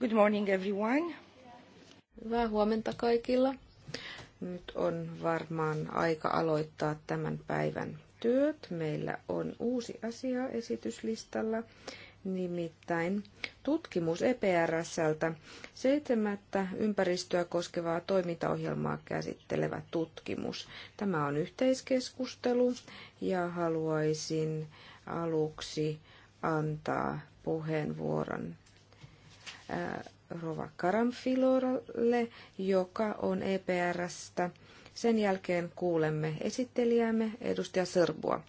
Good morning everyone. Hyvää huomenta kaikilla. Nyt on varmaan aika aloittaa tämän päivän työt. Meillä on uusi asia esityslistalla, nimittäin tutkimus EPRSltä seitsemättä ympäristöä koskevaa toimintaohjelmaa käsittelevä tutkimus. Tämä on yhteiskeskustelu ja haluaisin aluksi antaa puheenvuoron Äh, Rova Karamfilolle, joka on EPRstä. Sen jälkeen kuulemme esittelijämme edustaja Sörbua.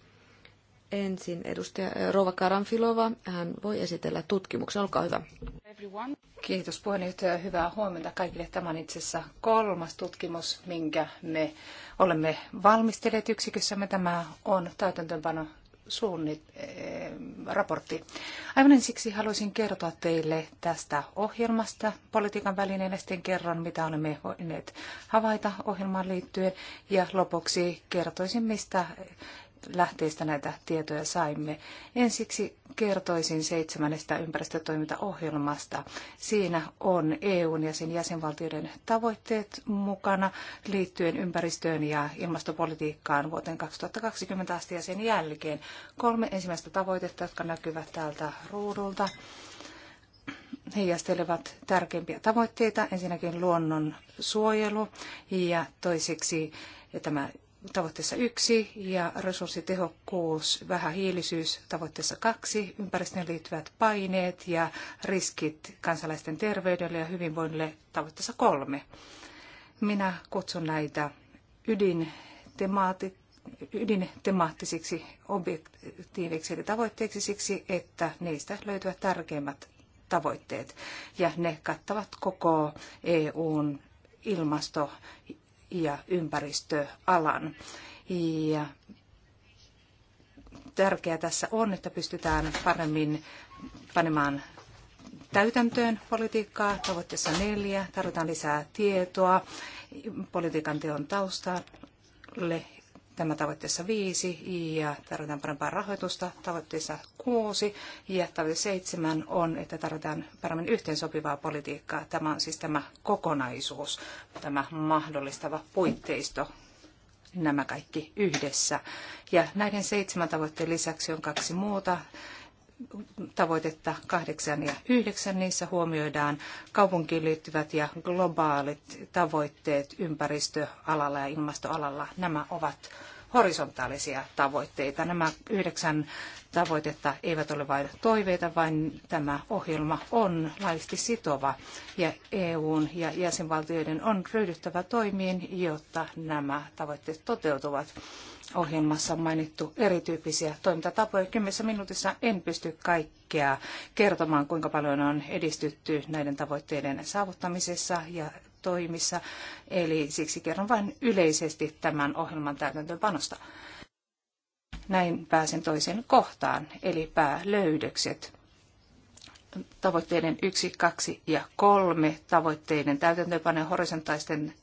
Ensin edustaja äh, Rova Karanfilova, hän voi esitellä tutkimuksen. Olkaa hyvä. Kiitos puheenjohtaja. Hyvää huomenta kaikille. Tämä on itse asiassa kolmas tutkimus, minkä me olemme valmistelleet yksikössämme. Tämä on täytäntöönpano suunnit, eh, raportti. Aivan ensiksi haluaisin kertoa teille tästä ohjelmasta politiikan välineenä. Sitten kerron, mitä olemme voineet havaita ohjelmaan liittyen. Ja lopuksi kertoisin, mistä lähteistä näitä tietoja saimme. Ensiksi kertoisin seitsemännestä ympäristötoimintaohjelmasta. Siinä on EUn ja sen jäsenvaltioiden tavoitteet mukana liittyen ympäristöön ja ilmastopolitiikkaan vuoteen 2020 asti ja sen jälkeen. Kolme ensimmäistä tavoitetta, jotka näkyvät täältä ruudulta heijastelevat tärkeimpiä tavoitteita. Ensinnäkin luonnon suojelu ja toiseksi tämä tavoitteessa yksi ja resurssitehokkuus, vähähiilisyys tavoitteessa kaksi, ympäristöön liittyvät paineet ja riskit kansalaisten terveydelle ja hyvinvoinnille tavoitteessa kolme. Minä kutsun näitä ydintemaati, ydintemaattisiksi objektiiveiksi eli tavoitteiksi siksi, että niistä löytyvät tärkeimmät tavoitteet ja ne kattavat koko EUn ilmasto- ja ympäristöalan. Ja tärkeää tässä on, että pystytään paremmin panemaan täytäntöön politiikkaa. Tavoitteessa neljä. Tarvitaan lisää tietoa politiikan teon taustalle Tämä tavoitteessa viisi ja tarvitaan parempaa rahoitusta. Tavoitteessa kuusi ja tavoite seitsemän on, että tarvitaan paremmin yhteensopivaa politiikkaa. Tämä on siis tämä kokonaisuus, tämä mahdollistava puitteisto, nämä kaikki yhdessä. Ja näiden seitsemän tavoitteen lisäksi on kaksi muuta tavoitetta kahdeksan ja yhdeksän. Niissä huomioidaan kaupunkiin liittyvät ja globaalit tavoitteet ympäristöalalla ja ilmastoalalla. Nämä ovat horisontaalisia tavoitteita. Nämä yhdeksän tavoitetta eivät ole vain toiveita, vaan tämä ohjelma on laajasti sitova ja EUn ja jäsenvaltioiden on ryhdyttävä toimiin, jotta nämä tavoitteet toteutuvat. Ohjelmassa on mainittu erityyppisiä toimintatapoja. Kymmenessä minuutissa en pysty kaikkea kertomaan, kuinka paljon on edistytty näiden tavoitteiden saavuttamisessa ja toimissa. Eli siksi kerron vain yleisesti tämän ohjelman täytäntöönpanosta. Näin pääsen toiseen kohtaan, eli päälöydökset tavoitteiden 1, 2 ja 3 tavoitteiden täytäntöönpano horisontaisten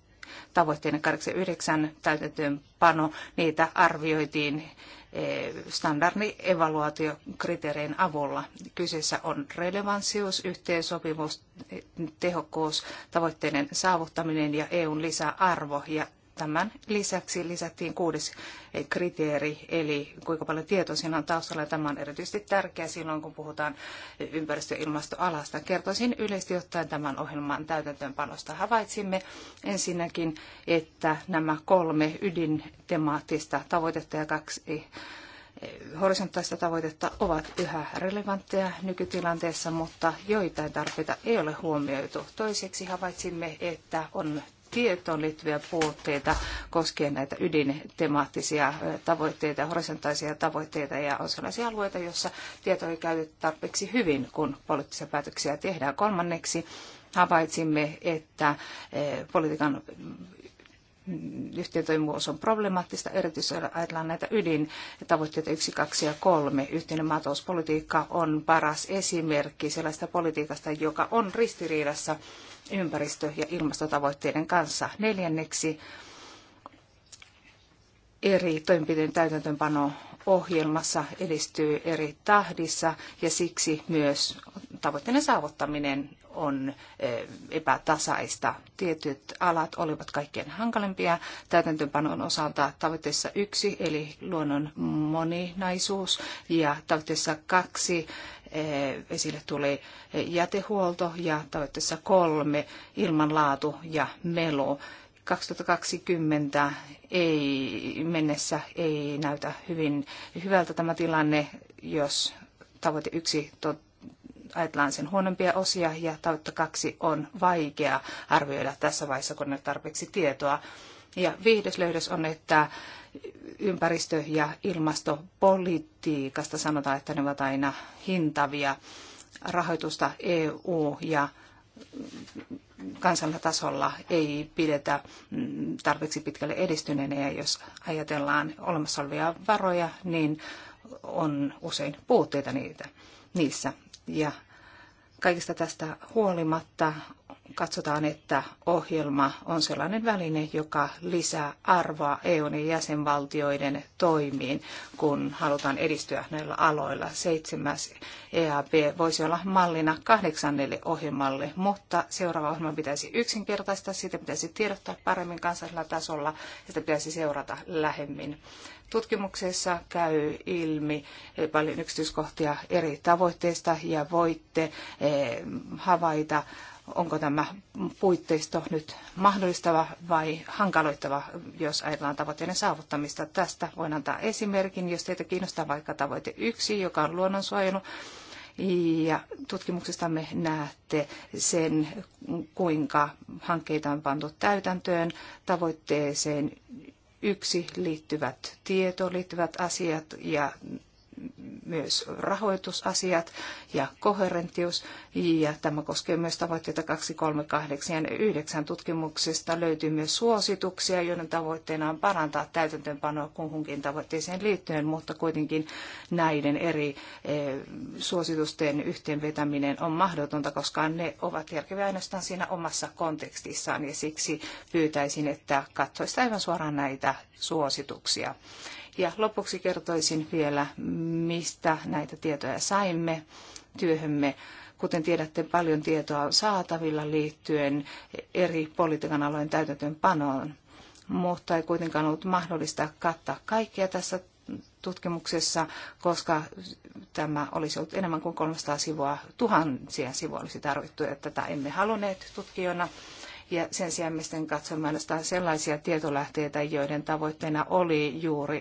tavoitteena 89 täytäntöönpano, niitä arvioitiin eh, evaluaatiokriteerien avulla. Kyseessä on relevanssius, yhteensopivuus, tehokkuus, tavoitteiden saavuttaminen ja EUn lisäarvo. Ja tämän lisäksi lisättiin kuudes kriteeri, eli kuinka paljon tietoa siinä on taustalla. Tämä on erityisesti tärkeää silloin, kun puhutaan ympäristö- ja ilmastoalasta. Kertoisin yleisesti ottaen tämän ohjelman täytäntöönpanosta. Havaitsimme ensinnäkin, että nämä kolme ydintemaattista tavoitetta ja kaksi eh, horisontaalista tavoitetta ovat yhä relevantteja nykytilanteessa, mutta joitain tarpeita ei ole huomioitu. Toiseksi havaitsimme, että on tietoon liittyviä puutteita koskien näitä ydintemaattisia tavoitteita, horisontaisia tavoitteita ja on sellaisia alueita, joissa tieto ei käytetä tarpeeksi hyvin, kun poliittisia päätöksiä tehdään. Kolmanneksi havaitsimme, että politiikan yhteentoimivuus on problemaattista, erityisesti ajatellaan näitä ydintavoitteita 1, 2 ja 3. Yhteinen maatalouspolitiikka on paras esimerkki sellaista politiikasta, joka on ristiriidassa ympäristö- ja ilmastotavoitteiden kanssa. Neljänneksi eri toimenpiteiden täytäntöönpano ohjelmassa edistyy eri tahdissa ja siksi myös tavoitteiden saavuttaminen on epätasaista. Tietyt alat olivat kaikkein hankalimpia täytäntöönpanon osalta tavoitteessa yksi eli luonnon moninaisuus ja tavoitteessa kaksi Eh, esille tuli jätehuolto ja tavoitteessa kolme ilmanlaatu ja melu. 2020 ei, mennessä ei näytä hyvin hyvältä tämä tilanne, jos tavoite yksi tot, ajatellaan sen huonompia osia ja tavoite kaksi on vaikea arvioida tässä vaiheessa, kun ole tarpeeksi tietoa. Ja viides löydös on, että ympäristö- ja ilmastopolitiikasta sanotaan, että ne ovat aina hintavia. Rahoitusta EU ja kansallisella tasolla ei pidetä tarpeeksi pitkälle edistyneenä ja jos ajatellaan olemassa olevia varoja, niin on usein puutteita niitä, niissä. Ja kaikista tästä huolimatta katsotaan, että ohjelma on sellainen väline, joka lisää arvoa EUn ja jäsenvaltioiden toimiin, kun halutaan edistyä näillä aloilla. Seitsemäs EAP voisi olla mallina kahdeksannelle ohjelmalle, mutta seuraava ohjelma pitäisi yksinkertaistaa, sitä pitäisi tiedottaa paremmin kansallisella tasolla ja sitä pitäisi seurata lähemmin. Tutkimuksessa käy ilmi eh, paljon yksityiskohtia eri tavoitteista ja voitte eh, havaita onko tämä puitteisto nyt mahdollistava vai hankaloittava, jos ajatellaan tavoitteiden saavuttamista. Tästä voin antaa esimerkin, jos teitä kiinnostaa vaikka tavoite yksi, joka on luonnonsuojelu. Ja tutkimuksestamme näette sen, kuinka hankkeita on pantu täytäntöön tavoitteeseen yksi liittyvät tieto, liittyvät asiat ja myös rahoitusasiat ja koherentius, ja tämä koskee myös tavoitteita 8 ja 9 tutkimuksesta. Löytyy myös suosituksia, joiden tavoitteena on parantaa täytäntöönpanoa kuhunkin tavoitteeseen liittyen, mutta kuitenkin näiden eri eh, suositusten yhteenvetäminen on mahdotonta, koska ne ovat järkeviä ainoastaan siinä omassa kontekstissaan, ja siksi pyytäisin, että katsoisi aivan suoraan näitä suosituksia. Ja lopuksi kertoisin vielä, mistä näitä tietoja saimme työhömme. Kuten tiedätte, paljon tietoa on saatavilla liittyen eri politiikan alojen täytäntöönpanoon, mutta ei kuitenkaan ollut mahdollista kattaa kaikkea tässä tutkimuksessa, koska tämä olisi ollut enemmän kuin 300 sivua, tuhansia sivua olisi tarvittu, että tätä emme halunneet tutkijana ja sen sijaan me sitten katsomme ainoastaan sellaisia tietolähteitä, joiden tavoitteena oli juuri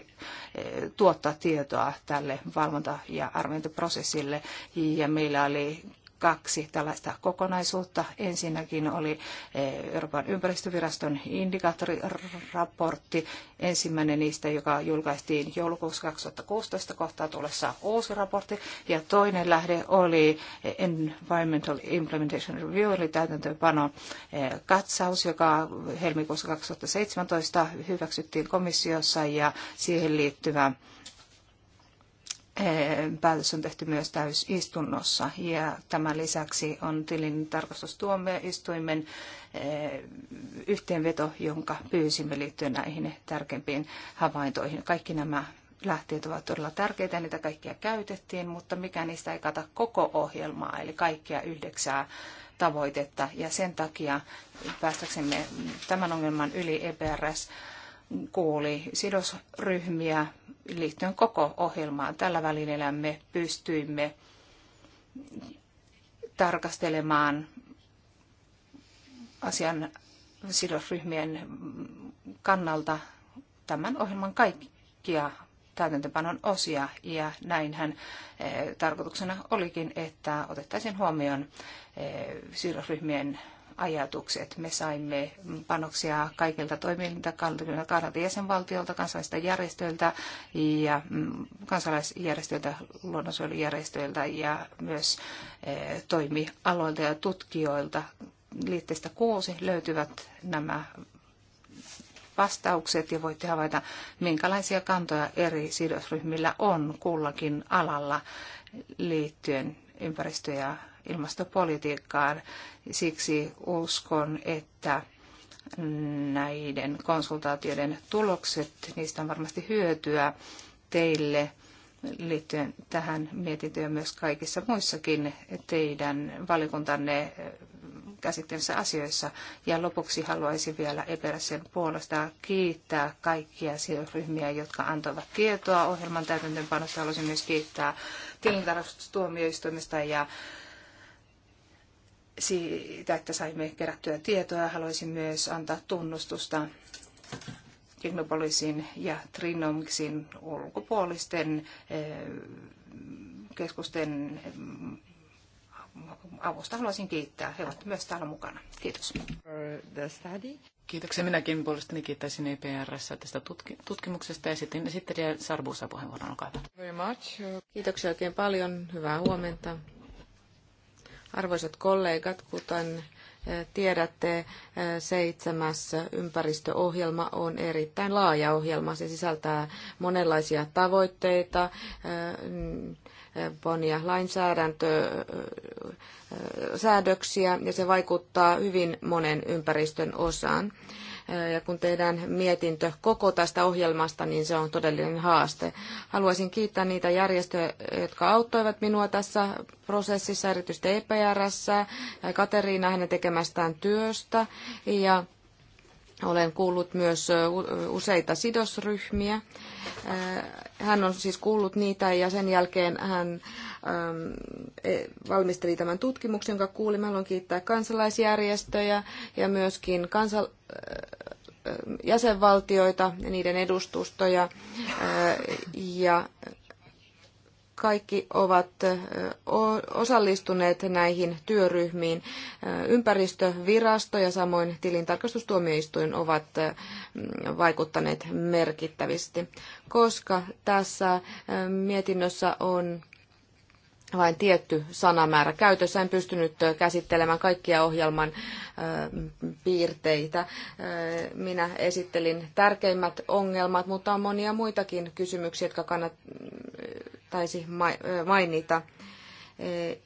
eh, tuottaa tietoa tälle valvonta- ja arviointiprosessille. Ja meillä oli kaksi tällaista kokonaisuutta. Ensinnäkin oli eh, Euroopan ympäristöviraston indikaattoriraportti, ensimmäinen niistä, joka julkaistiin joulukuussa 2016, kohtaa tulossa uusi raportti, ja toinen lähde oli eh, Environmental Implementation Review, eli täytäntöönpano eh, katsaus, joka helmikuussa 2017 hyväksyttiin komissiossa, ja siihen liittyvä Eh, päätös on tehty myös täysistunnossa ja tämän lisäksi on tilin tarkastustuomioistuimen eh, yhteenveto, jonka pyysimme liittyen näihin tärkeimpiin havaintoihin. Kaikki nämä lähteet ovat todella tärkeitä, niitä kaikkia käytettiin, mutta mikä niistä ei kata koko ohjelmaa, eli kaikkia yhdeksää tavoitetta. Ja sen takia päästäksemme tämän ongelman yli EPRS kuuli sidosryhmiä liittyen koko ohjelmaan. Tällä välineellä me pystyimme tarkastelemaan asian sidosryhmien kannalta tämän ohjelman kaikkia täytäntöpanon osia ja näinhän eh, tarkoituksena olikin, että otettaisiin huomioon eh, sidosryhmien ajatukset. Me saimme panoksia kaikilta toimijoilta, 22 jäsenvaltiolta, kansalaisilta järjestöiltä ja mm, kansalaisjärjestöiltä, luonnonsuojelujärjestöiltä ja myös eh, toimialoilta ja tutkijoilta. Liitteestä kuusi löytyvät nämä vastaukset ja voitte havaita, minkälaisia kantoja eri sidosryhmillä on kullakin alalla liittyen ympäristö- ja ilmastopolitiikkaan. Siksi uskon, että näiden konsultaatioiden tulokset, niistä on varmasti hyötyä teille liittyen tähän mietintöön myös kaikissa muissakin teidän valikuntanne eh, käsittelyssä asioissa. Ja lopuksi haluaisin vielä Eperäsen puolesta kiittää kaikkia sidosryhmiä, jotka antoivat tietoa ohjelman täytäntöönpanosta. Haluaisin myös kiittää tilintarkastustuomioistuimesta ja siitä, että saimme kerättyä tietoa. Haluaisin myös antaa tunnustusta Technopolisin ja Trinomixin ulkopuolisten eh, keskusten eh, avusta haluaisin kiittää. He ovat myös täällä mukana. Kiitos. Kiitoksia. Minäkin puolestani kiittäisin EPRS tästä tutkimuksesta ja sitten esittelijä Sarbuusa puheenvuoron. Olkaa hyvä. Kiitoksia oikein paljon. Hyvää huomenta. Arvoisat kollegat, kuten eh, tiedätte, eh, seitsemäs ympäristöohjelma on erittäin laaja ohjelma. Se sisältää monenlaisia tavoitteita, eh, mm, monia lainsäädäntösäädöksiä ja se vaikuttaa hyvin monen ympäristön osaan. Ja kun tehdään mietintö koko tästä ohjelmasta, niin se on todellinen haaste. Haluaisin kiittää niitä järjestöjä, jotka auttoivat minua tässä prosessissa, erityisesti e ja Kateriina hänen tekemästään työstä. Ja olen kuullut myös useita sidosryhmiä. Hän on siis kuullut niitä ja sen jälkeen hän e, valmisteli tämän tutkimuksen, jonka mä Haluan kiittää kansalaisjärjestöjä ja myöskin kansal- jäsenvaltioita ja niiden edustustoja ja kaikki ovat osallistuneet näihin työryhmiin. Ympäristövirasto ja samoin tilintarkastustuomioistuin ovat vaikuttaneet merkittävästi, koska tässä mietinnössä on vain tietty sanamäärä käytössä. En pystynyt käsittelemään kaikkia ohjelman piirteitä. Minä esittelin tärkeimmät ongelmat, mutta on monia muitakin kysymyksiä, jotka kannat, kannattaisi mainita. E,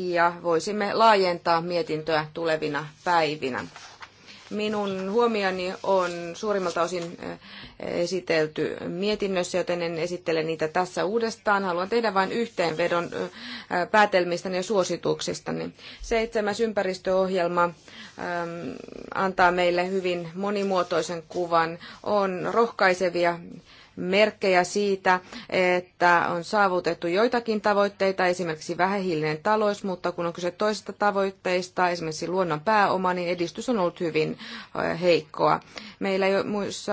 ja voisimme laajentaa mietintöä tulevina päivinä. Minun huomioni on suurimmalta osin esitelty mietinnössä, joten en esittele niitä tässä uudestaan. Haluan tehdä vain yhteenvedon päätelmistäni ja suosituksistani. Seitsemäs ympäristöohjelma antaa meille hyvin monimuotoisen kuvan, on rohkaisevia merkkejä siitä, että on saavutettu joitakin tavoitteita, esimerkiksi vähähiilinen talous, mutta kun on kyse toisista tavoitteista, esimerkiksi luonnon pääoma, niin edistys on ollut hyvin heikkoa. Meillä ei muissa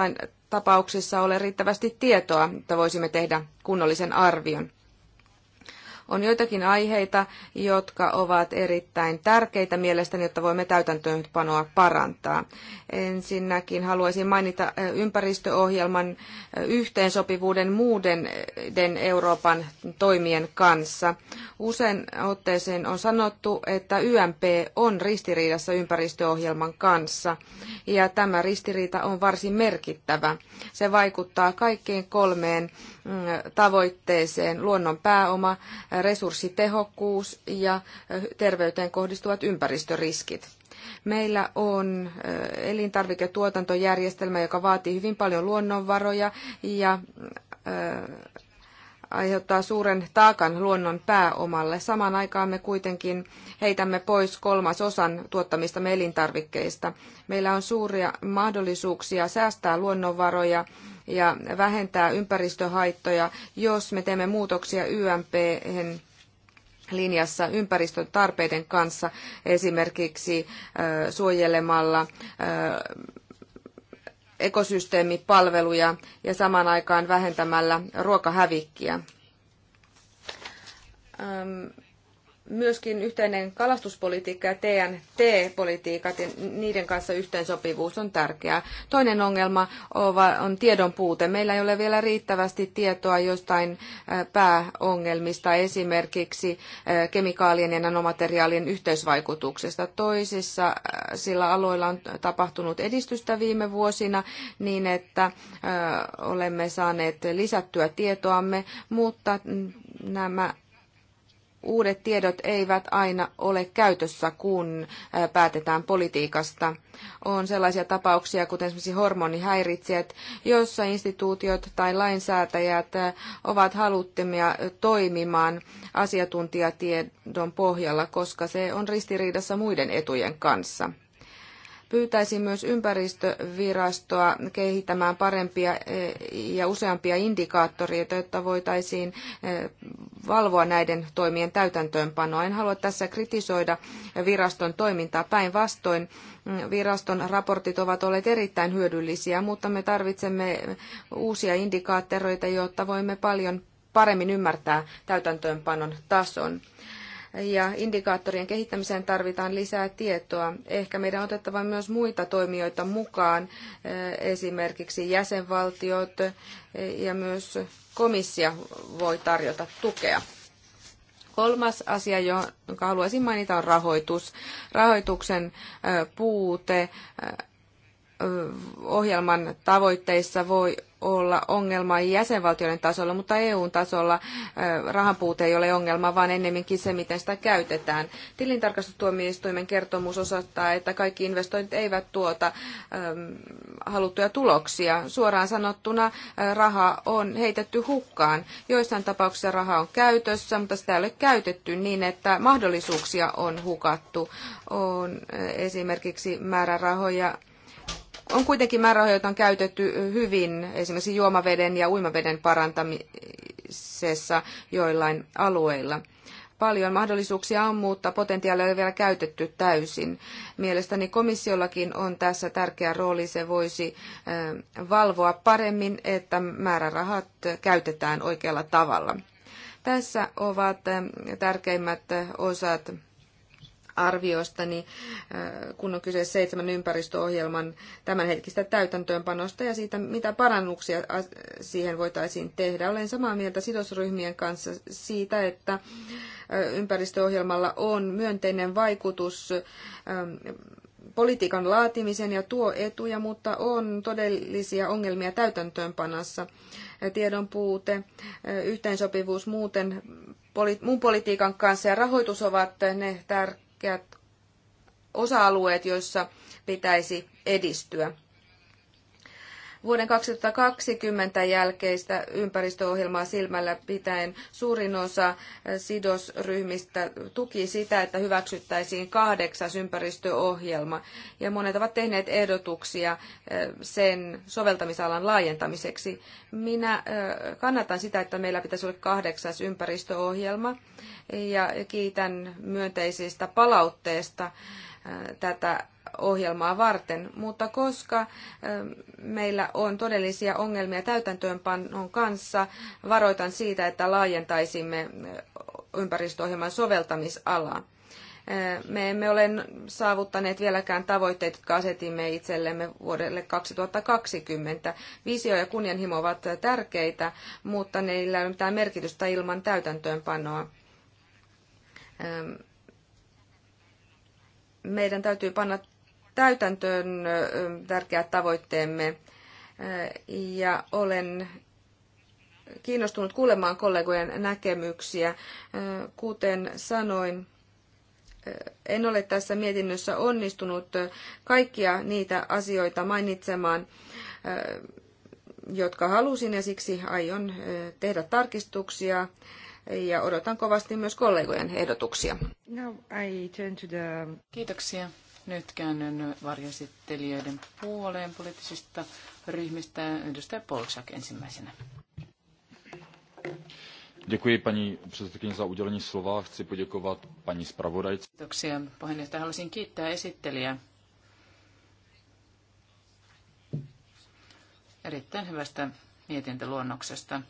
tapauksissa ole riittävästi tietoa, että voisimme tehdä kunnollisen arvion. On joitakin aiheita, jotka ovat erittäin tärkeitä mielestäni, jotta voimme täytäntöönpanoa parantaa. Ensinnäkin haluaisin mainita ympäristöohjelman yhteensopivuuden muuden Euroopan toimien kanssa. Usein otteeseen on sanottu, että YMP on ristiriidassa ympäristöohjelman kanssa, ja tämä ristiriita on varsin merkittävä. Se vaikuttaa kaikkiin kolmeen tavoitteeseen luonnon pääoma, resurssitehokkuus ja terveyteen kohdistuvat ympäristöriskit. Meillä on eh, elintarviketuotantojärjestelmä, joka vaatii hyvin paljon luonnonvaroja ja eh, aiheuttaa suuren taakan luonnon pääomalle. Samaan aikaan me kuitenkin heitämme pois kolmasosan tuottamista elintarvikkeista. Meillä on suuria mahdollisuuksia säästää luonnonvaroja ja vähentää ympäristöhaittoja, jos me teemme muutoksia YMP linjassa ympäristön tarpeiden kanssa, esimerkiksi suojelemalla ekosysteemipalveluja ja samaan aikaan vähentämällä ruokahävikkiä. Ähm, myöskin yhteinen kalastuspolitiikka ja TNT-politiikat ja niiden kanssa yhteensopivuus on tärkeää. Toinen ongelma on tiedon puute. Meillä ei ole vielä riittävästi tietoa jostain pääongelmista, esimerkiksi kemikaalien ja nanomateriaalien yhteisvaikutuksesta. Toisissa sillä aloilla on tapahtunut edistystä viime vuosina niin, että olemme saaneet lisättyä tietoamme, mutta nämä uudet tiedot eivät aina ole käytössä, kun päätetään politiikasta. On sellaisia tapauksia, kuten esimerkiksi hormonihäiritsijät, joissa instituutiot tai lainsäätäjät ovat haluttomia toimimaan asiantuntijatiedon pohjalla, koska se on ristiriidassa muiden etujen kanssa. Pyytäisin myös ympäristövirastoa kehittämään parempia eh, ja useampia indikaattoreita, jotta voitaisiin eh, valvoa näiden toimien täytäntöönpanoa. En halua tässä kritisoida viraston toimintaa päinvastoin. Mm, viraston raportit ovat olleet erittäin hyödyllisiä, mutta me tarvitsemme uusia indikaattoreita, jotta voimme paljon paremmin ymmärtää täytäntöönpanon tason ja indikaattorien kehittämiseen tarvitaan lisää tietoa. Ehkä meidän on otettava myös muita toimijoita mukaan, eh, esimerkiksi jäsenvaltiot eh, ja myös komissio voi tarjota tukea. Kolmas asia, jonka haluaisin mainita, on rahoitus. Rahoituksen eh, puute ohjelman tavoitteissa voi olla ongelma jäsenvaltioiden tasolla, mutta EUn tasolla rahanpuute ei ole ongelma, vaan ennemminkin se, miten sitä käytetään. Tilintarkastustuomioistuimen kertomus osoittaa, että kaikki investoinnit eivät tuota haluttuja tuloksia. Suoraan sanottuna raha on heitetty hukkaan. Joissain tapauksissa raha on käytössä, mutta sitä ei ole käytetty niin, että mahdollisuuksia on hukattu. On esimerkiksi määrärahoja on kuitenkin määrärahoja, joita on käytetty hyvin esimerkiksi juomaveden ja uimaveden parantamisessa joillain alueilla. Paljon mahdollisuuksia on, mutta potentiaalia ei ole vielä käytetty täysin. Mielestäni komissiollakin on tässä tärkeä rooli. Se voisi eh, valvoa paremmin, että määrärahat käytetään oikealla tavalla. Tässä ovat eh, tärkeimmät osat arvioistani, niin, kun on kyse seitsemän ympäristöohjelman tämänhetkistä täytäntöönpanosta ja siitä, mitä parannuksia siihen voitaisiin tehdä. Olen samaa mieltä sidosryhmien kanssa siitä, että ympäristöohjelmalla on myönteinen vaikutus politiikan laatimisen ja tuo etuja, mutta on todellisia ongelmia täytäntöönpanossa Tiedon puute, yhteensopivuus muuten, muun politiikan kanssa ja rahoitus ovat ne tär- tärkeät osa-alueet, joissa pitäisi edistyä. Vuoden 2020 jälkeistä ympäristöohjelmaa silmällä pitäen suurin osa eh, sidosryhmistä tuki sitä, että hyväksyttäisiin kahdeksas ympäristöohjelma. Ja monet ovat tehneet ehdotuksia eh, sen soveltamisalan laajentamiseksi. Minä eh, kannatan sitä, että meillä pitäisi olla kahdeksas ympäristöohjelma ja kiitän myönteisistä palautteesta tätä ohjelmaa varten, mutta koska meillä on todellisia ongelmia täytäntöönpanon kanssa, varoitan siitä, että laajentaisimme ympäristöohjelman soveltamisalaa. Me emme ole saavuttaneet vieläkään tavoitteet, jotka asetimme itsellemme vuodelle 2020. Visio ja kunnianhimo ovat tärkeitä, mutta niillä ei ole mitään merkitystä ilman täytäntöönpanoa. Meidän täytyy panna täytäntöön tärkeät tavoitteemme. Ja olen kiinnostunut kuulemaan kollegojen näkemyksiä. Kuten sanoin, en ole tässä mietinnössä onnistunut kaikkia niitä asioita mainitsemaan, jotka halusin ja siksi aion tehdä tarkistuksia ja odotan kovasti myös kollegojen ehdotuksia. the... Kiitoksia. Nyt käännön varjosittelijöiden puoleen poliittisista ryhmistä. Edustaja Polksak ensimmäisenä. Děkuji paní předsedkyně za udělení slova. Chci poděkovat paní zpravodajce. Kiitoksia puheenjohtaja. Haluaisin kiittää esittelijää erittäin hyvästä mietintöluonnoksesta.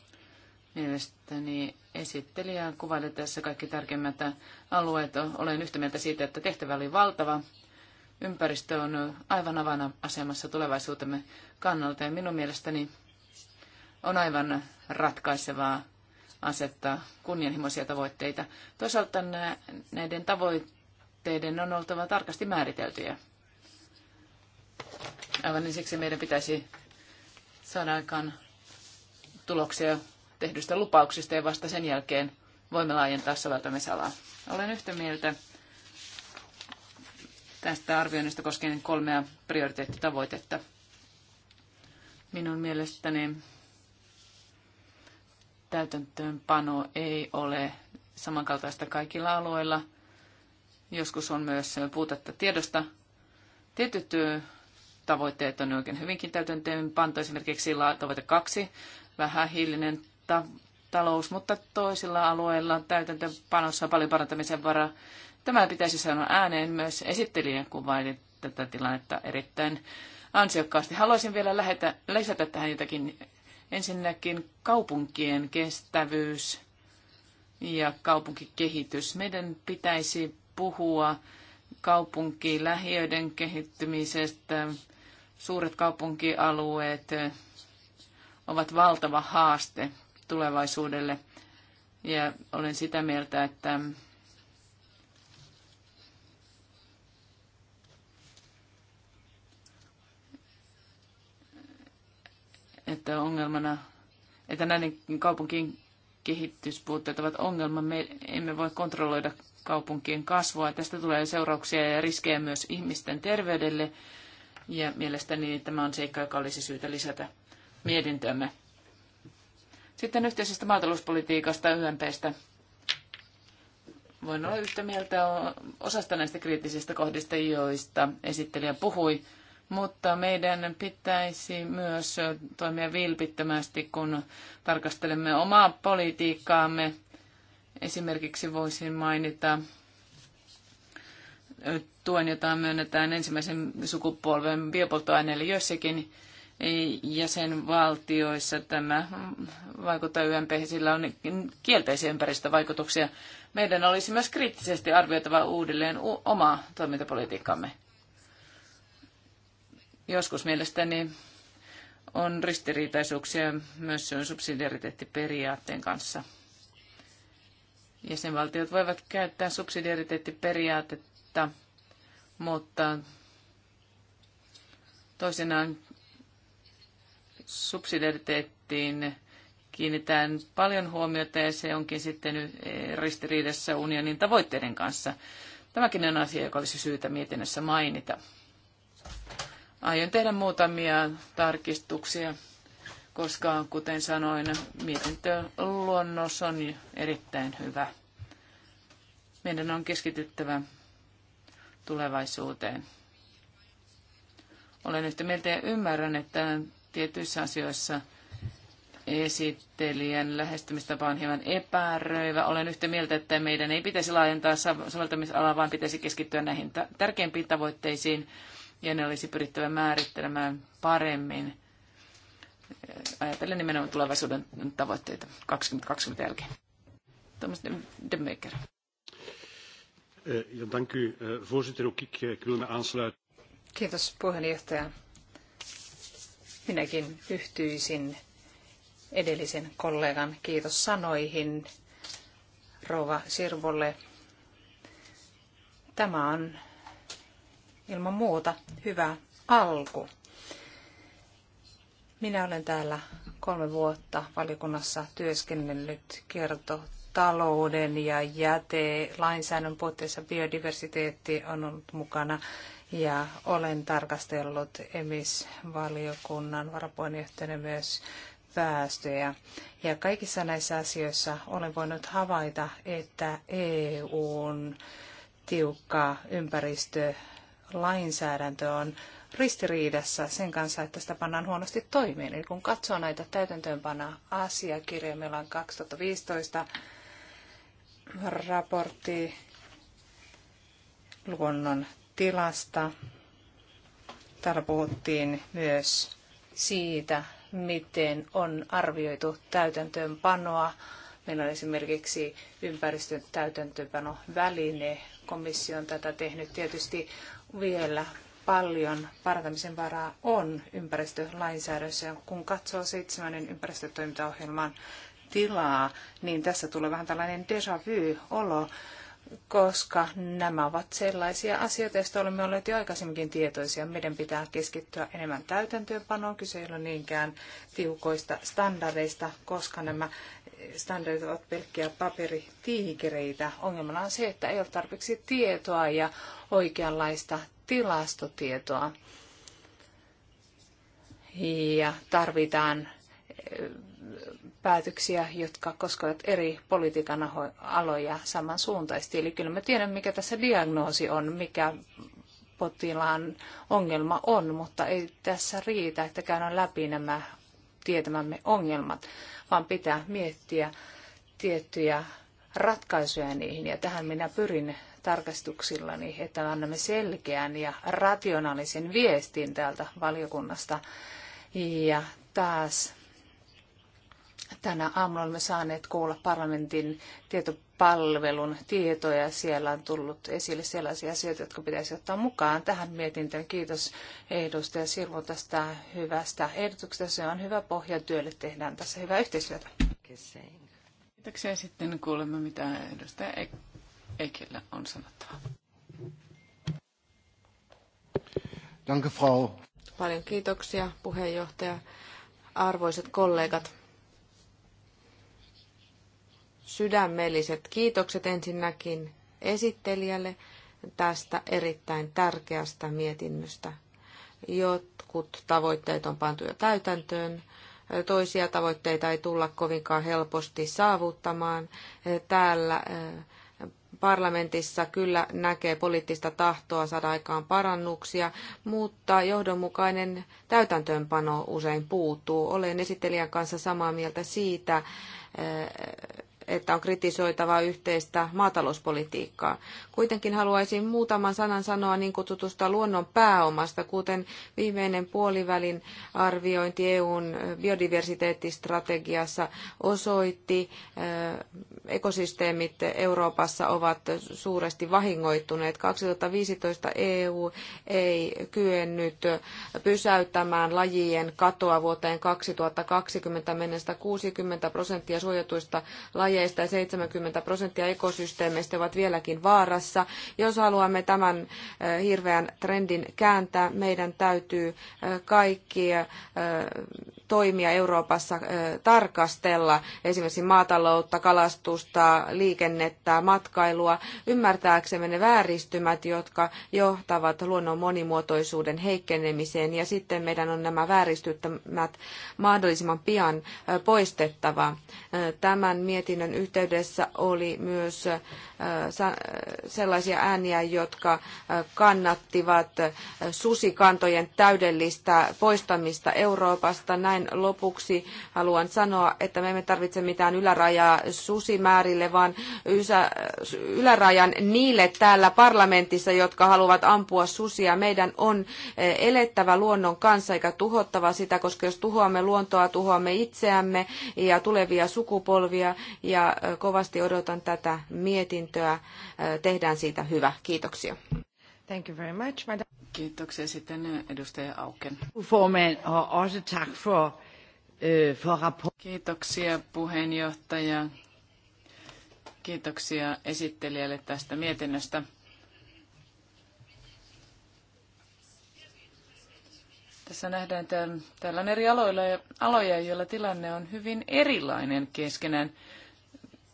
Mielestäni esittelijä kuvaili tässä kaikki tärkeimmät alueet. Olen yhtä mieltä siitä, että tehtävä oli valtava ympäristö on aivan avainasemassa tulevaisuutemme kannalta ja minun mielestäni on aivan ratkaisevaa asettaa kunnianhimoisia tavoitteita. Toisaalta näiden tavoitteiden on oltava tarkasti määriteltyjä. Aivan niin siksi meidän pitäisi saada aikaan tuloksia tehdyistä lupauksista ja vasta sen jälkeen voimme laajentaa soveltamisalaa. Olen yhtä mieltä tästä arvioinnista koskien kolmea prioriteettitavoitetta. Minun mielestäni täytäntöönpano ei ole samankaltaista kaikilla alueilla. Joskus on myös puutetta tiedosta. Tietyt tavoitteet on oikein hyvinkin täytäntöönpanto, esimerkiksi tavoite kaksi, vähähiilinen ta- talous, mutta toisilla alueilla täytäntöönpanossa on paljon parantamisen varaa Tämä pitäisi sanoa ääneen myös esittelijän kuvaili tätä tilannetta erittäin ansiokkaasti. Haluaisin vielä lähetä, lisätä tähän jotakin. Ensinnäkin kaupunkien kestävyys ja kaupunkikehitys. Meidän pitäisi puhua kaupunkiin kehittymisestä. Suuret kaupunkialueet ovat valtava haaste tulevaisuudelle. Ja olen sitä mieltä, että että ongelmana, että näiden kaupunkien kehityspuutteet ovat ongelma. Me emme voi kontrolloida kaupunkien kasvua. Tästä tulee seurauksia ja riskejä myös ihmisten terveydelle. Ja mielestäni tämä on seikka, joka olisi syytä lisätä mietintömme. Sitten yhteisestä maatalouspolitiikasta YMPstä. Voin olla yhtä mieltä osasta näistä kriittisistä kohdista, joista esittelijä puhui mutta meidän pitäisi myös toimia vilpittömästi, kun tarkastelemme omaa politiikkaamme. Esimerkiksi voisin mainita tuen, jota myönnetään ensimmäisen sukupolven biopolttoaineille joissakin jäsenvaltioissa. Tämä vaikuttaa YMP, sillä on kielteisiä ympäristövaikutuksia. Meidän olisi myös kriittisesti arvioitava uudelleen omaa toimintapolitiikkaamme. Joskus mielestäni on ristiriitaisuuksia myös subsidiariteettiperiaatteen kanssa. Jäsenvaltiot voivat käyttää subsidiariteettiperiaatetta, mutta toisinaan subsidiariteettiin kiinnitään paljon huomiota ja se onkin sitten ristiriidassa unionin tavoitteiden kanssa. Tämäkin on asia, joka olisi syytä mietinnössä mainita. Aion tehdä muutamia tarkistuksia, koska kuten sanoin, mietintöluonnos on erittäin hyvä. Meidän on keskityttävä tulevaisuuteen. Olen yhtä mieltä ja ymmärrän, että tietyissä asioissa esittelijän lähestymistapa on hieman epäröivä. Olen yhtä mieltä, että meidän ei pitäisi laajentaa soveltamisalaa, vaan pitäisi keskittyä näihin tärkeimpiin tavoitteisiin ja ne olisi pyrittävä määrittelemään paremmin eh, ajatellen nimenomaan tulevaisuuden tavoitteita 2020 jälkeen. Thomas de Becker. Eh, ja, dank u, eh, voorzitter. Ook ik, Kiitos puheenjohtaja. Minäkin yhtyisin edellisen kollegan kiitos sanoihin Rova Sirvolle. Tämä on ilman muuta hyvä alku. Minä olen täällä kolme vuotta valiokunnassa työskennellyt kiertotalouden ja jätelainsäädännön puitteissa biodiversiteetti on ollut mukana ja olen tarkastellut emisvaliokunnan varapuheenjohtajana myös päästöjä. Ja kaikissa näissä asioissa olen voinut havaita, että EUn tiukka ympäristö lainsäädäntö on ristiriidassa sen kanssa, että sitä pannaan huonosti toimeen. Eli kun katsoo näitä täytäntöönpana asiakirjoja, meillä on 2015 raportti luonnon tilasta. Täällä puhuttiin myös siitä, miten on arvioitu täytäntöönpanoa. Meillä on esimerkiksi ympäristön täytäntöönpanoväline. Komissio on tätä tehnyt tietysti vielä paljon parantamisen varaa on ympäristölainsäädännössä. Kun katsoo seitsemännen ympäristötoimintaohjelman tilaa, niin tässä tulee vähän tällainen déjà vu-olo, koska nämä ovat sellaisia asioita, joista olemme olleet jo aikaisemminkin tietoisia. Meidän pitää keskittyä enemmän täytäntöönpanoon. Kyse ei ole niinkään tiukoista standardeista, koska nämä standardit ovat pelkkiä paperitiikereitä. Ongelmana on se, että ei ole tarpeeksi tietoa ja oikeanlaista tilastotietoa. Ja tarvitaan eh, päätöksiä, jotka koskevat eri politiikan aloja samansuuntaisesti. Eli kyllä me tiedämme, mikä tässä diagnoosi on, mikä potilaan ongelma on, mutta ei tässä riitä, että käydään läpi nämä tietämämme ongelmat vaan pitää miettiä tiettyjä ratkaisuja niihin. Ja tähän minä pyrin tarkastuksillani, että annamme selkeän ja rationaalisen viestin täältä valiokunnasta. Ja taas tänä aamulla olemme saaneet kuulla parlamentin tieto palvelun tietoja. Siellä on tullut esille sellaisia asioita, jotka pitäisi ottaa mukaan tähän mietintöön. Kiitos edustaja Sirvo tästä hyvästä ehdotuksesta. Se on hyvä pohja työlle. Tehdään tässä hyvää yhteistyötä. Kiitoksia. Sitten kuulemme, mitä edustaja Ekillä on sanottava. Danke, Frau. Paljon kiitoksia, puheenjohtaja. Arvoisat kollegat, sydämelliset kiitokset ensinnäkin esittelijälle tästä erittäin tärkeästä mietinnöstä. Jotkut tavoitteet on pantu jo täytäntöön, toisia tavoitteita ei tulla kovinkaan helposti saavuttamaan. Täällä eh, parlamentissa kyllä näkee poliittista tahtoa saada aikaan parannuksia, mutta johdonmukainen täytäntöönpano usein puuttuu. Olen esittelijän kanssa samaa mieltä siitä, eh, että on kritisoitava yhteistä maatalouspolitiikkaa. Kuitenkin haluaisin muutaman sanan sanoa niin kutsutusta luonnon pääomasta, kuten viimeinen puolivälin arviointi EUn biodiversiteettistrategiassa osoitti. Eh, ekosysteemit Euroopassa ovat suuresti vahingoittuneet. 2015 EU ei kyennyt pysäyttämään lajien katoa vuoteen 2020 mennessä 60 prosenttia suojatuista lajeista lajeista ja 70 prosenttia ekosysteemeistä ovat vieläkin vaarassa. Jos haluamme tämän hirveän trendin kääntää, meidän täytyy kaikki toimia Euroopassa tarkastella, esimerkiksi maataloutta, kalastusta, liikennettä, matkailua, ymmärtääksemme ne vääristymät, jotka johtavat luonnon monimuotoisuuden heikkenemiseen, ja sitten meidän on nämä vääristymät mahdollisimman pian poistettava. Tämän mietinnön yhteydessä oli myös sellaisia ääniä, jotka kannattivat susikantojen täydellistä poistamista Euroopasta. Näin lopuksi haluan sanoa, että me emme tarvitse mitään ylärajaa susimäärille, vaan ylärajan niille täällä parlamentissa, jotka haluavat ampua susia. Meidän on elettävä luonnon kanssa eikä tuhottava sitä, koska jos tuhoamme luontoa, tuhoamme itseämme ja tulevia sukupolvia. Ja kovasti odotan tätä mietintöä mietintöä. Tehdään siitä hyvä. Kiitoksia. Thank you very much, madam. Kiitoksia sitten edustaja Auken. Øh, Kiitoksia puheenjohtaja. Kiitoksia esittelijälle tästä mietinnöstä. Tässä nähdään, täällä eri aloilla, aloja, joilla tilanne on hyvin erilainen keskenään.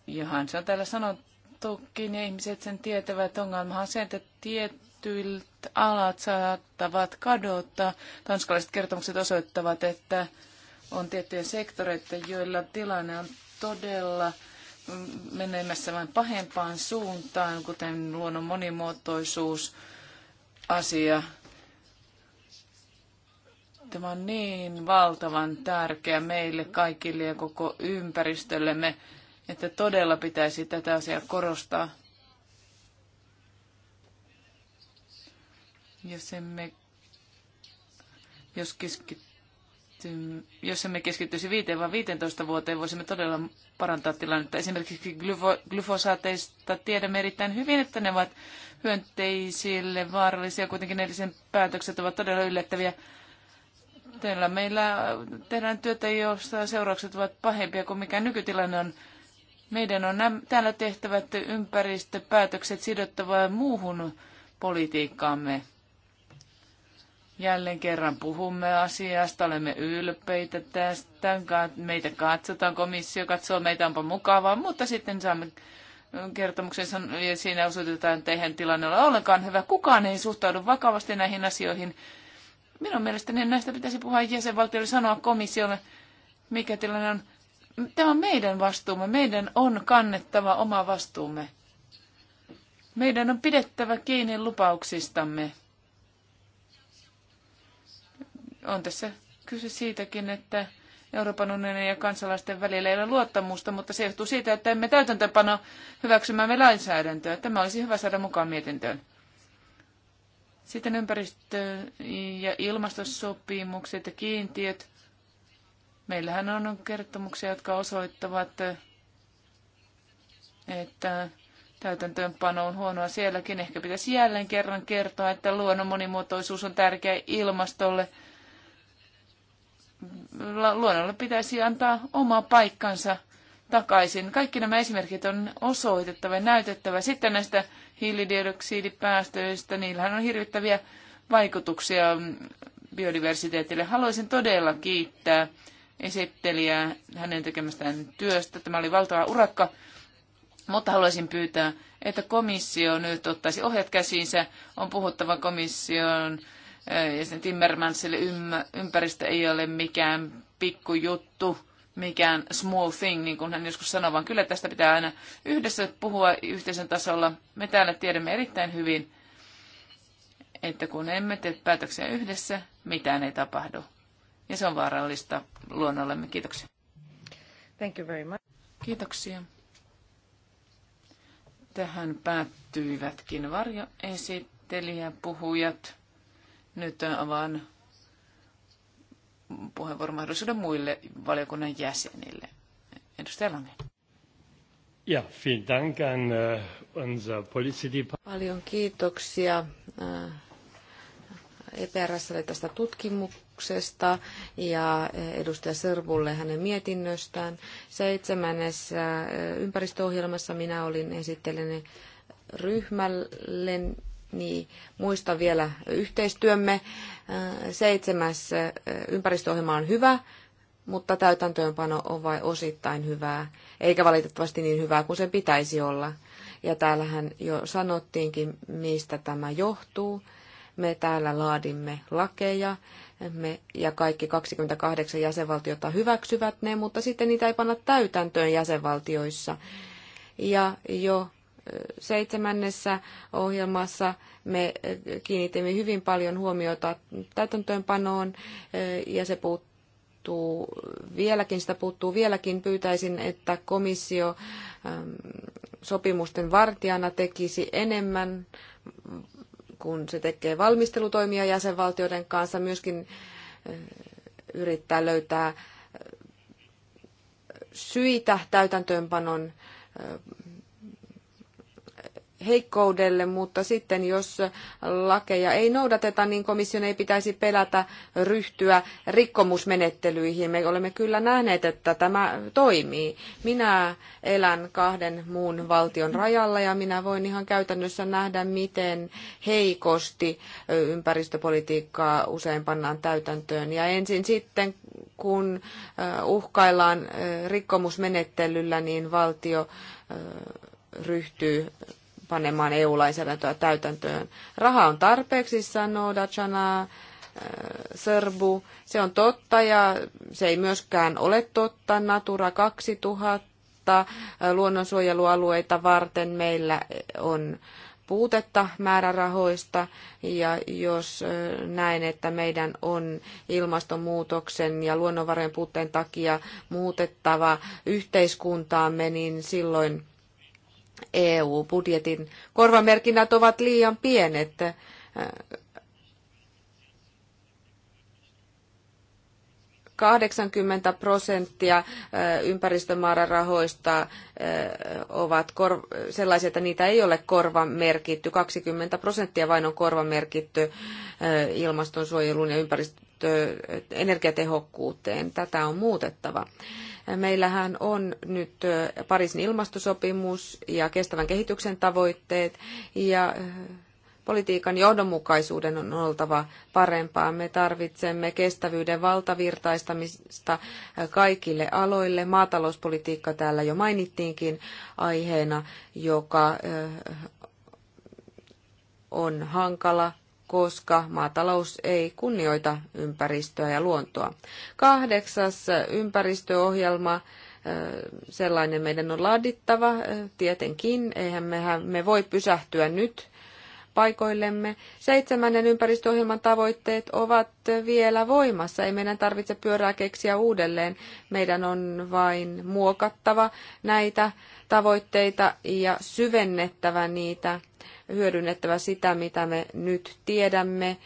Johan se on täällä sanottu toki ne ihmiset sen tietävät. Ongelmahan on se, että tiettyiltä alat saattavat kadota. Tanskalaiset kertomukset osoittavat, että on tiettyjä sektoreita, joilla tilanne on todella menemässä vain pahempaan suuntaan, kuten luonnon monimuotoisuus, asia. Tämä on niin valtavan tärkeä meille kaikille ja koko ympäristöllemme että todella pitäisi tätä asiaa korostaa. Jos emme, jos keskitty, jos emme keskittyisi viiteen vaan 15 vuoteen, voisimme todella parantaa tilannetta. Esimerkiksi glyfosaateista tiedämme erittäin hyvin, että ne ovat hyönteisille vaarallisia. Kuitenkin edellisen päätökset ovat todella yllättäviä. Tällä meillä tehdään työtä, jossa seuraukset ovat pahempia kuin mikä nykytilanne on. Meidän on nämä, täällä tehtävät ympäristöpäätökset sidottava muuhun politiikkaamme. Jälleen kerran puhumme asiasta, olemme ylpeitä tästä, meitä katsotaan, komissio katsoo, meitä onpa mukavaa, mutta sitten saamme kertomuksen ja siinä osoitetaan, että eihän tilanne ole ollenkaan hyvä. Kukaan ei suhtaudu vakavasti näihin asioihin. Minun mielestäni näistä pitäisi puhua jäsenvaltiolle sanoa komissiolle, mikä tilanne on. Tämä on meidän vastuumme. Meidän on kannettava oma vastuumme. Meidän on pidettävä kiinni lupauksistamme. On tässä kyse siitäkin, että Euroopan unionin ja kansalaisten välillä ei ole luottamusta, mutta se johtuu siitä, että emme täytäntöpano hyväksymämme lainsäädäntöä. Tämä olisi hyvä saada mukaan mietintöön. Sitten ympäristö- ja ilmastosopimukset ja kiintiöt. Meillähän on kertomuksia, jotka osoittavat, että täytäntöönpano on huonoa sielläkin. Ehkä pitäisi jälleen kerran kertoa, että luonnon monimuotoisuus on tärkeä ilmastolle. Luonnolle pitäisi antaa oma paikkansa takaisin. Kaikki nämä esimerkit on osoitettava ja näytettävä. Sitten näistä hiilidioksidipäästöistä, niillähän on hirvittäviä vaikutuksia biodiversiteetille. Haluaisin todella kiittää esittelijää hänen tekemästään työstä. Tämä oli valtava urakka, mutta haluaisin pyytää, että komissio nyt ottaisi ohjat käsiinsä. On puhuttava komission eh, ja sen Timmermansille ympäristö ei ole mikään pikkujuttu, mikään small thing, niin kuin hän joskus sanoi, vaan kyllä tästä pitää aina yhdessä puhua yhteisön tasolla. Me täällä tiedämme erittäin hyvin, että kun emme tee päätöksiä yhdessä, mitään ei tapahdu ja se on vaarallista luonnollemme. Kiitoksia. Thank you very much. Kiitoksia. Tähän päättyivätkin varjoesittelijäpuhujat. Nyt avaan puheenvuoromahdollisuuden muille valiokunnan jäsenille. Edustaja Lange. Ja, vielen Dank an äh, unser Policy Paljon kiitoksia äh, EPRS oli tästä tutkimuksesta ja edustaja Servulle hänen mietinnöstään. Seitsemännessä ympäristöohjelmassa minä olin esittelen ryhmälle, niin muista vielä yhteistyömme. Seitsemäs ympäristöohjelma on hyvä, mutta täytäntöönpano on vain osittain hyvää, eikä valitettavasti niin hyvää kuin sen pitäisi olla. Ja täällähän jo sanottiinkin, mistä tämä johtuu. Me täällä laadimme lakeja me ja kaikki 28 jäsenvaltiota hyväksyvät ne, mutta sitten niitä ei panna täytäntöön jäsenvaltioissa. Ja jo seitsemännessä ohjelmassa me kiinnitimme hyvin paljon huomiota täytäntöönpanoon ja se puuttuu vieläkin, sitä puuttuu vieläkin. Pyytäisin, että komissio sopimusten vartijana tekisi enemmän kun se tekee valmistelutoimia jäsenvaltioiden kanssa, myöskin eh, yrittää löytää eh, syitä täytäntöönpanon eh, heikkoudelle, mutta sitten jos lakeja ei noudateta, niin komission ei pitäisi pelätä ryhtyä rikkomusmenettelyihin. Me olemme kyllä nähneet, että tämä toimii. Minä elän kahden muun valtion rajalla ja minä voin ihan käytännössä nähdä, miten heikosti ympäristöpolitiikkaa usein pannaan täytäntöön. Ja ensin sitten, kun uhkaillaan rikkomusmenettelyllä, niin valtio ryhtyy panemaan EU-lainsäädäntöä täytäntöön. Raha on tarpeeksi, sanoo Dachana äh, Serbu. Se on totta ja se ei myöskään ole totta. Natura 2000 äh, luonnonsuojelualueita varten meillä on puutetta määrärahoista ja jos äh, näen, että meidän on ilmastonmuutoksen ja luonnonvarojen puutteen takia muutettava yhteiskuntaamme, niin silloin EU-budjetin korvamerkinnät ovat liian pienet. Kahdeksankymmentä prosenttia ympäristömäärärahoista ovat sellaisia, että niitä ei ole korvamerkitty. 20 prosenttia vain on korvamerkitty ilmastonsuojeluun ja ympäristö- energiatehokkuuteen. Tätä on muutettava. Meillähän on nyt Pariisin ilmastosopimus ja kestävän kehityksen tavoitteet ja politiikan johdonmukaisuuden on oltava parempaa. Me tarvitsemme kestävyyden valtavirtaistamista kaikille aloille. Maatalouspolitiikka täällä jo mainittiinkin aiheena, joka on hankala koska maatalous ei kunnioita ympäristöä ja luontoa. Kahdeksas ympäristöohjelma sellainen meidän on laadittava, tietenkin, eihän mehän me voi pysähtyä nyt paikoillemme. Seitsemännen ympäristöohjelman tavoitteet ovat vielä voimassa. Ei meidän tarvitse pyörää keksiä uudelleen. Meidän on vain muokattava näitä tavoitteita ja syvennettävä niitä hyödynnettävä sitä, mitä me nyt tiedämme,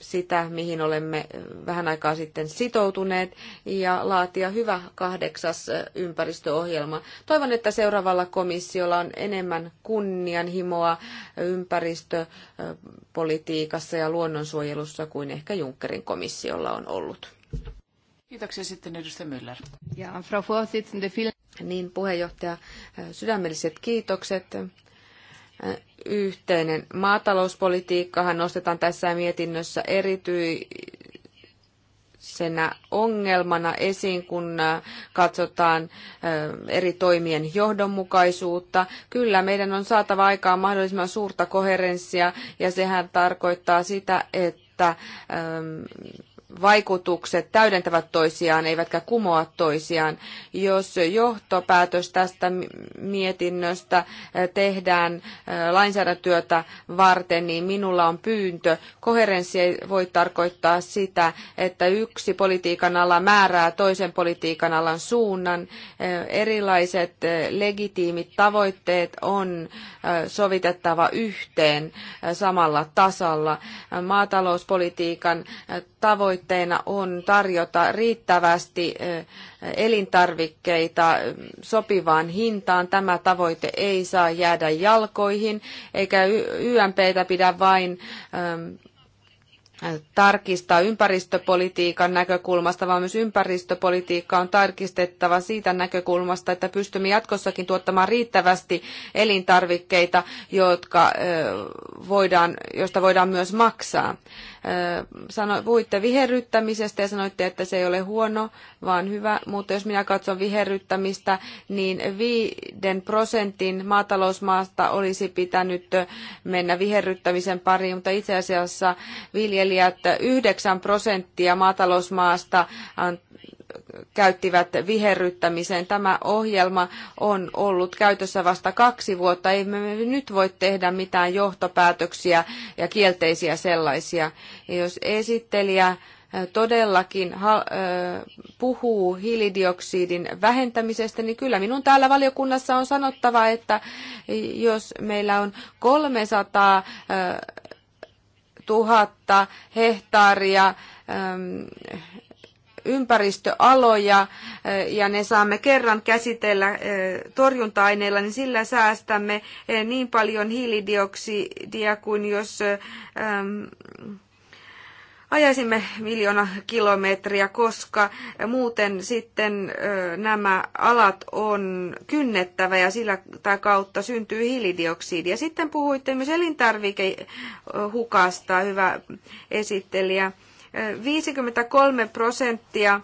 sitä, mihin olemme vähän aikaa sitten sitoutuneet, ja laatia hyvä kahdeksas ympäristöohjelma. Toivon, että seuraavalla komissiolla on enemmän kunnianhimoa ympäristöpolitiikassa ja luonnonsuojelussa kuin ehkä Junckerin komissiolla on ollut. Kiitoksia sitten edustaja Müller. Ja Frau Niin, puheenjohtaja, sydämelliset kiitokset yhteinen maatalouspolitiikkahan nostetaan tässä mietinnössä erityisenä ongelmana esiin, kun katsotaan eri toimien johdonmukaisuutta. Kyllä, meidän on saatava aikaan mahdollisimman suurta koherenssia, ja sehän tarkoittaa sitä, että että vaikutukset täydentävät toisiaan eivätkä kumoa toisiaan. Jos johtopäätös tästä mietinnöstä eh, tehdään eh, lainsäädäntötyötä varten, niin minulla on pyyntö. Koherenssi voi tarkoittaa sitä, että yksi politiikan ala määrää toisen politiikan alan suunnan. Eh, erilaiset legitiimit tavoitteet on sovitettava yhteen samalla tasalla. Maatalouspolitiikan tavoitteet tavoitteena on tarjota riittävästi elintarvikkeita sopivaan hintaan. Tämä tavoite ei saa jäädä jalkoihin, eikä YMPtä pidä vain tarkistaa ympäristöpolitiikan näkökulmasta, vaan myös ympäristöpolitiikka on tarkistettava siitä näkökulmasta, että pystymme jatkossakin tuottamaan riittävästi elintarvikkeita, jotka voidaan, joista voidaan myös maksaa sano, puhuitte viherryttämisestä ja sanoitte, että se ei ole huono, vaan hyvä, mutta jos minä katson viherryttämistä, niin viiden prosentin maatalousmaasta olisi pitänyt mennä viherryttämisen pariin, mutta itse asiassa viljelijät yhdeksän prosenttia maatalousmaasta käyttivät viherryttämiseen. Tämä ohjelma on ollut käytössä vasta kaksi vuotta. Ei me nyt voi tehdä mitään johtopäätöksiä ja kielteisiä sellaisia. Ja jos esittelijä todellakin puhuu hiilidioksidin vähentämisestä, niin kyllä minun täällä valiokunnassa on sanottava, että jos meillä on 300 000 hehtaaria ympäristöaloja eh, ja ne saamme kerran käsitellä eh, torjunta-aineilla, niin sillä säästämme eh, niin paljon hiilidioksidia kuin jos ehm, ajaisimme miljoona kilometriä, koska muuten sitten nämä alat on kynnettävä ja sillä kautta syntyy hiilidioksidia. Sitten puhuitte myös elintarvikehukasta, hyvä esittelijä. 53 prosenttia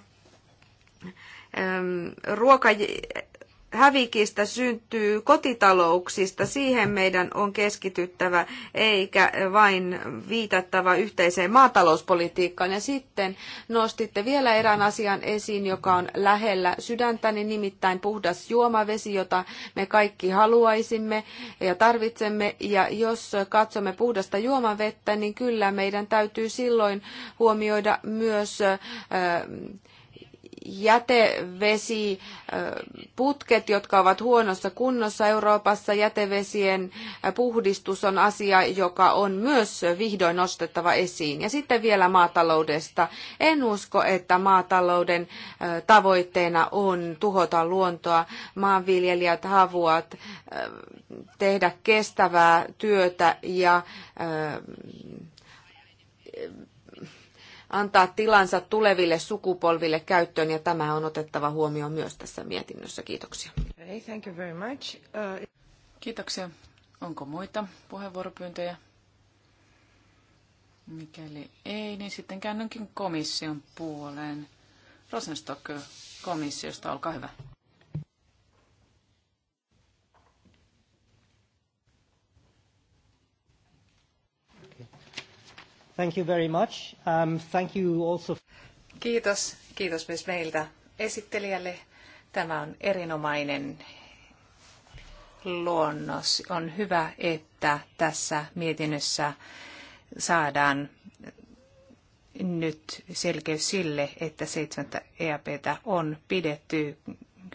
ruoka, hävikistä syntyy kotitalouksista, siihen meidän on keskityttävä eikä vain viitattava yhteiseen maatalouspolitiikkaan. Ja sitten nostitte vielä erään asian esiin, joka on lähellä sydäntäni, nimittäin puhdas juomavesi, jota me kaikki haluaisimme ja tarvitsemme. Ja jos katsomme puhdasta juomavettä, niin kyllä meidän täytyy silloin huomioida myös äh, jätevesiputket, jotka ovat huonossa kunnossa Euroopassa. Jätevesien puhdistus on asia, joka on myös vihdoin nostettava esiin. Ja sitten vielä maataloudesta. En usko, että maatalouden tavoitteena on tuhota luontoa. Maanviljelijät haluavat tehdä kestävää työtä ja antaa tilansa tuleville sukupolville käyttöön, ja tämä on otettava huomioon myös tässä mietinnössä. Kiitoksia. Hey, thank you very much. Uh... Kiitoksia. Onko muita puheenvuoropyyntöjä? Mikäli ei, niin sitten käännynkin komission puoleen. Rosenstock komissiosta, olkaa hyvä. Thank you very much. Um, thank you also. Kiitos. Kiitos myös meiltä esittelijälle. Tämä on erinomainen luonnos. On hyvä, että tässä mietinnössä saadaan nyt selkeys sille, että seitsemäntä EAPtä on pidetty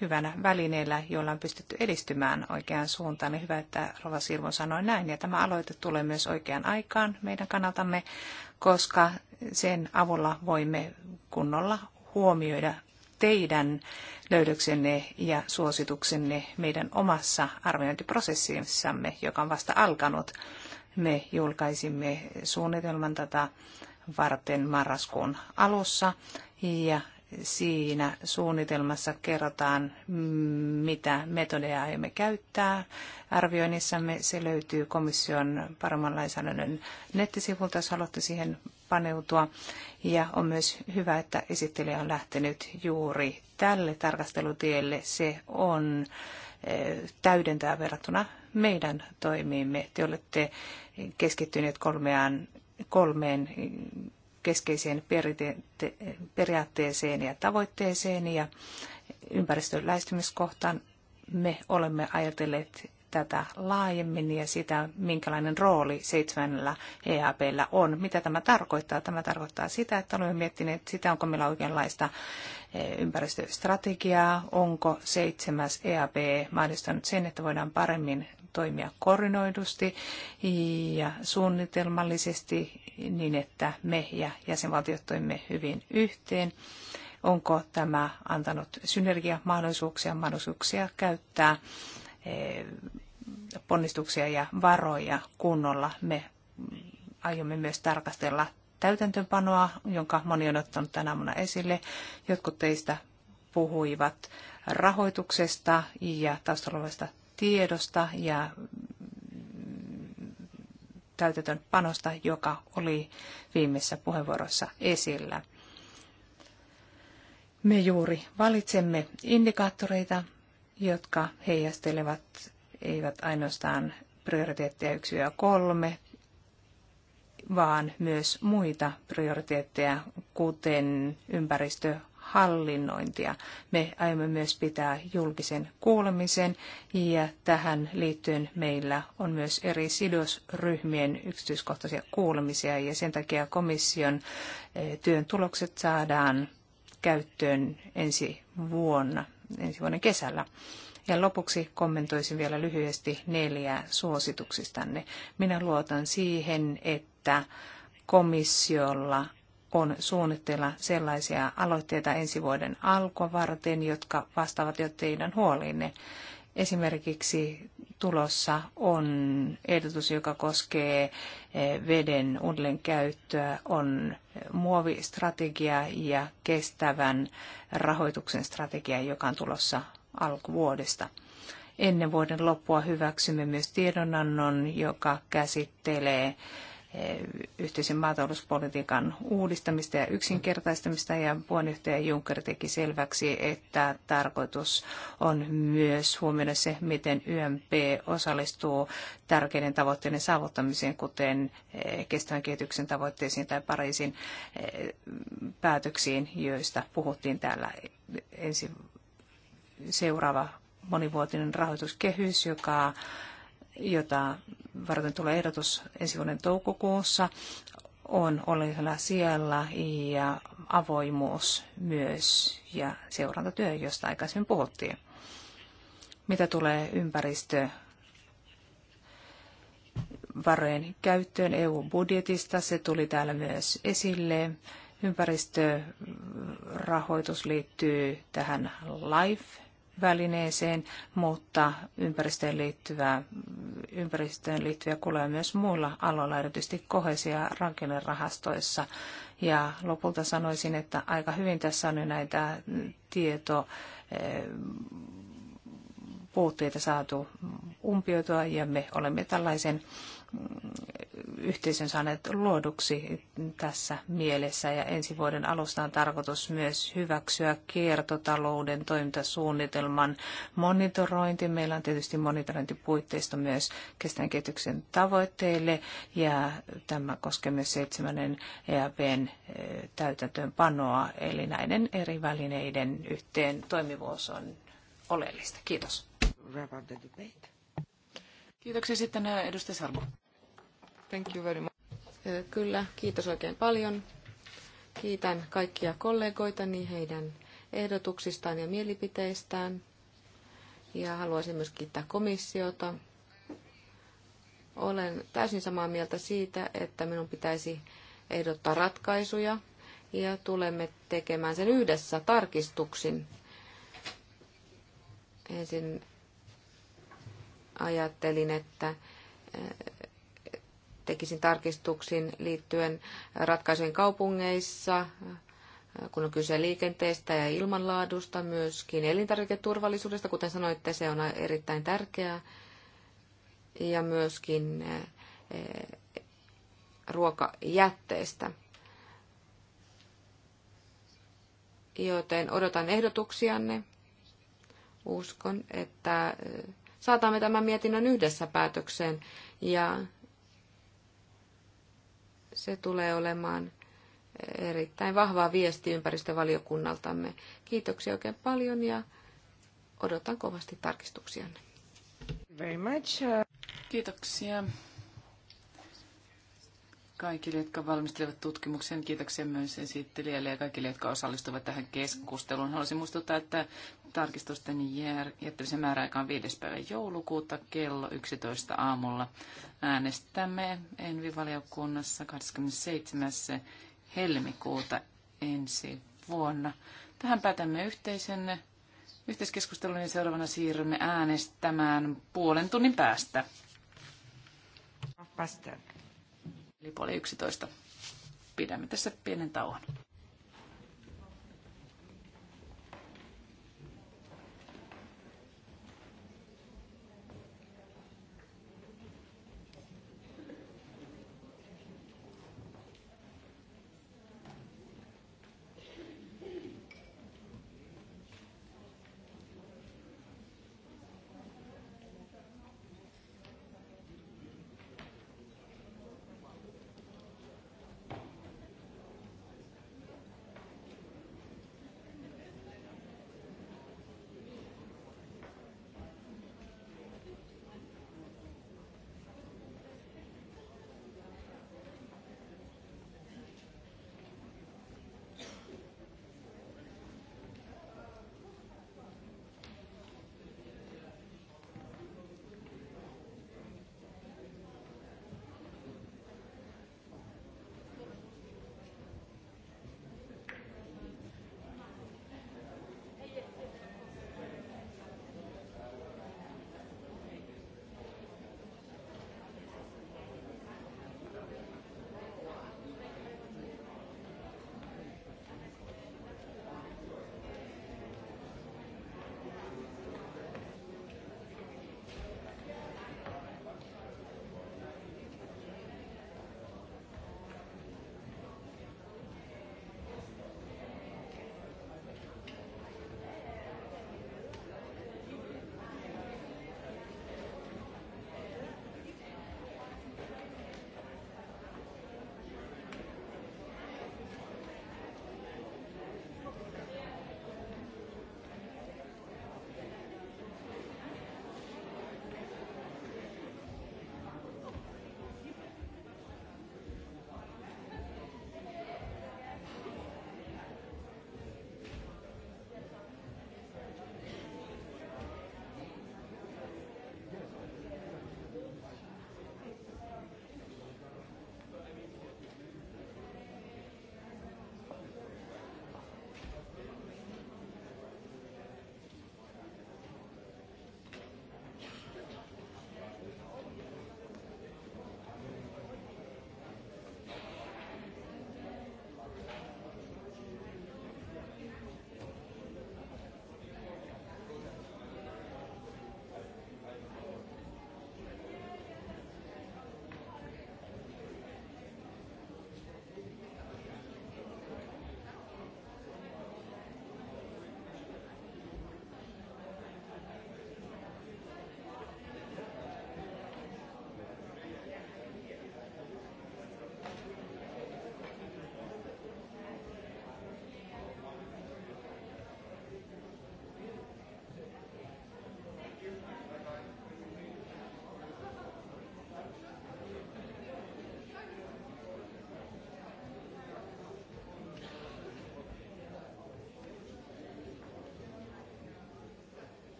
hyvänä välineellä, jolla on pystytty edistymään oikeaan suuntaan. Ja niin hyvä, että Rova Sirvo sanoi näin. Ja tämä aloite tulee myös oikeaan aikaan meidän kannaltamme, koska sen avulla voimme kunnolla huomioida teidän löydöksenne ja suosituksenne meidän omassa arviointiprosessissamme, joka on vasta alkanut. Me julkaisimme suunnitelman tätä varten marraskuun alussa ja Siinä suunnitelmassa kerrotaan, mitä metodeja aiomme käyttää. Arvioinnissamme se löytyy komission paremman lainsäädännön nettisivulta, jos haluatte siihen paneutua. Ja on myös hyvä, että esittelijä on lähtenyt juuri tälle tarkastelutielle. Se on eh, täydentää verrattuna meidän toimiimme. Te olette keskittyneet kolmeaan, kolmeen keskeiseen periaatteeseen ja tavoitteeseen ja ympäristön lähestymiskohtaan. Me olemme ajatelleet tätä laajemmin ja sitä, minkälainen rooli seitsemännellä EAPllä on. Mitä tämä tarkoittaa? Tämä tarkoittaa sitä, että olemme miettineet sitä, onko meillä oikeanlaista eh, ympäristöstrategiaa, onko seitsemäs EAP mahdollistanut sen, että voidaan paremmin toimia koordinoidusti ja suunnitelmallisesti niin, että me ja jäsenvaltiot toimimme hyvin yhteen. Onko tämä antanut synergiamahdollisuuksia, mahdollisuuksia käyttää e, ponnistuksia ja varoja kunnolla. Me aiomme myös tarkastella täytäntöönpanoa, jonka moni on ottanut tänä aamuna esille. Jotkut teistä puhuivat rahoituksesta ja taustalla olevasta tiedosta ja täytetön panosta, joka oli viimeisessä puheenvuorossa esillä. Me juuri valitsemme indikaattoreita, jotka heijastelevat eivät ainoastaan prioriteetteja 1 ja 3, vaan myös muita prioriteetteja, kuten ympäristö, hallinnointia. Me aiomme myös pitää julkisen kuulemisen ja tähän liittyen meillä on myös eri sidosryhmien yksityiskohtaisia kuulemisia ja sen takia komission eh, työn tulokset saadaan käyttöön ensi vuonna, ensi vuoden kesällä. Ja lopuksi kommentoisin vielä lyhyesti neljää suosituksistanne. Minä luotan siihen, että komissiolla on suunnitteilla sellaisia aloitteita ensi vuoden alkua varten, jotka vastaavat jo teidän huoliinne. Esimerkiksi tulossa on ehdotus, joka koskee eh, veden käyttöä, on muovistrategia ja kestävän rahoituksen strategia, joka on tulossa alkuvuodesta. Ennen vuoden loppua hyväksymme myös tiedonannon, joka käsittelee yhteisen maatalouspolitiikan uudistamista ja yksinkertaistamista ja puheenjohtaja Juncker teki selväksi, että tarkoitus on myös huomioida se, miten YMP osallistuu tärkeiden tavoitteiden saavuttamiseen, kuten eh, kestävän kehityksen tavoitteisiin tai Pariisin eh, päätöksiin, joista puhuttiin täällä ensi seuraava monivuotinen rahoituskehys, joka jota varten tulee ehdotus ensi vuoden toukokuussa, on oleellisella siellä ja avoimuus myös ja seurantatyö, josta aikaisemmin puhuttiin. Mitä tulee ympäristö varojen käyttöön EU-budjetista, se tuli täällä myös esille. Ympäristörahoitus liittyy tähän LIFE välineeseen, mutta ympäristöön, liittyvää, ympäristöön liittyviä kuluja myös muilla aloilla, erityisesti kohesia rakennerahastoissa. Ja lopulta sanoisin, että aika hyvin tässä on näitä tieto eh, puutteita saatu umpioitua ja me olemme tällaisen Mm, yhteisön saaneet luoduksi tässä mielessä. Ja ensi vuoden alusta on tarkoitus myös hyväksyä kiertotalouden toimintasuunnitelman monitorointi. Meillä on tietysti monitorointipuitteisto myös kestävän kehityksen tavoitteille ja tämä koskee myös seitsemännen EAPn eh, täytäntöönpanoa. Eli näiden eri välineiden yhteen toimivuus on oleellista. Kiitos. Kiitoksia sitten eh, edustaja Sarmo. Thank you very much. Kyllä, kiitos oikein paljon. Kiitän kaikkia kollegoitani heidän ehdotuksistaan ja mielipiteistään. Ja haluaisin myös kiittää komissiota. Olen täysin samaa mieltä siitä, että minun pitäisi ehdottaa ratkaisuja ja tulemme tekemään sen yhdessä tarkistuksin. Ensin ajattelin, että tekisin tarkistuksin liittyen ratkaisujen kaupungeissa, kun on kyse liikenteestä ja ilmanlaadusta, myöskin elintarviketurvallisuudesta, kuten sanoitte, se on erittäin tärkeää, ja myöskin eh, ruokajätteestä. Joten odotan ehdotuksianne. Uskon, että eh, saatamme tämän mietinnön yhdessä päätökseen ja se tulee olemaan erittäin vahva viesti ympäristövaliokunnaltamme. Kiitoksia oikein paljon ja odotan kovasti tarkistuksianne. Very much. Kiitoksia kaikille, jotka valmistelevat tutkimuksen. Kiitoksia myös esittelijälle ja kaikille, jotka osallistuvat tähän keskusteluun. Haluaisin muistuttaa, että tarkistusten jättämisen määräaika on 5. päivä joulukuuta kello 11 aamulla. Äänestämme Envivaliokunnassa 27. helmikuuta ensi vuonna. Tähän päätämme yhteisen yhteiskeskustelun ja seuraavana siirrymme äänestämään puolen tunnin päästä. Päästään. Eli puoli yksitoista. Pidämme tässä pienen tauon.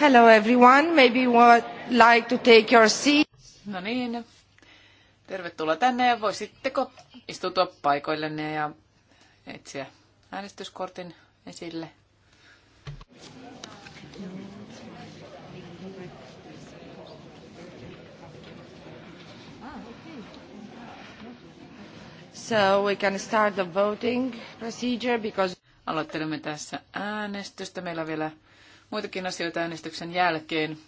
Hello everyone, maybe you would like to take your seat. No niin, tervetuloa tänne ja voisitteko istutua paikoillenne ja etsiä äänestyskortin esille. So we can start the voting procedure because... Aloittelemme tässä äänestystä. Meillä on vielä muitakin asioita äänestyksen jälkeen.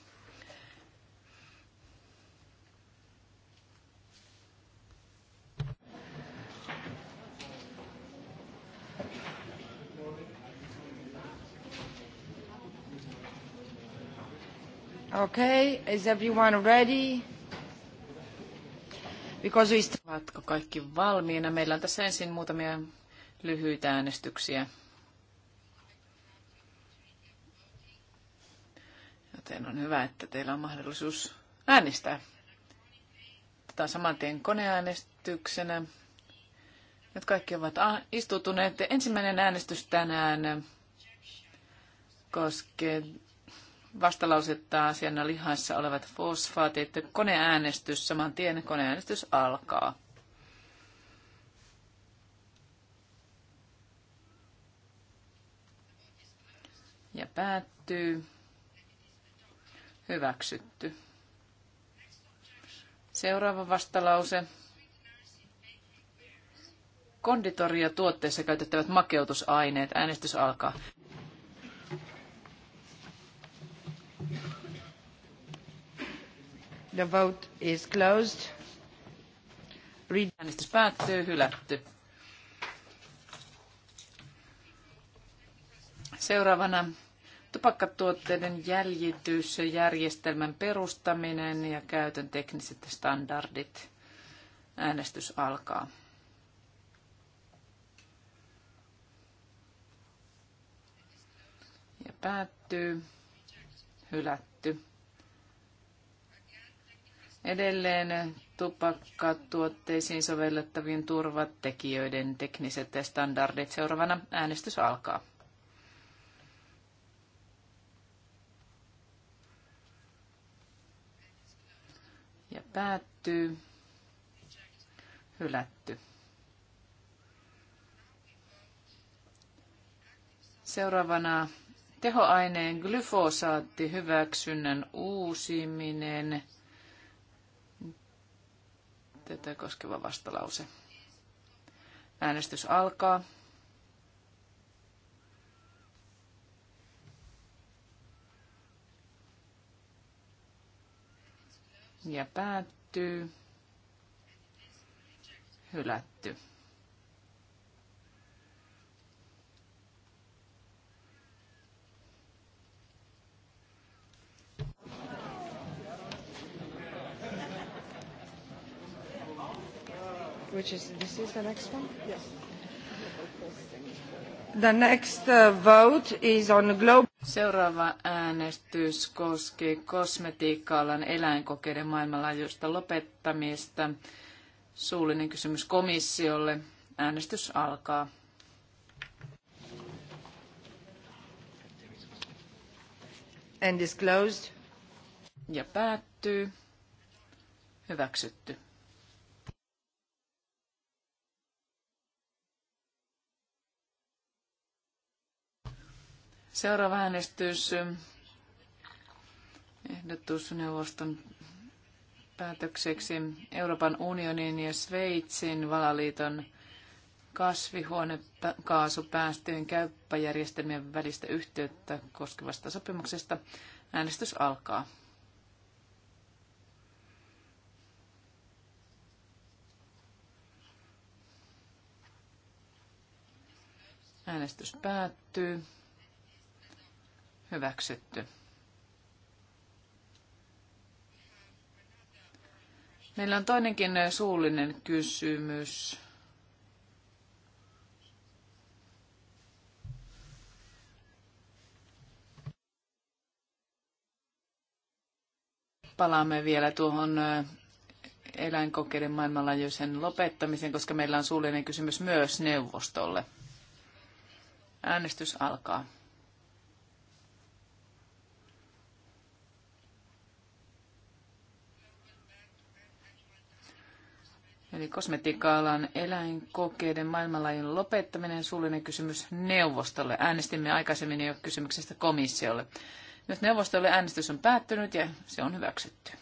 Okay, is everyone ready? Because we... Ovatko kaikki valmiina? Meillä on tässä ensin muutamia lyhyitä äänestyksiä. hyvä, että teillä on mahdollisuus äänestää. Otetaan saman tien koneäänestyksenä. Nyt kaikki ovat istutuneet. Ensimmäinen äänestys tänään koskee vastalausetta asiana lihassa olevat fosfaatit. Koneäänestys, saman tien koneäänestys alkaa. Ja päättyy. Hyväksytty. Seuraava vastalause. Konditoria tuotteissa käytettävät makeutusaineet. Äänestys alkaa. The vote is closed. Read. Äänestys päättyy. Hylätty. Seuraavana tupakkatuotteiden järjestelmän perustaminen ja käytön tekniset standardit. Äänestys alkaa. Ja päättyy. Hylätty. Edelleen tupakkatuotteisiin sovellettavien turvatekijöiden tekniset standardit. Seuraavana äänestys alkaa. Päättyy. Hylätty. Seuraavana tehoaineen glyfosaatti hyväksynnän uusiminen. Tätä koskeva vastalause. Äänestys alkaa. ja päättyy. Hylätty. Which is, this is the next one? Yes. The next uh, vote is on global... Seuraava äänestys koski kosmetiikka-alan eläinkokeiden maailmanlaajuista lopettamista. Suullinen kysymys komissiolle. Äänestys alkaa. And is closed. Ja päättyy. Hyväksytty. Seuraava äänestys. Ehdotus neuvoston päätökseksi Euroopan unionin ja Sveitsin valaliiton kasvihuonekaasupäästöjen käyppäjärjestelmien välistä yhteyttä koskevasta sopimuksesta. Äänestys alkaa. Äänestys päättyy hyväksytty. Meillä on toinenkin suullinen kysymys. Palaamme vielä tuohon eläinkokeiden maailmanlaajuisen lopettamisen, koska meillä on suullinen kysymys myös neuvostolle. Äänestys alkaa. Eli kosmetiikka-alan eläinkokeiden maailmanlaajuinen lopettaminen, suullinen kysymys neuvostolle. Äänestimme aikaisemmin jo kysymyksestä komissiolle. Nyt neuvostolle äänestys on päättynyt ja se on hyväksytty.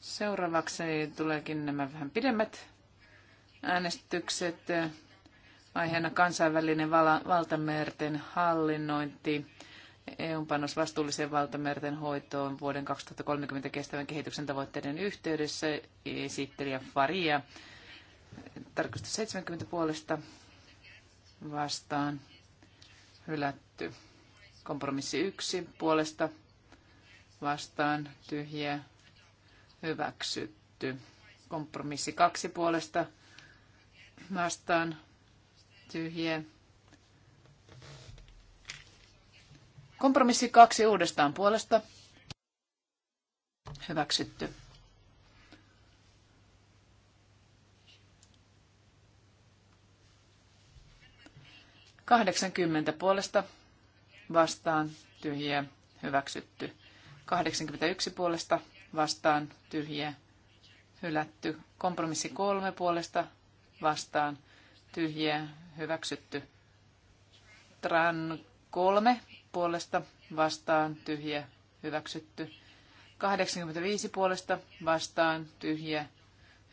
Seuraavaksi tuleekin nämä vähän pidemmät äänestykset aiheena kansainvälinen valtamerten hallinnointi. EUn panos vastuulliseen valtamerten hoitoon vuoden 2030 kestävän kehityksen tavoitteiden yhteydessä esittelijä Faria. tarkistus 70 puolesta vastaan hylätty. Kompromissi 1 puolesta vastaan tyhjä hyväksytty. Kompromissi 2 puolesta vastaan tyhjiä. Kompromissi kaksi uudestaan puolesta. Hyväksytty. Kahdeksankymmentä puolesta vastaan tyhjiä hyväksytty. 81 puolesta vastaan tyhjiä hylätty. Kompromissi kolme puolesta vastaan tyhjiä hyväksytty. Tran 3 puolesta vastaan tyhjä hyväksytty. 85 puolesta vastaan tyhjä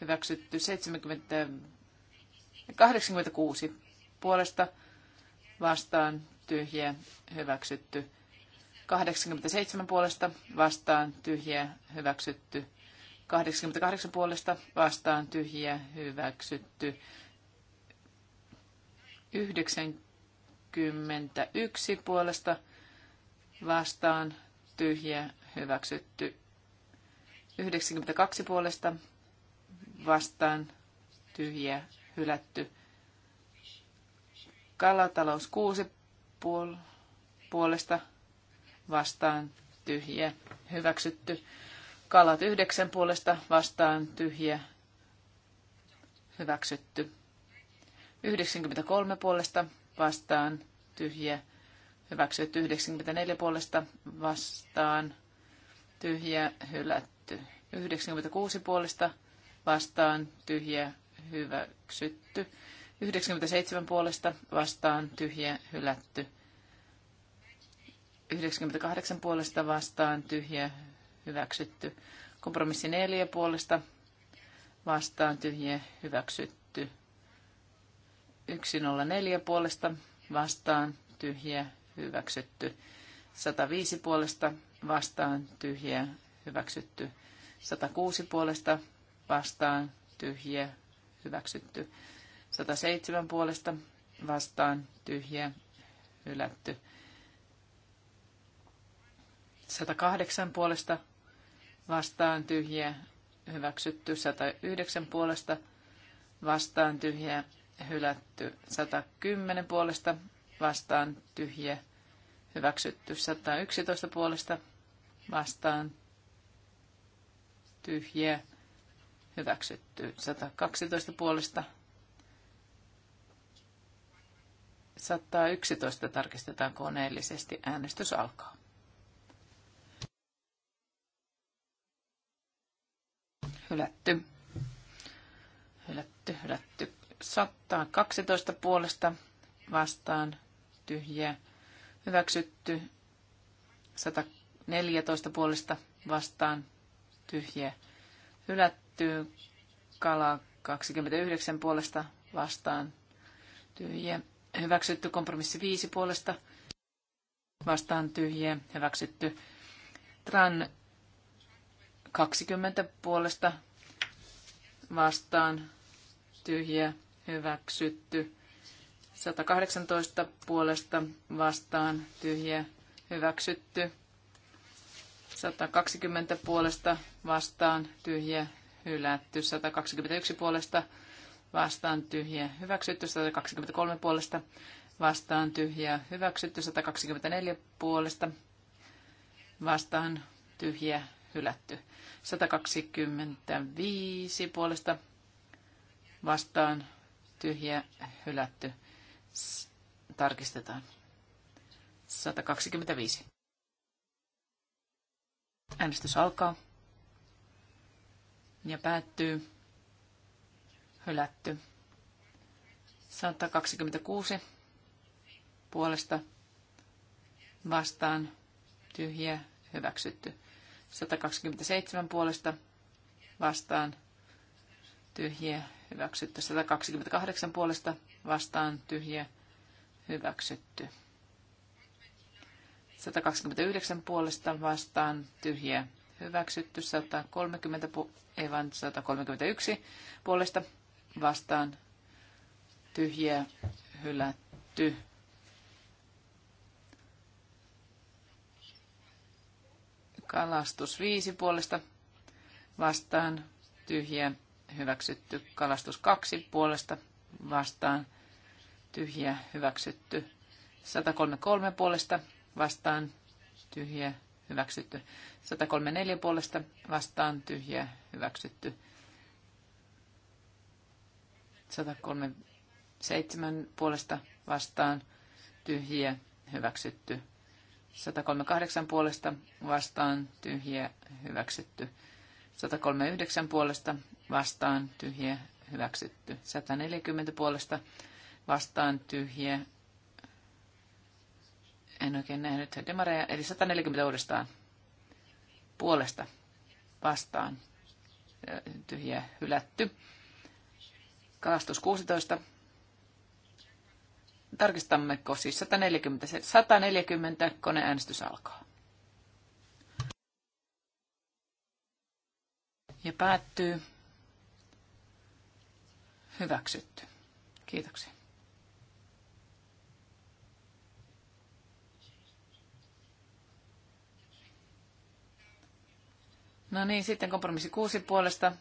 hyväksytty. 70, 86 puolesta vastaan tyhjä hyväksytty. 87 puolesta vastaan tyhjä hyväksytty. 88 puolesta vastaan tyhjä hyväksytty. 91 puolesta vastaan tyhjä hyväksytty. 92 puolesta vastaan tyhjä hylätty. Kalatalous 6 puol- puolesta vastaan tyhjä hyväksytty. Kalat 9 puolesta vastaan tyhjä hyväksytty. 93 puolesta vastaan tyhjä. Hyväksytty 94 puolesta vastaan tyhjä. Hylätty 96 puolesta vastaan tyhjä. Hyväksytty 97 puolesta vastaan tyhjä. Hylätty 98 puolesta vastaan tyhjä. Hyväksytty kompromissi 4 puolesta vastaan tyhjä. Hyväksytty 104 puolesta vastaan tyhjä hyväksytty. 105 puolesta vastaan tyhjä hyväksytty. 106 puolesta vastaan tyhjä hyväksytty. 107 puolesta vastaan tyhjä hylätty. 108 puolesta vastaan tyhjä hyväksytty. 109 puolesta vastaan tyhjä hylätty 110 puolesta vastaan tyhjä, hyväksytty 111 puolesta vastaan tyhjä, hyväksytty 112 puolesta 111 tarkistetaan koneellisesti. Äänestys alkaa. Hylätty. Hylätty, hylätty. 112 puolesta vastaan tyhjää hyväksytty. 114 puolesta vastaan tyhjää hylätty. Kala 29 puolesta vastaan tyhjä. Hyväksytty kompromissi 5 puolesta vastaan tyhjä. Hyväksytty tran 20 puolesta vastaan tyhjä hyväksytty. 118 puolesta vastaan tyhjä hyväksytty. 120 puolesta vastaan tyhjä hylätty. 121 puolesta vastaan tyhjä hyväksytty. 123 puolesta vastaan tyhjä hyväksytty. 124 puolesta vastaan tyhjä hylätty. 125 puolesta vastaan tyhjä, hylätty. S- Tarkistetaan. 125. Äänestys alkaa ja päättyy. Hylätty. 126 puolesta vastaan tyhjä hyväksytty. 127 puolesta vastaan tyhjä hyväksytty. 128 puolesta vastaan tyhjä hyväksytty. 129 puolesta vastaan tyhjä hyväksytty. 130, ei vaan 131 puolesta vastaan tyhjä hylätty. Kalastus 5 puolesta vastaan tyhjä hyväksytty. Kalastus kaksi puolesta vastaan tyhjä hyväksytty. 133 puolesta vastaan tyhjä hyväksytty. 134 puolesta vastaan tyhjä hyväksytty. 137 puolesta vastaan tyhjä hyväksytty. 138 puolesta vastaan tyhjä hyväksytty. 139 puolesta vastaan tyhjä hyväksytty. 140 puolesta vastaan tyhjä. En oikein nähnyt demareja, eli 140 uudestaan puolesta vastaan tyhjä hylätty. Kalastus 16. Tarkistammeko siis 140, 140 koneäänestys alkaa. Ja päättyy hyväksytty. Kiitoksia. No niin, sitten kompromissi kuusi puolesta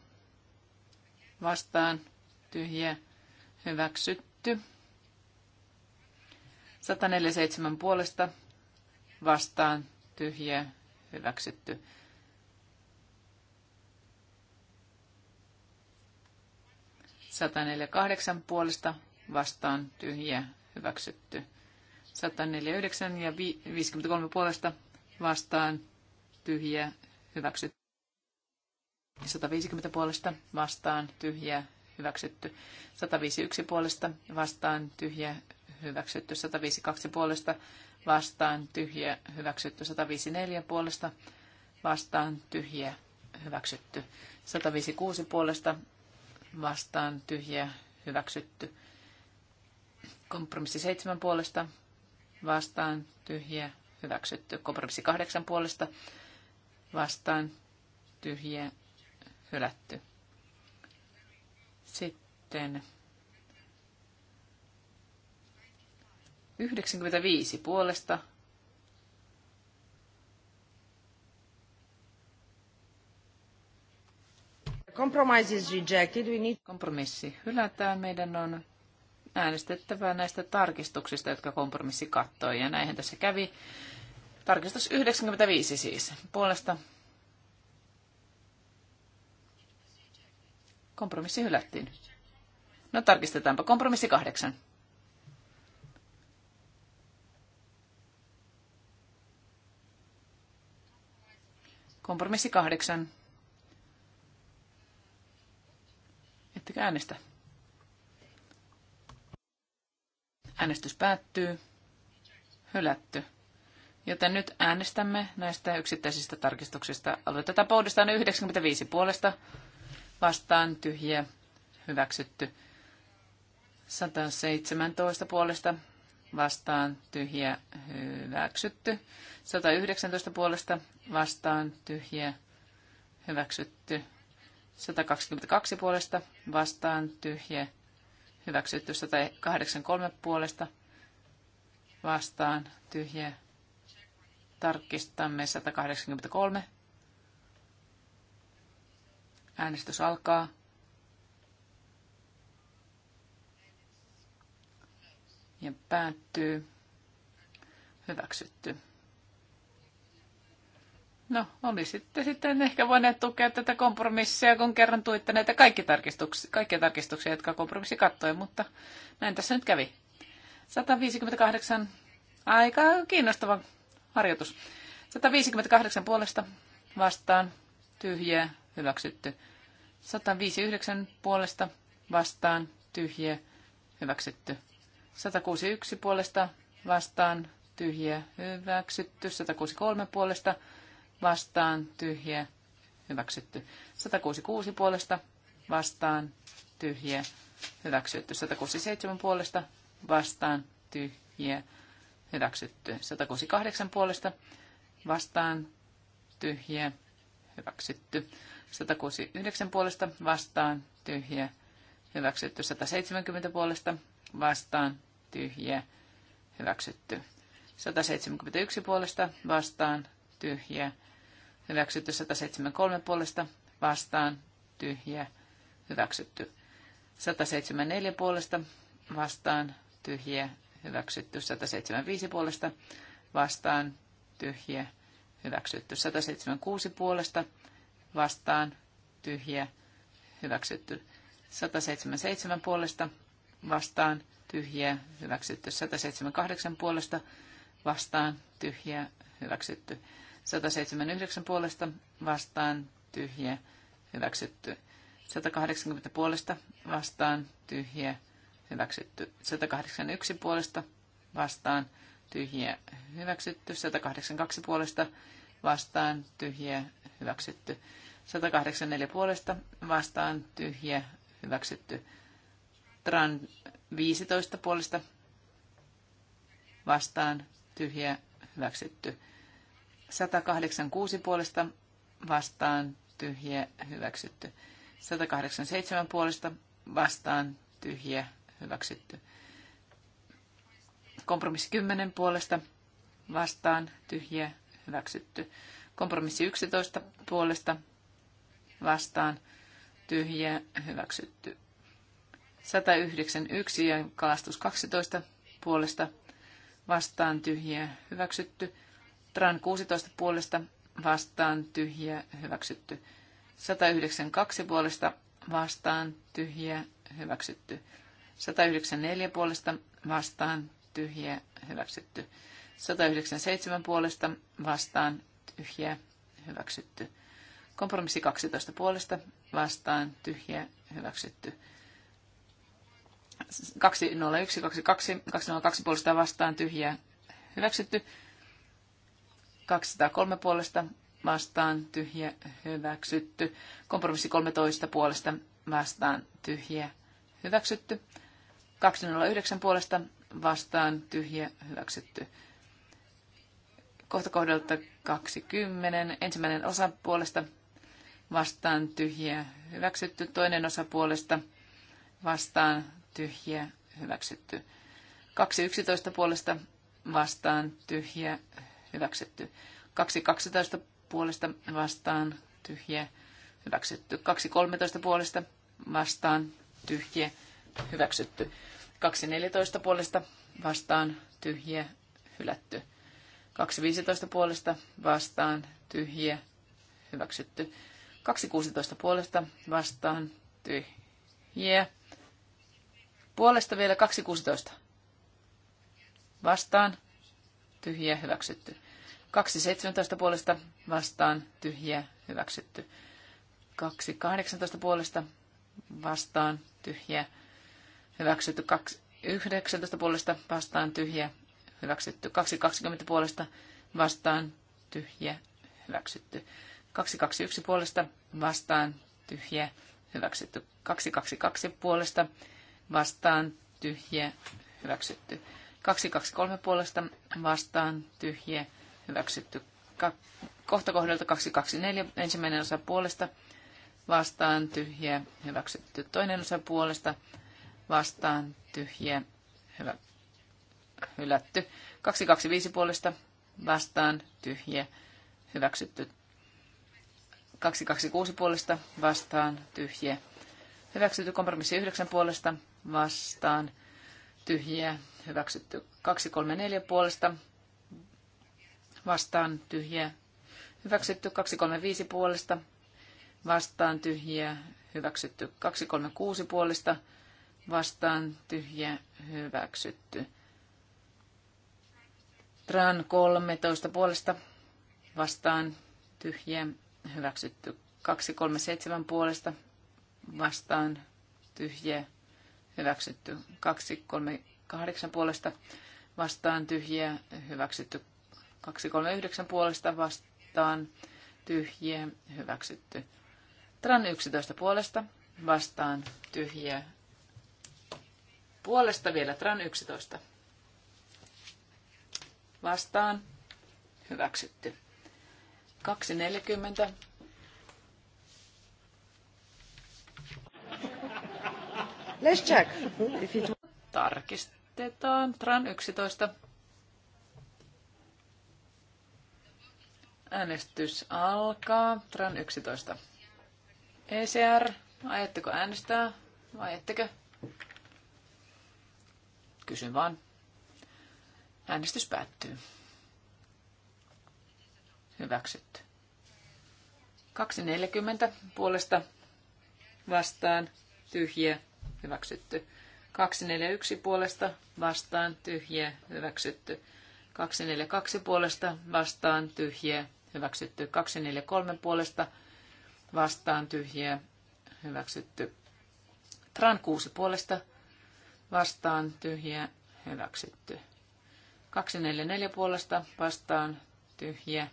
vastaan tyhjä hyväksytty. 147 puolesta vastaan tyhjä hyväksytty. 148 puolesta vastaan tyhjä hyväksytty. 149 ja 53 puolesta vastaan tyhjä hyväksytty. 150 puolesta vastaan tyhjä hyväksytty. 151 puolesta vastaan tyhjä hyväksytty. 152 puolesta vastaan tyhjä hyväksytty. 154 puolesta vastaan tyhjä hyväksytty. 156 puolesta vastaan tyhjä hyväksytty. Kompromissi seitsemän puolesta vastaan tyhjä hyväksytty. Kompromissi kahdeksan puolesta vastaan tyhjä hylätty. Sitten 95 puolesta Kompromissi hylätään. Meidän on äänestettävä näistä tarkistuksista, jotka kompromissi kattoi. Ja näinhän tässä kävi. Tarkistus 95 siis. Puolesta kompromissi hylättiin. No tarkistetaanpa. Kompromissi kahdeksan. Kompromissi kahdeksan. Ettekö äänestä? Äänestys päättyy. Hylätty. Joten nyt äänestämme näistä yksittäisistä tarkistuksista. Aloitetaan pohdistaan 95 puolesta. Vastaan tyhjä. Hyväksytty. 117 puolesta. Vastaan tyhjä. Hyväksytty. 119 puolesta. Vastaan tyhjä. Hyväksytty. 122 puolesta vastaan tyhjä hyväksytty 183 puolesta vastaan tyhjä. Tarkistamme 183. Äänestys alkaa. Ja päättyy. Hyväksytty. No, oli sitten sitten ehkä voineet tukea tätä kompromissia, kun kerran tuitte näitä kaikki tarkistuksi, kaikkia tarkistuksia, jotka kompromissi kattoi, mutta näin tässä nyt kävi. 158, aika kiinnostava harjoitus. 158 puolesta vastaan, tyhjä, hyväksytty. 159 puolesta vastaan, tyhjä, hyväksytty. 161 puolesta vastaan, tyhjä, hyväksytty. 163 puolesta vastaan, vastaan tyhjä hyväksytty. 166 puolesta vastaan tyhjä hyväksytty. 167 puolesta vastaan tyhjä hyväksytty. 168 puolesta vastaan tyhjä hyväksytty. 169 puolesta vastaan tyhjä hyväksytty. 170 puolesta vastaan tyhjä hyväksytty. 171 puolesta vastaan tyhjä hyväksytty hyväksytty 173 puolesta vastaan, tyhjä, hyväksytty 174 puolesta vastaan, tyhjä, hyväksytty 175 puolesta vastaan, tyhjä, hyväksytty 176 puolesta vastaan, tyhjä, hyväksytty 177 puolesta vastaan, tyhjä, hyväksytty 178 puolesta vastaan, tyhjä, hyväksytty 179 puolesta vastaan tyhjä hyväksytty. 180 puolesta vastaan tyhjä hyväksytty. 181 puolesta vastaan tyhjä hyväksytty. 182 puolesta vastaan tyhjä hyväksytty. 184 puolesta vastaan tyhjä hyväksytty. Tran 15 puolesta vastaan tyhjä hyväksytty. 186 puolesta vastaan tyhjä hyväksytty. 187 puolesta vastaan tyhjä hyväksytty. Kompromissi 10 puolesta vastaan tyhjä hyväksytty. Kompromissi 11 puolesta vastaan tyhjä hyväksytty. 191 ja kalastus 12 puolesta vastaan tyhjä hyväksytty. Tran 16 puolesta vastaan tyhjä hyväksytty. 192 puolesta vastaan tyhjä hyväksytty. 194 puolesta vastaan tyhjä hyväksytty. 197 puolesta vastaan tyhjä hyväksytty. Kompromissi 12 puolesta vastaan tyhjä hyväksytty. 201, 202 puolesta vastaan tyhjä hyväksytty. 203 puolesta vastaan tyhjä hyväksytty. Kompromissi 13 puolesta vastaan tyhjä hyväksytty. 209 puolesta vastaan tyhjä hyväksytty. Kohta kohdalta 20. Ensimmäinen osa puolesta vastaan tyhjä hyväksytty. Toinen osa puolesta vastaan tyhjä hyväksytty. 211 puolesta vastaan tyhjä hyväksytty. 2.12 puolesta vastaan tyhjä hyväksytty. 2.13 puolesta vastaan tyhjä hyväksytty. 2.14 puolesta vastaan tyhjä hylätty. 2.15 puolesta vastaan tyhjä hyväksytty. 2.16 puolesta vastaan tyhjä. Puolesta vielä 2.16. Vastaan tyhjiä hyväksytty. 2.17 puolesta vastaan tyhjiä hyväksytty. 2.18 puolesta vastaan tyhjiä hyväksytty. 2.19 puolesta vastaan tyhjiä hyväksytty. 2.20 puolesta vastaan tyhjiä hyväksytty. 2.21 puolesta vastaan tyhjiä hyväksytty. 2.22 puolesta vastaan tyhjiä hyväksytty. 223 puolesta vastaan tyhjä hyväksytty. Kohta kohdalta 224 ensimmäinen osa puolesta vastaan tyhjä hyväksytty. Toinen osa puolesta vastaan tyhjä hyvä, hylätty. 225 puolesta vastaan tyhjä hyväksytty. 226 puolesta vastaan tyhjä hyväksytty. Kompromissi 9 puolesta vastaan tyhjiä hyväksytty. 234 puolesta vastaan tyhjiä hyväksytty. 235 puolesta vastaan tyhjiä hyväksytty. 236 puolesta vastaan tyhjiä hyväksytty. Tran 13 puolesta vastaan tyhjiä hyväksytty. 237 puolesta vastaan tyhjiä hyväksytty 2, 3, 8 puolesta vastaan tyhjiä, hyväksytty 2, 3, 9 puolesta vastaan tyhjiä, hyväksytty. Tran 11 puolesta vastaan tyhjiä, puolesta vielä Tran 11 vastaan hyväksytty. 240 Let's check. If it... Tarkistetaan. Tran 11. Äänestys alkaa. Tran 11. ECR, ajatteko äänestää vai ettekö? Kysyn vaan. Äänestys päättyy. Hyväksytty. 240 puolesta vastaan tyhjiä hyväksytty. 241 puolesta vastaan tyhjä, hyväksytty. 242 puolesta vastaan tyhjä, hyväksytty. 243 puolesta vastaan tyhjä hyväksytty. Tran 6 puolesta vastaan tyhjä, hyväksytty. 244 puolesta vastaan tyhjä.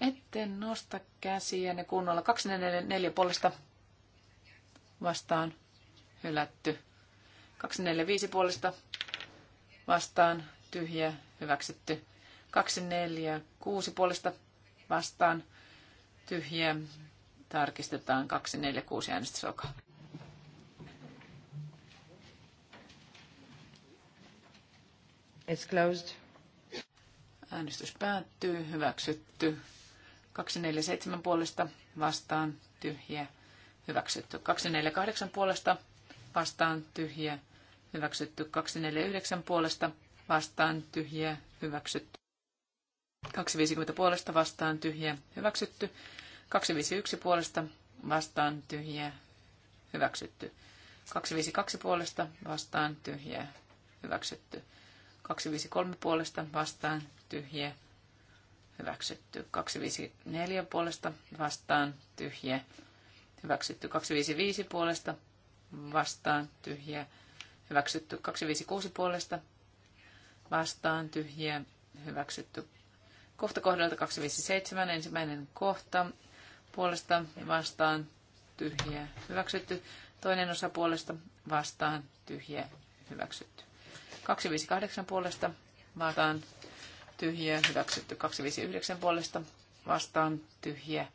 Etten nosta käsiä ne kunnolla. 244 puolesta vastaan hylätty. 245 puolesta vastaan tyhjä hyväksytty. 246 puolesta vastaan tyhjä. Tarkistetaan 246 äänestysoka. It's closed. Äänestys päättyy. Hyväksytty. 247 puolesta vastaan tyhjä hyväksytty. 248 puolesta vastaan tyhjä hyväksytty. 249 puolesta vastaan tyhjä hyväksytty. 250 puolesta vastaan tyhjä hyväksytty. 251 puolesta vastaan tyhjä hyväksytty. 252 puolesta vastaan tyhjä hyväksytty. 253 puolesta vastaan tyhjä hyväksytty 254 puolesta vastaan tyhjä, hyväksytty 255 puolesta vastaan tyhjä, hyväksytty 256 puolesta vastaan tyhjä, hyväksytty kohta kohdalta 257 ensimmäinen kohta puolesta vastaan tyhjä, hyväksytty toinen osa puolesta vastaan tyhjä, hyväksytty 258 puolesta vastaan tyhjiä, hyväksytty 259 puolesta, vastaan tyhjiä,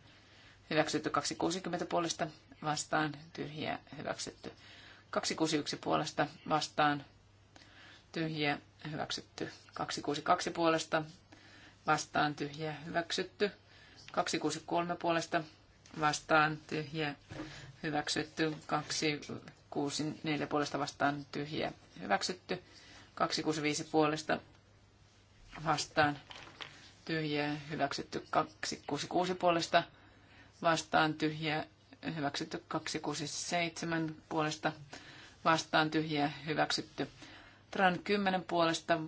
hyväksytty 260 puolesta, vastaan tyhjiä, hyväksytty 261 puolesta, vastaan tyhjiä, hyväksytty 262 puolesta, vastaan tyhjiä, hyväksytty 263 puolesta, vastaan tyhjiä, hyväksytty 264 puolesta, vastaan tyhjiä, hyväksytty 265 puolesta, vastaan tyhjää hyväksytty 266 puolesta vastaan tyhjää hyväksytty 267 puolesta vastaan tyhjää hyväksytty Tran 10 puolesta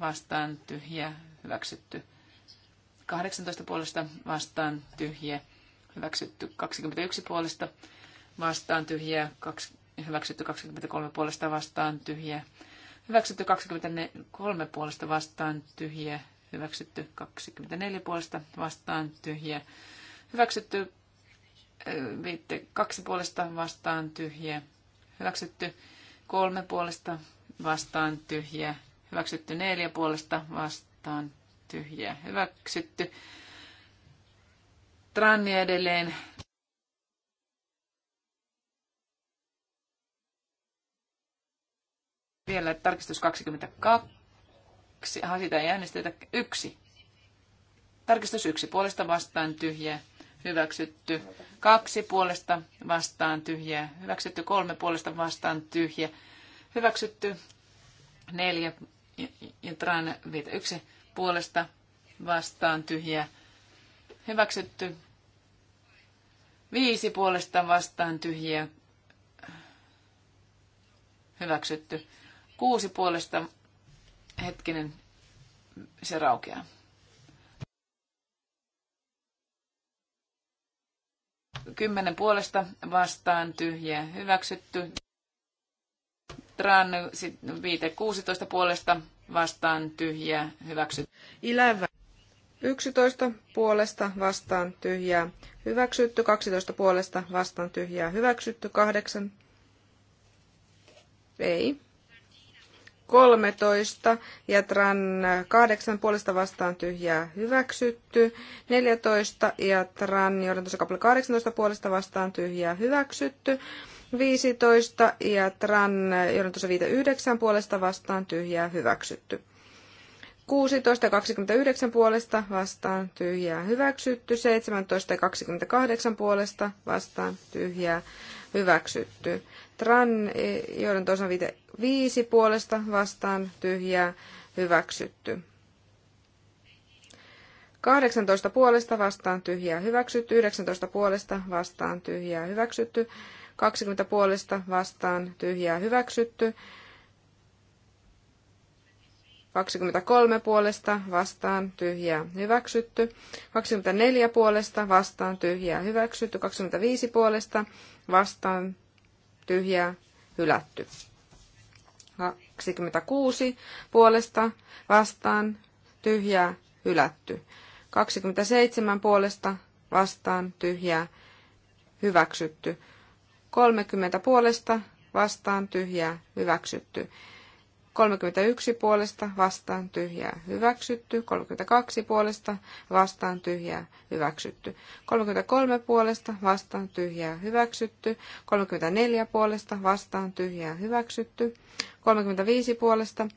vastaan tyhjää hyväksytty 18 puolesta vastaan tyhjää hyväksytty 21 puolesta vastaan tyhjää hyväksytty 23 puolesta vastaan tyhjää Hyväksytty 23 puolesta vastaan tyhjä. Hyväksytty 24 puolesta vastaan tyhjä. Hyväksytty 2 kaksi puolesta vastaan tyhjä. Hyväksytty kolme puolesta vastaan tyhjä. Hyväksytty neljä puolesta vastaan tyhjä. Hyväksytty. Tranni edelleen Vielä tarkistus 22. Aha, sitä ei äänestetä. Yksi. Tarkistus yksi. Puolesta vastaan tyhjä. Hyväksytty. Kaksi puolesta vastaan tyhjä. Hyväksytty. Kolme puolesta vastaan tyhjä. Hyväksytty. Neljä. Ja tran viitä. Yksi puolesta vastaan tyhjä. Hyväksytty. Viisi puolesta vastaan tyhjä, Hyväksytty. Kuusi puolesta hetkinen se raukeaa. Kymmenen puolesta vastaan tyhjä hyväksytty. Tran viite 16 puolesta vastaan tyhjä hyväksytty. Ilävä. 11 puolesta vastaan tyhjää hyväksytty, 12 puolesta vastaan tyhjää hyväksytty, 8 ei. 13 ja tran 8 puolesta vastaan tyhjää hyväksytty. 14 ja tran johdantosakappale 18 puolesta vastaan tyhjää hyväksytty. 15 ja tran johdantosa 59 puolesta vastaan tyhjää hyväksytty. 16 ja 29 puolesta vastaan tyhjää hyväksytty. 17 ja 28 puolesta vastaan tyhjää hyväksytty. Tran, e, joiden toisena viite viisi puolesta vastaan tyhjää hyväksytty. 18 puolesta vastaan tyhjää hyväksytty, 19 puolesta vastaan tyhjää hyväksytty, 20 puolesta vastaan tyhjää hyväksytty, 23 puolesta vastaan tyhjää hyväksytty, 24 puolesta vastaan tyhjää hyväksytty, 25 puolesta vastaan tyhjää, hylätty. 26 puolesta vastaan, tyhjää, hylätty. 27 puolesta vastaan, tyhjää, hyväksytty. 30 puolesta vastaan, tyhjää, hyväksytty. 31 puolesta vastaan tyhjää hyväksytty, 32 puolesta vastaan tyhjää hyväksytty, 33 puolesta vastaan tyhjää hyväksytty, 34 puolesta vastaan tyhjää hyväksytty, 35 puolesta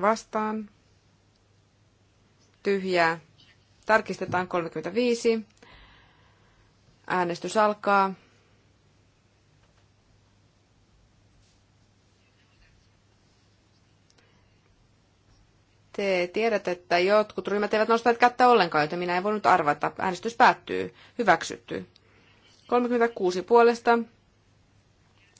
vastaan tyhjää. Tarkistetaan 35. Äänestys alkaa. Te tiedätte, että jotkut ryhmät eivät nostaneet kättä ollenkaan, joten minä en voinut arvata. Äänestys päättyy. Hyväksytty. 36 puolesta.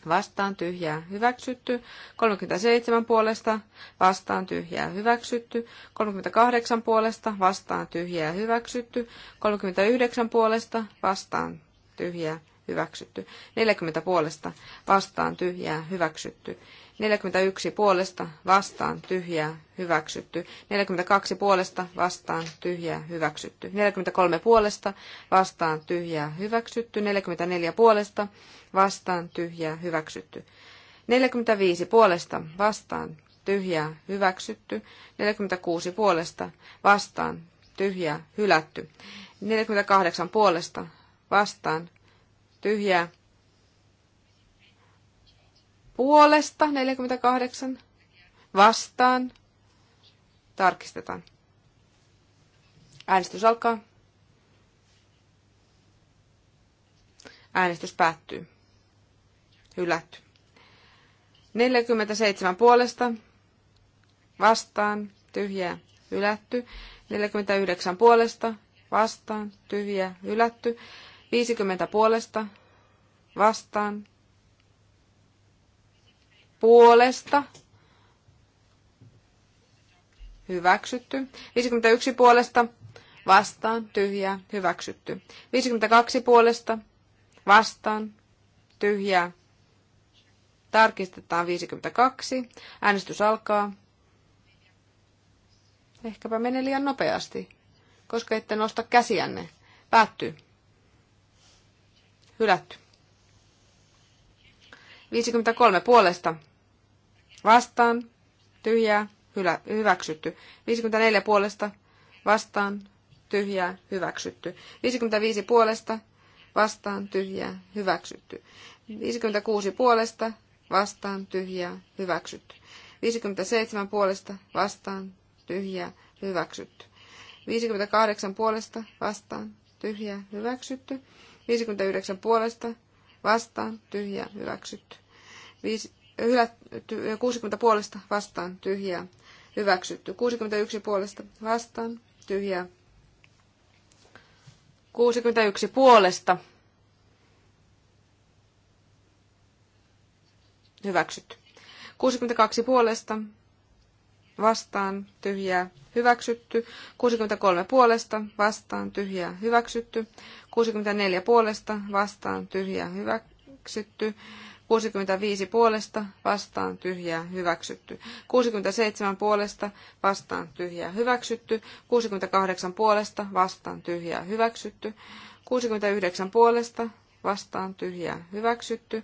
Vastaan tyhjää hyväksytty. 37 puolesta. Vastaan tyhjää hyväksytty. 38 puolesta. Vastaan tyhjää hyväksytty. 39 puolesta. Vastaan tyhjää hyväksytty. 40 puolesta. Vastaan tyhjää hyväksytty. 41 puolesta vastaan tyhjää hyväksytty. 42 puolesta vastaan tyhjää hyväksytty. 43 puolesta vastaan tyhjää hyväksytty. 44 puolesta vastaan tyhjää hyväksytty. 45 puolesta vastaan tyhjää hyväksytty. 46 puolesta vastaan tyhjää hylätty. 48 puolesta vastaan tyhjää puolesta 48 vastaan. Tarkistetaan. Äänestys alkaa. Äänestys päättyy. Hylätty. 47 puolesta vastaan tyhjää hylätty. 49 puolesta vastaan tyhjää hylätty. 50 puolesta vastaan puolesta hyväksytty. 51 puolesta vastaan tyhjää hyväksytty. 52 puolesta vastaan tyhjää. Tarkistetaan 52. Äänestys alkaa. Ehkäpä menee liian nopeasti, koska ette nosta käsiänne. Päättyy. Hylätty. 53 puolesta vastaan, tyhjää, hylä, hyväksytty. 54 puolesta vastaan, tyhjää, hyväksytty. 55 puolesta vastaan, tyhjää, hyväksytty. 56 puolesta vastaan, tyhjää, hyväksytty. 57 puolesta vastaan, tyhjää, hyväksytty. 58 puolesta vastaan, tyhjää, hyväksytty. 59 puolesta vastaan, tyhjää, hyväksytty. 5, 60 puolesta vastaan tyhjää. Hyväksytty. 61 puolesta vastaan tyhjää. 61 puolesta. Hyväksytty. 62 puolesta vastaan tyhjää hyväksytty. 63 puolesta vastaan tyhjää hyväksytty. 64 puolesta vastaan tyhjää hyväksytty. 65 puolesta vastaan tyhjää hyväksytty. 67 puolesta vastaan tyhjää hyväksytty. 68 puolesta vastaan tyhjää hyväksytty. 69 puolesta vastaan tyhjää hyväksytty.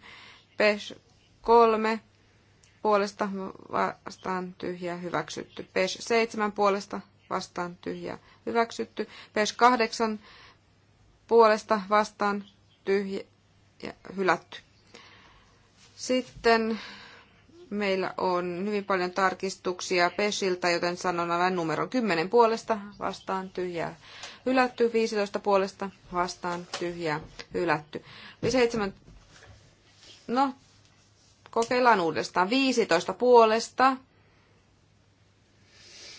PES 3 puolesta vastaan tyhjää hyväksytty. PES 7 puolesta vastaan tyhjää hyväksytty. PES 8 puolesta vastaan tyhjää hylätty. Sitten meillä on hyvin paljon tarkistuksia Pesiltä, joten sanon aina numero 10 puolesta vastaan tyhjää hylätty, 15 puolesta vastaan tyhjää hylätty. 7, no kokeillaan uudestaan, 15 puolesta,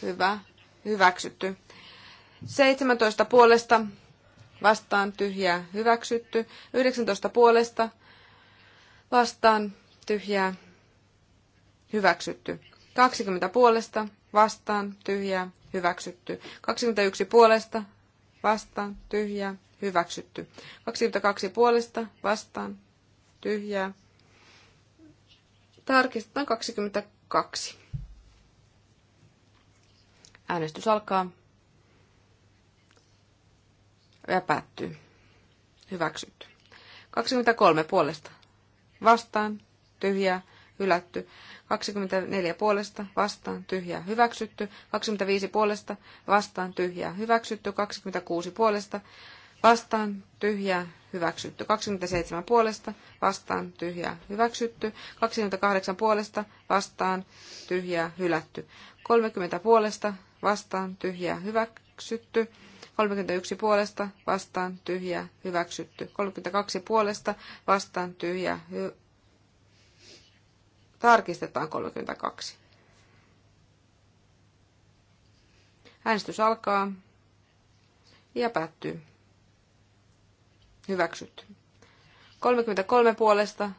hyvä, hyväksytty. 17 puolesta vastaan tyhjää hyväksytty, 19 puolesta vastaan tyhjää hyväksytty. 20 puolesta vastaan tyhjää hyväksytty. 21 puolesta vastaan tyhjää hyväksytty. 22 puolesta vastaan tyhjää. Tarkistetaan 22. Äänestys alkaa ja päättyy. Hyväksytty. 23 puolesta vastaan, tyhjää, hylätty. 24 puolesta, vastaan, tyhjää, hyväksytty. 25 puolesta, vastaan, tyhjää, hyväksytty. 26 puolesta, vastaan, tyhjää, hyväksytty. 27 puolesta, vastaan, tyhjää, hyväksytty. 28 puolesta, vastaan, tyhjää, hylätty. 30 puolesta, vastaan, tyhjää, hyväksytty. 31 puolesta vastaan tyhjä hyväksytty. 32 puolesta vastaan tyhjä hy- Tarkistetaan 32. Äänestys alkaa ja päättyy. Hyväksytty. 33 puolesta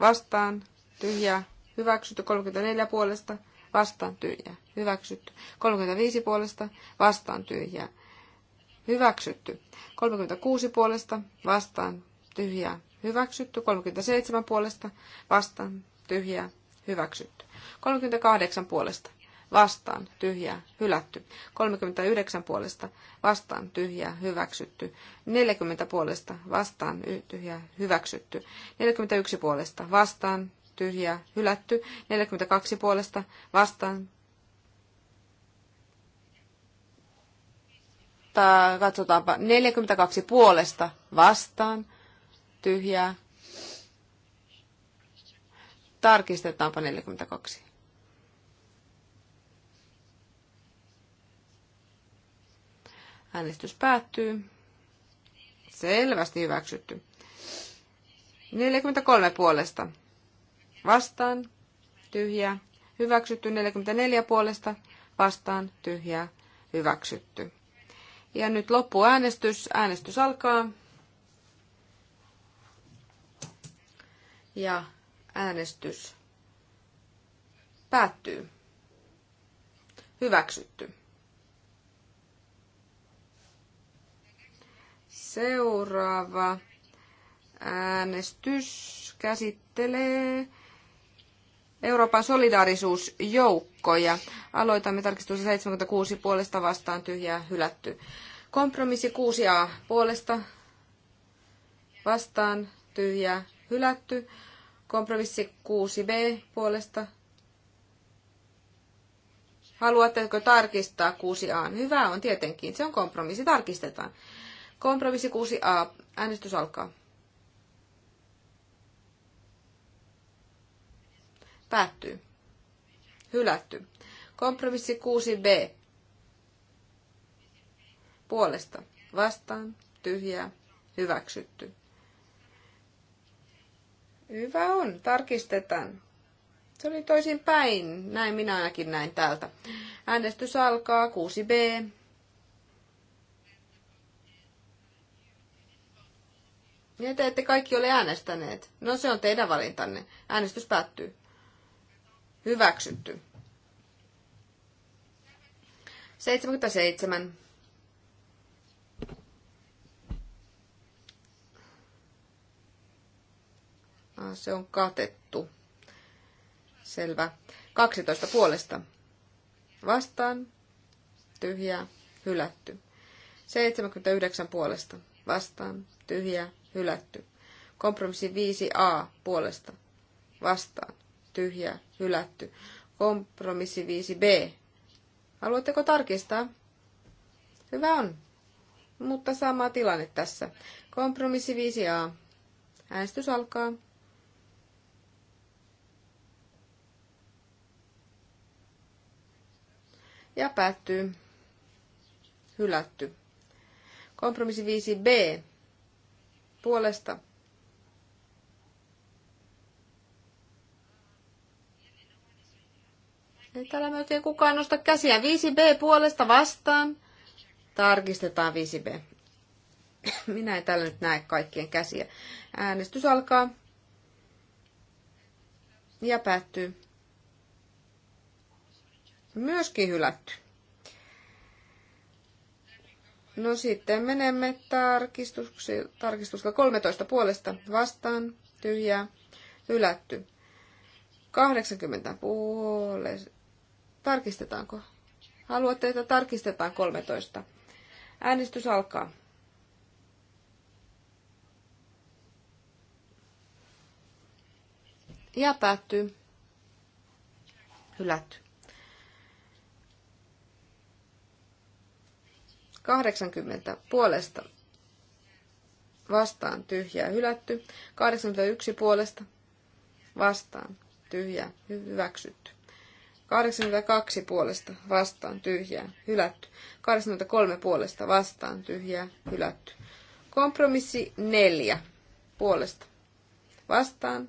vastaan tyhjä hyväksytty. 34 puolesta vastaan tyhjää, hyväksytty. 35 puolesta vastaan tyhjää, hyväksytty. 36 puolesta vastaan tyhjää, hyväksytty. 37 puolesta vastaan tyhjää, hyväksytty. 38 puolesta vastaan tyhjää, hylätty. 39 puolesta vastaan tyhjää, hyväksytty. 40 puolesta vastaan tyhjää, hyväksytty. 41 puolesta vastaan tyhjää hylätty. 42 puolesta vastaan. Tää, katsotaanpa. 42 puolesta vastaan tyhjää. Tarkistetaanpa 42. Äänestys päättyy. Selvästi hyväksytty. 43 puolesta vastaan, tyhjä hyväksytty. 44 puolesta vastaan, tyhjä hyväksytty. Ja nyt loppuäänestys. Äänestys alkaa. Ja äänestys päättyy. Hyväksytty. Seuraava äänestys käsittelee Euroopan ja Aloitamme tarkistus 76 puolesta vastaan tyhjää hylätty. Kompromissi 6a puolesta vastaan tyhjää hylätty. Kompromissi 6b puolesta. Haluatteko tarkistaa 6a? Hyvä on tietenkin, se on kompromissi, tarkistetaan. Kompromissi 6a, äänestys alkaa. Päättyy. Hylätty. Kompromissi 6b. Puolesta. Vastaan. Tyhjää. Hyväksytty. Hyvä on. Tarkistetaan. Se oli toisin päin. Näin minä ainakin näin täältä. Äänestys alkaa 6b. Ja te ette kaikki ole äänestäneet. No se on teidän valintanne. Äänestys päättyy. Hyväksytty. 77. Ah, se on katettu. Selvä. 12 puolesta. Vastaan. Tyhjä. Hylätty. 79 puolesta. Vastaan. Tyhjä. Hylätty. Kompromissi 5a puolesta. Vastaan tyhjä, hylätty. Kompromissi 5b. Haluatteko tarkistaa? Hyvä on. Mutta sama tilanne tässä. Kompromissi 5a. Äänestys alkaa. Ja päättyy. Hylätty. Kompromissi 5b. Puolesta Ei täällä melkein kukaan nosta käsiä. 5B puolesta vastaan. Tarkistetaan 5B. Minä en täällä nyt näe kaikkien käsiä. Äänestys alkaa. Ja päättyy. Myöskin hylätty. No sitten menemme tarkistusta 13 puolesta vastaan, tyhjää, hylätty. 80 puolesta Tarkistetaanko? Haluatte, että tarkistetaan 13. Äänestys alkaa. Ja päättyy. Hylätty. 80 puolesta. Vastaan tyhjää hylätty. 81 puolesta. Vastaan tyhjää hyväksytty. 82 puolesta vastaan tyhjää, hylätty. 83 puolesta vastaan tyhjää, hylätty. Kompromissi 4 puolesta vastaan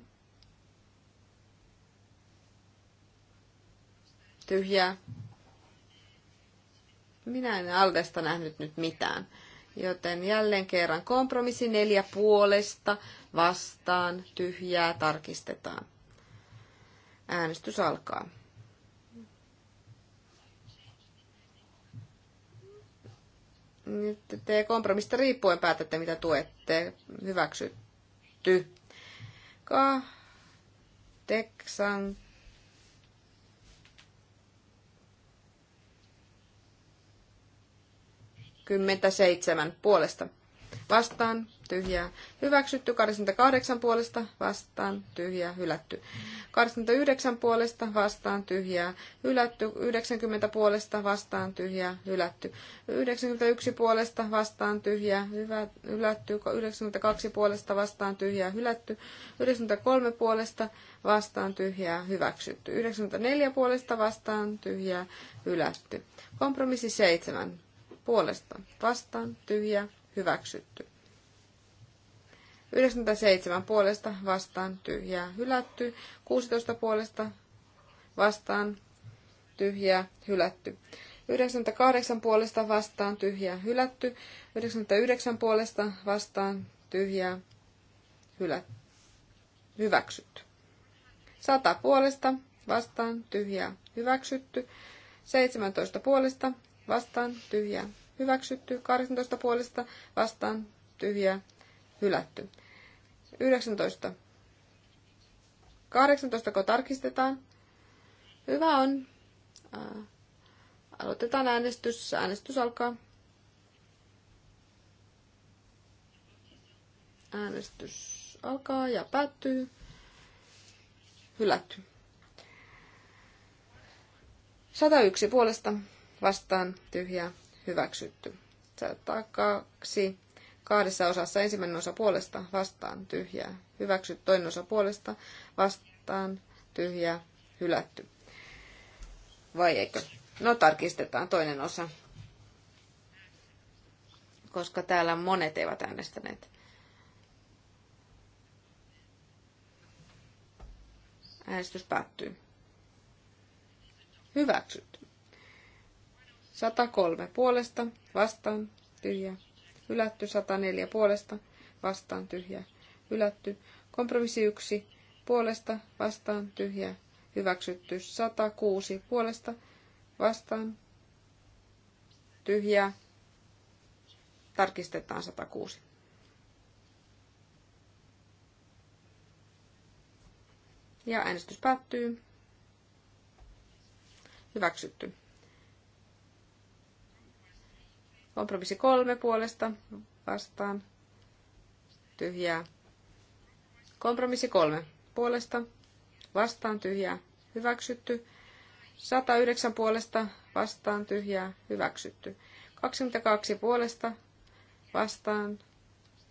tyhjää. Minä en Aldesta nähnyt nyt mitään. Joten jälleen kerran kompromissi neljä puolesta vastaan tyhjää tarkistetaan. Äänestys alkaa. Nyt te kompromista riippuen päätätte, mitä tuette. Hyväksytty. Teksan. Kymmentä seitsemän puolesta. Vastaan tyhjää hyväksytty, kahdeksan puolesta vastaan tyhjää hylätty, yhdeksän puolesta vastaan tyhjää hylätty, 90 puolesta vastaan tyhjää hylätty, 91 puolesta vastaan tyhjää hylätty, 92 puolesta vastaan tyhjää hylätty, 93 puolesta vastaan tyhjää hyväksytty, 94 puolesta vastaan tyhjää hylätty. Kompromissi 7 puolesta vastaan tyhjää hyväksytty. 97 puolesta vastaan tyhjää hylätty. 16 puolesta vastaan tyhjää hylätty. 98 puolesta vastaan tyhjää hylätty. 99 puolesta vastaan tyhjää hylätty hyväksytty. 100 puolesta vastaan tyhjää hyväksytty. 17 puolesta vastaan tyhjää hyväksytty. 18 puolesta vastaan tyhjää hylätty. 19. 18 ko tarkistetaan. Hyvä on. Aloitetaan äänestys. Äänestys alkaa. Äänestys alkaa ja päättyy. Hylätty. 101 puolesta vastaan tyhjää hyväksytty. 102 kahdessa osassa. Ensimmäinen osa puolesta vastaan tyhjää hyväksy toinen osa puolesta vastaan tyhjää hylätty. Vai eikö? No tarkistetaan toinen osa, koska täällä monet eivät äänestäneet. Äänestys päättyy. Hyväksytty. 103 puolesta, vastaan, tyhjä, hylätty, 104 puolesta vastaan tyhjä. hylätty, kompromissi 1 puolesta vastaan tyhjä. hyväksytty, 106 puolesta vastaan tyhjä. tarkistetaan 106. Ja äänestys päättyy. Hyväksytty. Kompromissi kolme puolesta vastaan tyhjää. Kompromissi kolme puolesta vastaan tyhjää hyväksytty. 109 puolesta vastaan tyhjää hyväksytty. 22 puolesta vastaan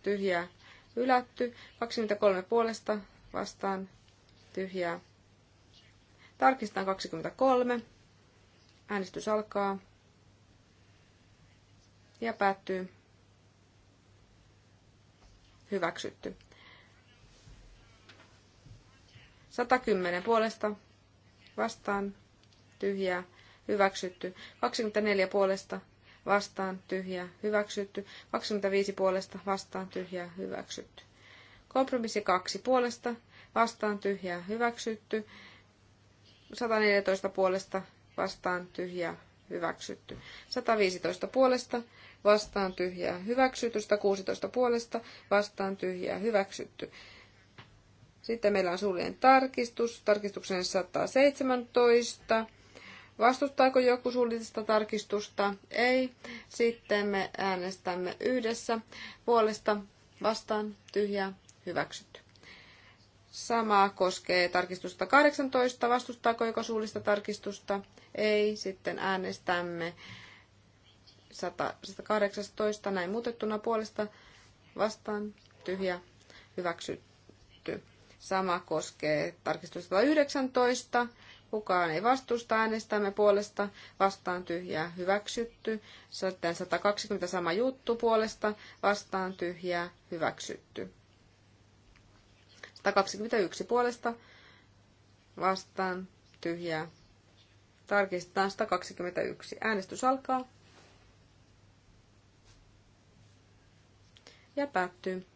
tyhjää hylätty. 23 puolesta vastaan tyhjää. Tarkistetaan 23. Äänestys alkaa ja päättyy. Hyväksytty. 110 puolesta vastaan tyhjää hyväksytty. 24 puolesta vastaan tyhjää hyväksytty. 25 puolesta vastaan tyhjää hyväksytty. Kompromissi 2 puolesta vastaan tyhjää hyväksytty. 114 puolesta vastaan tyhjää hyväksytty. 115 puolesta vastaan tyhjää hyväksytty, 116 puolesta vastaan tyhjää hyväksytty. Sitten meillä on suullinen tarkistus, tarkistuksen 117. Vastustaako joku suullista tarkistusta? Ei. Sitten me äänestämme yhdessä puolesta vastaan tyhjää hyväksytty. Sama koskee tarkistusta 18. Vastustaako joku suullista tarkistusta? Ei. Sitten äänestämme 118 näin muutettuna puolesta vastaan tyhjä hyväksytty. Sama koskee tarkistusta 19. Kukaan ei vastusta äänestämme puolesta, vastaan tyhjää hyväksytty. Sitten 120 sama juttu puolesta, vastaan tyhjää hyväksytty. 121 puolesta, vastaan tyhjää. Tarkistetaan 121. Äänestys alkaa. ja päättyy.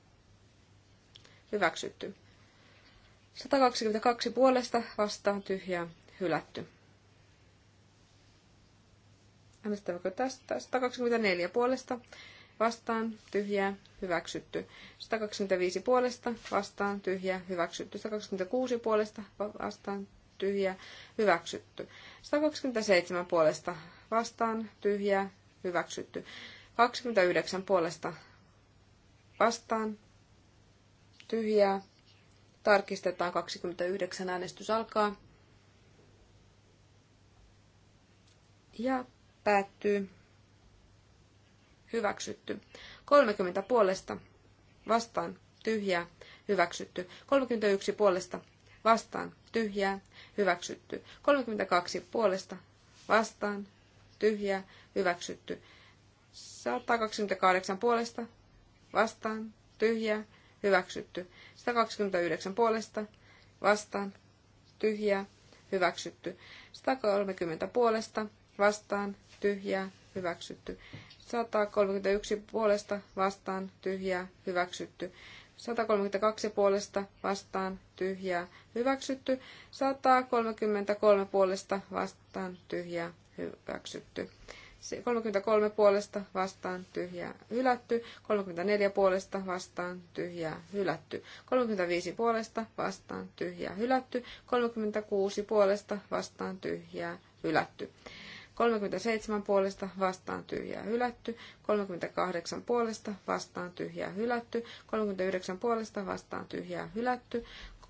Hyväksytty. 122 puolesta vastaan tyhjää hylätty. Äänestäväkö tästä? 124 puolesta vastaan tyhjää hyväksytty. 125 puolesta vastaan tyhjää hyväksytty. 126 puolesta vastaan tyhjää hyväksytty. 127 puolesta vastaan tyhjää hyväksytty. 29 puolesta vastaan tyhjää. Tarkistetaan 29 äänestys alkaa. Ja päättyy. Hyväksytty. 30 puolesta vastaan tyhjää. Hyväksytty. 31 puolesta vastaan tyhjää. Hyväksytty. 32 puolesta vastaan tyhjää. Hyväksytty. 128 puolesta vastaan, tyhjää, hyväksytty. 129 puolesta, vastaan, tyhjää, hyväksytty. 130 puolesta, vastaan, tyhjää, hyväksytty. 131 puolesta, vastaan, tyhjää, hyväksytty. 132 puolesta vastaan tyhjää hyväksytty. 133 puolesta vastaan tyhjää hyväksytty. 33 puolesta vastaan tyhjää hylätty, 34 puolesta vastaan tyhjää hylätty, 35 puolesta vastaan tyhjää hylätty, 36 puolesta vastaan tyhjää hylätty. 37 puolesta vastaan tyhjää hylätty, 38 puolesta vastaan tyhjää hylätty, 39 puolesta vastaan tyhjää hylätty,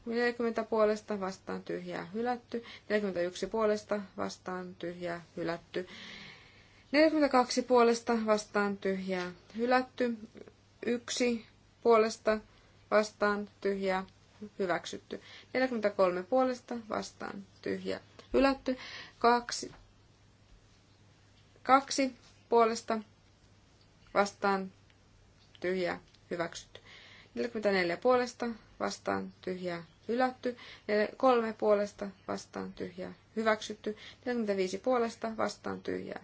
40 puolesta vastaan tyhjää hylätty, 41 puolesta vastaan tyhjää hylätty, 42 puolesta vastaan tyhjää hylätty. 1 puolesta vastaan tyhjää hyväksytty. 43 puolesta vastaan tyhjää hylätty. 2, 2 puolesta vastaan tyhjää hyväksytty. 44 puolesta vastaan tyhjää hylätty, 3 puolesta vastaan tyhjää hyväksytty, 45 puolesta vastaan tyhjää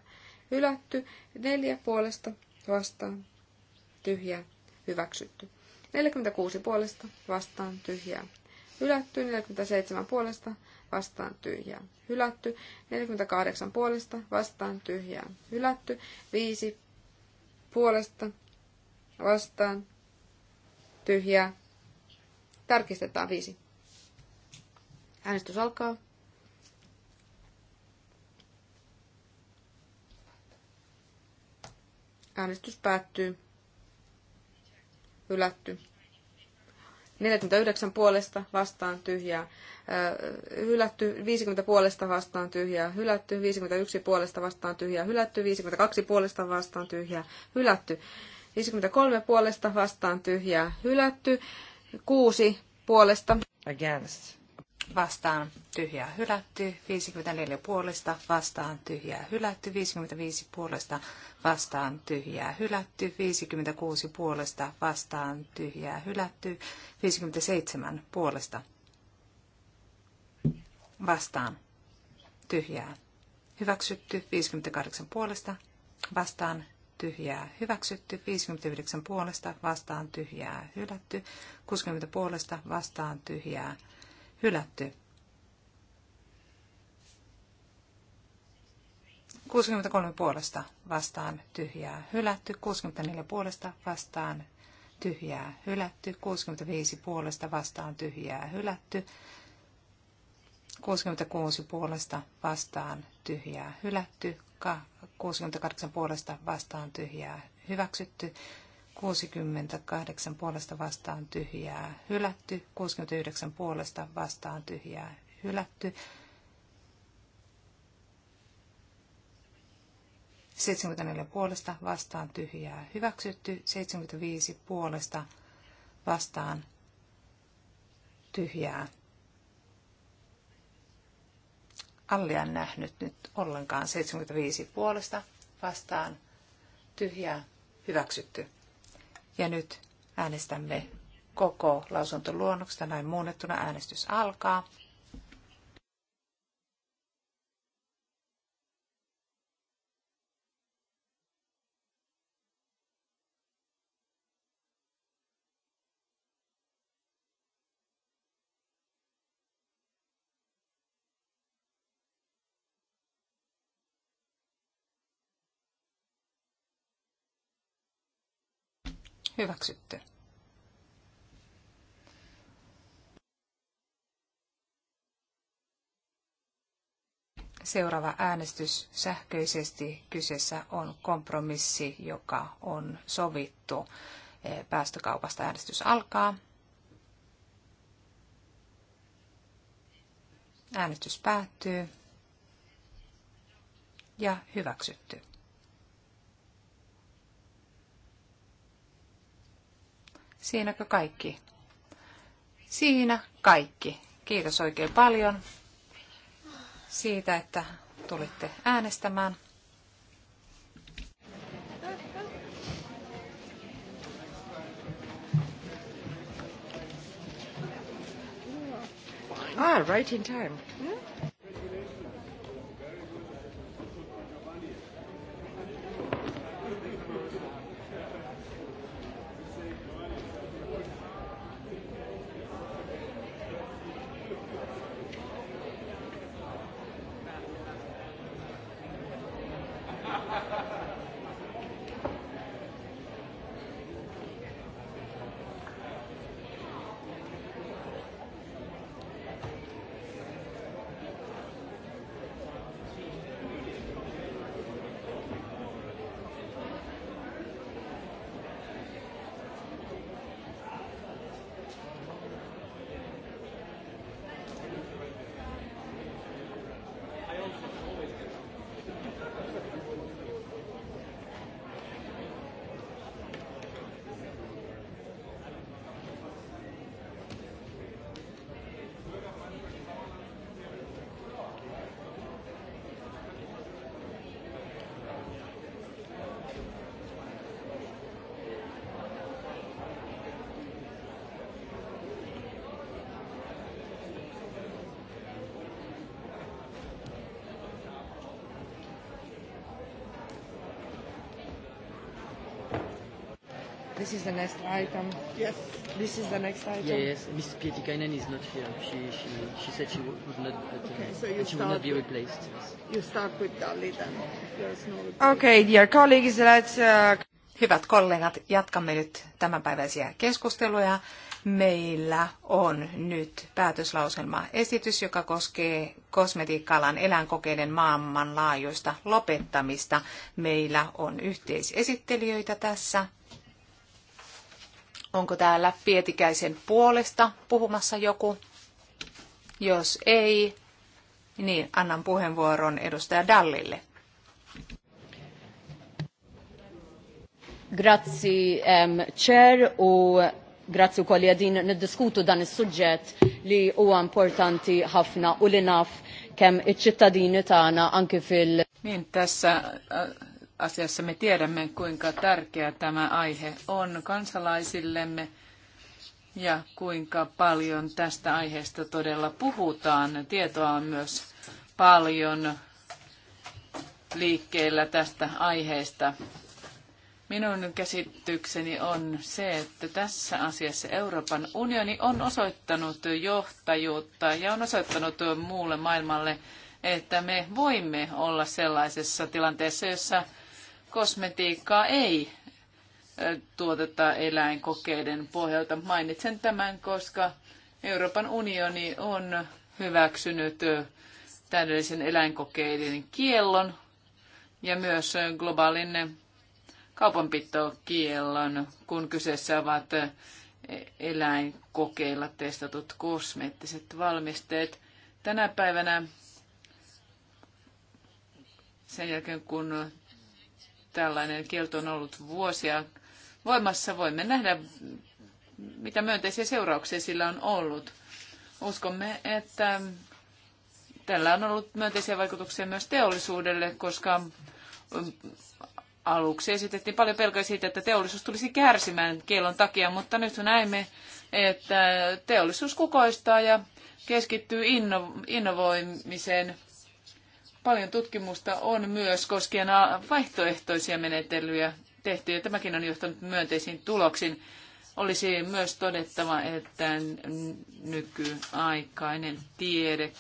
hylätty, neljä puolesta vastaan tyhjää hyväksytty. 46 puolesta vastaan tyhjää hylätty, 47 puolesta vastaan tyhjää hylätty, 48 puolesta vastaan tyhjää hylätty, 5 puolesta vastaan tyhjää. Tarkistetaan 5. Äänestys alkaa. Äänestys päättyy. Hylätty. 49 puolesta vastaan tyhjää, hylätty 50 puolesta vastaan tyhjää, hylätty 51 puolesta vastaan tyhjää, hylätty 52 puolesta vastaan tyhjää, hylätty 53 puolesta vastaan tyhjää, hylätty 6 puolesta against vastaan tyhjää hylätty, 54 puolesta vastaan tyhjää hylätty, 55 puolesta vastaan tyhjää hylätty, 56 puolesta vastaan tyhjää hylätty, 57 puolesta vastaan tyhjää hyväksytty, 58 puolesta vastaan tyhjää hyväksytty, 59 puolesta vastaan tyhjää hylätty, 60 puolesta vastaan tyhjää hylätty Hylätty. 63 puolesta vastaan tyhjää hylätty, 64 puolesta vastaan tyhjää hylätty, 65 puolesta vastaan tyhjää hylätty, 66 puolesta vastaan tyhjää hylätty, 68 puolesta vastaan tyhjää hyväksytty, 68 puolesta vastaan tyhjää hylätty, 69 puolesta vastaan tyhjää hylätty, 74 puolesta vastaan tyhjää hyväksytty, 75 puolesta vastaan tyhjää. Allia en nähnyt nyt ollenkaan 75 puolesta vastaan tyhjää hyväksytty. Ja nyt äänestämme koko lausuntoluonnoksesta näin muunnettuna. Äänestys alkaa. Hyväksytty. Seuraava äänestys sähköisesti kyseessä on kompromissi, joka on sovittu. Eh, päästökaupasta äänestys alkaa. Äänestys päättyy ja hyväksytty. Siinäkö kaikki? Siinä kaikki. Kiitos oikein paljon siitä, että tulitte äänestämään. Ah, right in time. Yeah. Hmm? is the next item. Yes. This is the next item. yes, Miss Pietikainen is not here. She, she, she said she would not, uh, okay, so you she not be replaced. You start with Dali then. No okay, dear colleagues, let's... Uh... Hyvät kollegat, jatkamme nyt tämänpäiväisiä keskusteluja. Meillä on nyt päätöslauselma, esitys, joka koskee kosmetiikkaalan eläinkokeiden maailmanlaajuista lopettamista. Meillä on yhteisesittelijöitä tässä. Onko täällä Pietikäisen puolesta puhumassa joku? Jos ei, niin annan puheenvuoron edustaja Dallille. Grazie um, Chair u grazie, u kolli għadin niddiskutu dan soggetto li huwa importanti ħafna u li naf kemm iċ-ċittadini tagħna anke fil- Niin tässä äh, asiassa me tiedämme, kuinka tärkeä tämä aihe on kansalaisillemme ja kuinka paljon tästä aiheesta todella puhutaan. Tietoa on myös paljon liikkeellä tästä aiheesta. Minun käsitykseni on se, että tässä asiassa Euroopan unioni on osoittanut johtajuutta ja on osoittanut muulle maailmalle, että me voimme olla sellaisessa tilanteessa, jossa kosmetiikkaa ei tuoteta eläinkokeiden pohjalta. Mainitsen tämän, koska Euroopan unioni on hyväksynyt täydellisen eläinkokeiden kiellon ja myös globaalin kaupanpitokiellon, kun kyseessä ovat e-, eläinkokeilla testatut kosmeettiset valmisteet. Tänä päivänä sen jälkeen, kun Tällainen kielto on ollut vuosia voimassa. Voimme nähdä, mitä myönteisiä seurauksia sillä on ollut. Uskomme, että tällä on ollut myönteisiä vaikutuksia myös teollisuudelle, koska mm, aluksi esitettiin paljon pelkoja siitä, että teollisuus tulisi kärsimään kielon takia, mutta nyt näemme, että teollisuus kukoistaa ja keskittyy inno, innovoimiseen Paljon tutkimusta on myös koskien vaihtoehtoisia menetelyjä tehty, ja tämäkin on johtanut myönteisiin tuloksiin. Olisi myös todettava, että nykyaikainen tiede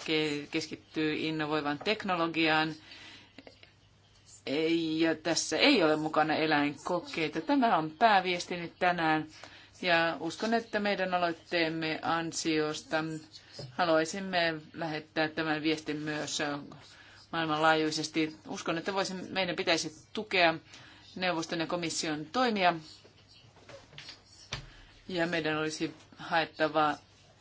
keskittyy innovoivan teknologiaan, ja tässä ei ole mukana eläinkokeita. Tämä on pääviestini tänään. Ja uskon, että meidän aloitteemme ansiosta haluaisimme lähettää tämän viestin myös maailmanlaajuisesti. Uskon, että voisin, meidän pitäisi tukea neuvoston ja komission toimia. Ja meidän olisi haettava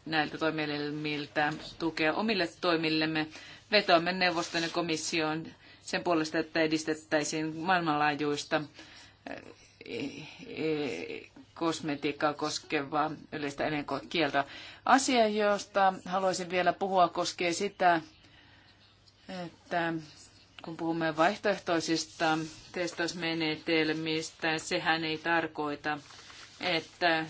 näiltä toimielimiltä tukea omille toimillemme. Vetoamme neuvoston ja komission sen puolesta, että edistettäisiin maailmanlaajuista eh, eh, kosmetiikkaa koskevaa yleistä ennen kieltä. Asia, josta haluaisin vielä puhua, koskee sitä, että kun puhumme vaihtoehtoisista testausmenetelmistä, sehän ei tarkoita, että,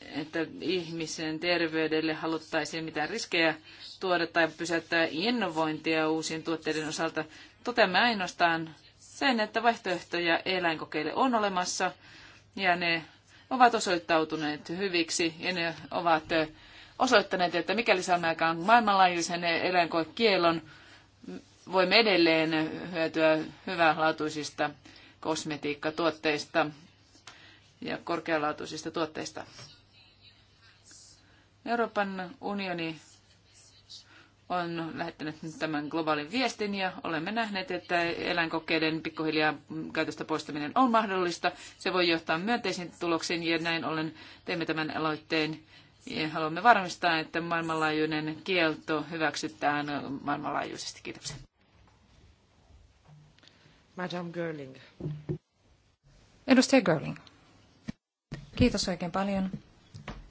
että ihmisen terveydelle haluttaisiin mitään riskejä tuoda tai pysäyttää innovointia uusien tuotteiden osalta. Toteamme ainoastaan sen, että vaihtoehtoja eläinkokeille on olemassa ja ne ovat osoittautuneet hyviksi ja ne ovat osoittaneet, että mikäli saamme aikaan maailmanlaajuisen eläinkoekielon, voimme edelleen hyötyä hyvänlaatuisista kosmetiikkatuotteista ja korkealaatuisista tuotteista. Euroopan unioni on lähettänyt nyt tämän globaalin viestin ja olemme nähneet, että eläinkokeiden pikkuhiljaa käytöstä poistaminen on mahdollista. Se voi johtaa myönteisiin tuloksiin ja näin ollen teemme tämän aloitteen ja haluamme varmistaa, että maailmanlaajuinen kielto hyväksytään maailmanlaajuisesti. Kiitoksia. Madame Görling. Edustaja Görling. Kiitos oikein paljon.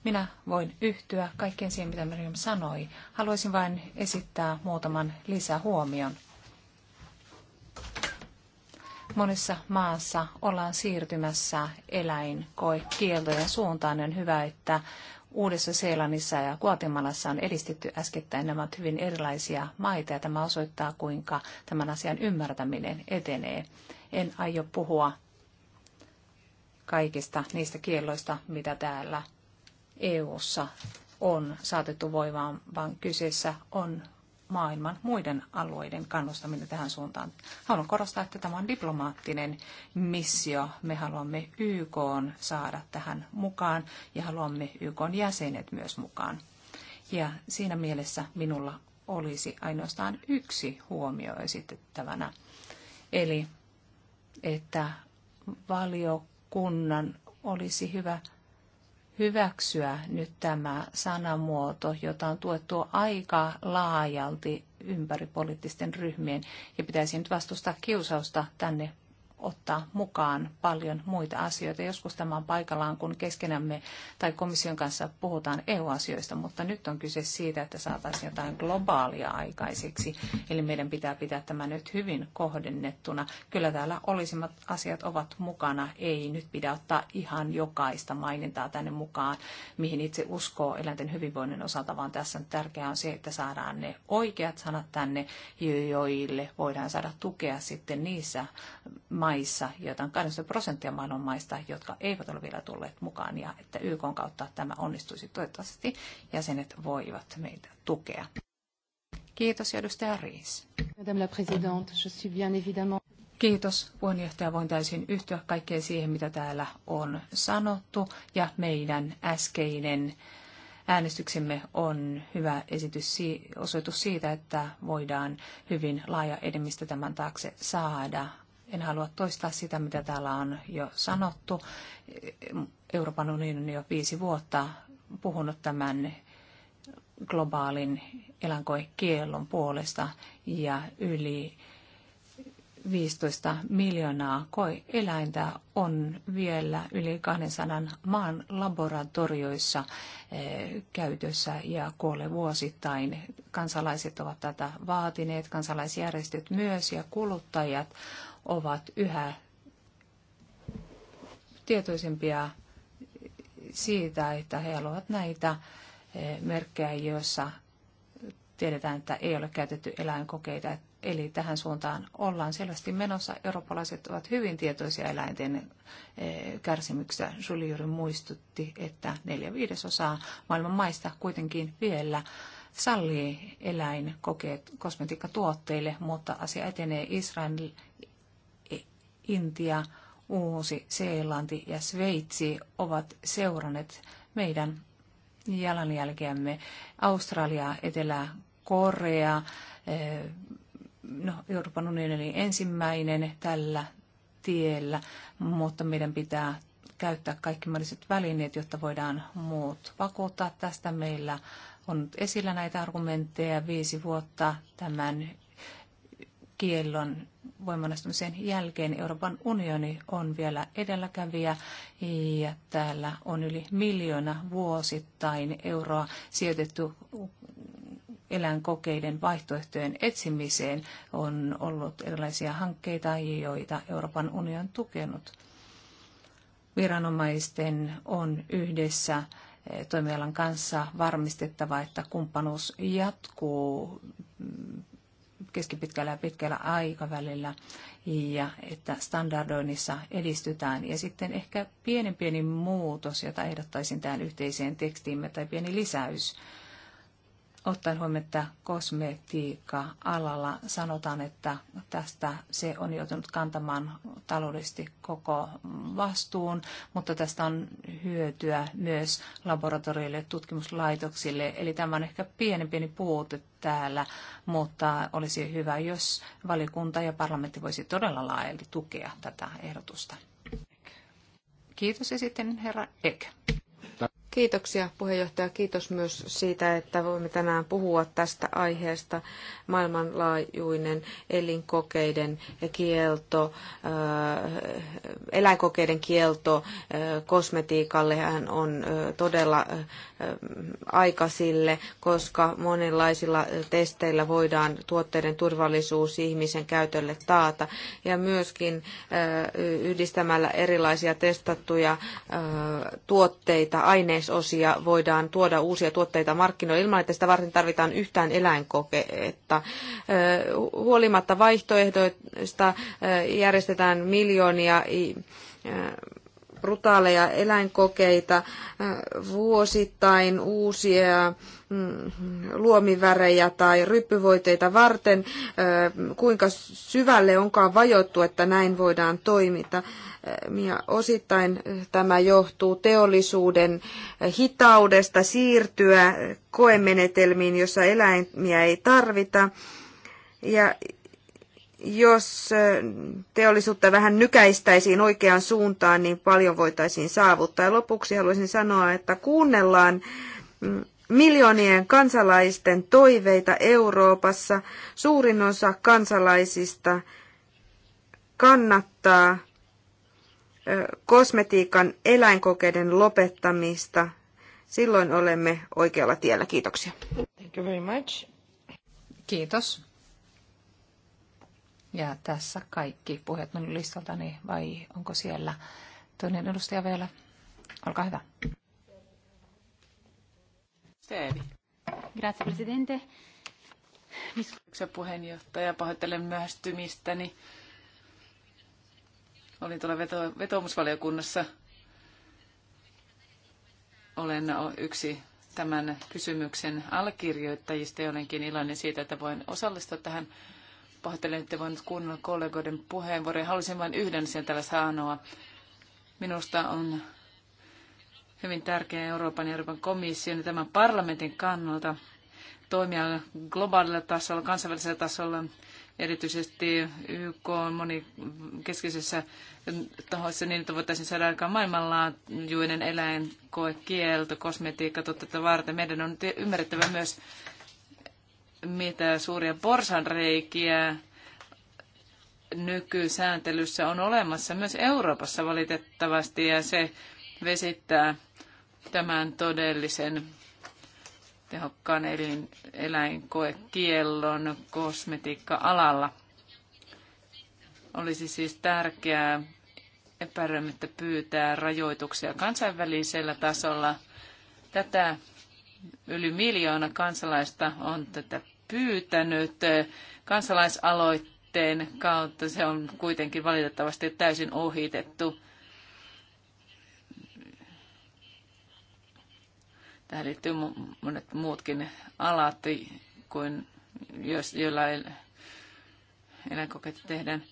Minä voin yhtyä kaikkeen siihen, mitä Miriam sanoi. Haluaisin vain esittää muutaman lisähuomion. Monissa maassa ollaan siirtymässä eläinkoekieltojen suuntaan. On hyvä, että Uudessa Seelannissa ja Guatemalassa on edistetty äskettäin. Nämä ovat hyvin erilaisia maita ja tämä osoittaa, kuinka tämän asian ymmärtäminen etenee. En aio puhua kaikista niistä kielloista, mitä täällä EU:ssa on saatettu voimaan, vaan kyseessä on maailman muiden alueiden kannustaminen tähän suuntaan. Haluan korostaa, että tämä on diplomaattinen missio. Me haluamme YK saada tähän mukaan ja haluamme YK jäsenet myös mukaan. Ja siinä mielessä minulla olisi ainoastaan yksi huomio esitettävänä. Eli että valiokunnan olisi hyvä hyväksyä nyt tämä sanamuoto, jota on tuettu aika laajalti ympäri poliittisten ryhmien, ja pitäisi nyt vastustaa kiusausta tänne ottaa mukaan paljon muita asioita. Joskus tämä on paikallaan, kun keskenämme tai komission kanssa puhutaan EU-asioista, mutta nyt on kyse siitä, että saataisiin jotain globaalia aikaiseksi. Eli meidän pitää pitää tämä nyt hyvin kohdennettuna. Kyllä täällä olisimmat asiat ovat mukana. Ei nyt pidä ottaa ihan jokaista mainintaa tänne mukaan, mihin itse uskoo eläinten hyvinvoinnin osalta, vaan tässä on tärkeää on se, että saadaan ne oikeat sanat tänne, joille voidaan saada tukea sitten niissä ma- maissa, joita on 80 prosenttia maailman maista, jotka eivät ole vielä tulleet mukaan, ja että YK kautta tämä onnistuisi. Toivottavasti jäsenet voivat meitä tukea. Kiitos, edustaja Riis. Madame la Présidente, je suis bien évidemment... Kiitos puheenjohtaja. Voin täysin yhtyä kaikkeen siihen, mitä täällä on sanottu. Ja meidän äskeinen äänestyksemme on hyvä esitys, osoitus siitä, että voidaan hyvin laaja enemmistö tämän taakse saada. En halua toistaa sitä, mitä täällä on jo sanottu. Euroopan unioni on jo viisi vuotta puhunut tämän globaalin elankoikielon puolesta ja yli 15 miljoonaa koeeläintä on vielä yli 200 maan laboratorioissa eh, käytössä ja kuolee vuosittain. Kansalaiset ovat tätä vaatineet, kansalaisjärjestöt myös ja kuluttajat ovat yhä tietoisempia siitä, että he haluavat näitä eh, merkkejä, joissa tiedetään, että ei ole käytetty eläinkokeita. Eli tähän suuntaan ollaan selvästi menossa. Eurooppalaiset ovat hyvin tietoisia eläinten eh, kärsimyksistä. Julie muistutti, että neljä viidesosaa maailman maista kuitenkin vielä sallii eläinkokeet kosmetiikkatuotteille, mutta asia etenee Israel, Intia, Uusi-Seelanti ja Sveitsi ovat seuranneet meidän jalanjälkeämme. Australia, Etelä-Korea, eh, no, Euroopan unioni oli ensimmäinen tällä tiellä, mutta meidän pitää käyttää kaikki mahdolliset välineet, jotta voidaan muut vakuuttaa tästä. Meillä on nyt esillä näitä argumentteja viisi vuotta tämän kiellon voimanastumisen jälkeen Euroopan unioni on vielä edelläkävijä ja täällä on yli miljoona vuosittain euroa sijoitettu eläinkokeiden vaihtoehtojen etsimiseen. On ollut erilaisia hankkeita, joita Euroopan unioni on tukenut. Viranomaisten on yhdessä eh, toimialan kanssa varmistettava, että kumppanuus jatkuu mm, keskipitkällä ja pitkällä aikavälillä ja että standardoinnissa edistytään. Ja sitten ehkä pienen pieni muutos, jota ehdottaisin tähän yhteiseen tekstiimme tai pieni lisäys, ottaen huomioon, että kosmetiikka-alalla sanotaan, että tästä se on joutunut kantamaan taloudellisesti koko vastuun, mutta tästä on hyötyä myös laboratorioille, tutkimuslaitoksille. Eli tämä on ehkä pieni pieni puute täällä, mutta olisi hyvä, jos valiokunta ja parlamentti voisi todella laajalti tukea tätä ehdotusta. Kiitos ja sitten herra Ek. Kiitoksia puheenjohtaja. Kiitos myös siitä, että voimme tänään puhua tästä aiheesta. Maailmanlaajuinen elinkokeiden kielto, äh, eläinkokeiden kielto äh, kosmetiikalle hän on äh, todella aika sille, koska monenlaisilla testeillä voidaan tuotteiden turvallisuus ihmisen käytölle taata. Ja myöskin yhdistämällä erilaisia testattuja tuotteita, aineita, ainesosia voidaan tuoda uusia tuotteita markkinoille ilman, että sitä varten tarvitaan yhtään eläinkokeetta. Huolimatta vaihtoehdoista järjestetään miljoonia brutaaleja eläinkokeita, äh, vuosittain uusia mm, luomivärejä tai ryppyvoiteita varten, äh, kuinka syvälle onkaan vajottu, että näin voidaan toimita. Ja äh, osittain tämä johtuu teollisuuden hitaudesta siirtyä koemenetelmiin, jossa eläimiä ei tarvita. Ja jos teollisuutta vähän nykäistäisiin oikeaan suuntaan, niin paljon voitaisiin saavuttaa. Ja lopuksi haluaisin sanoa, että kuunnellaan mm, miljoonien kansalaisten toiveita Euroopassa. Suurin osa kansalaisista kannattaa kosmetiikan eläinkokeiden lopettamista. Silloin olemme oikealla tiellä. Kiitoksia. Thank you very much. Kiitos. Ja tässä kaikki puheet minun listaltani, vai onko siellä toinen edustaja vielä? Olkaa hyvä. Seevi. Grazie, presidente. Missä puheenjohtaja, pahoittelen myöhästymistäni. Olin tuolla veto- vetoomusvaliokunnassa. Olen yksi tämän kysymyksen allekirjoittajista ja olenkin iloinen siitä, että voin osallistua tähän Pahoittelen, että voin kuunnella kollegoiden puheenvuoroja. Haluaisin vain yhden sen sanoa. Minusta on hyvin tärkeä Euroopan ja Euroopan komission ja tämän parlamentin kannalta toimia globaalilla tasolla, kansainvälisellä tasolla, erityisesti YK on monikeskisessä tahoissa niin, että voitaisiin saada aikaan maailmanlaajuinen eläinkoekielto, kosmetiikka totta varten. Meidän on ymmärrettävä myös mitä suuria porsanreikiä nykysääntelyssä on olemassa myös Euroopassa valitettavasti ja se vesittää tämän todellisen tehokkaan elin, eläinkoekiellon kosmetiikka-alalla. Olisi siis tärkeää epäröimättä pyytää rajoituksia kansainvälisellä tasolla. Tätä Yli miljoona kansalaista on tätä pyytänyt kansalaisaloitteen kautta. Se on kuitenkin valitettavasti täysin ohitettu. Tähän liittyy monet muutkin alat, kuin jos, joilla eläinkokeita tehdään.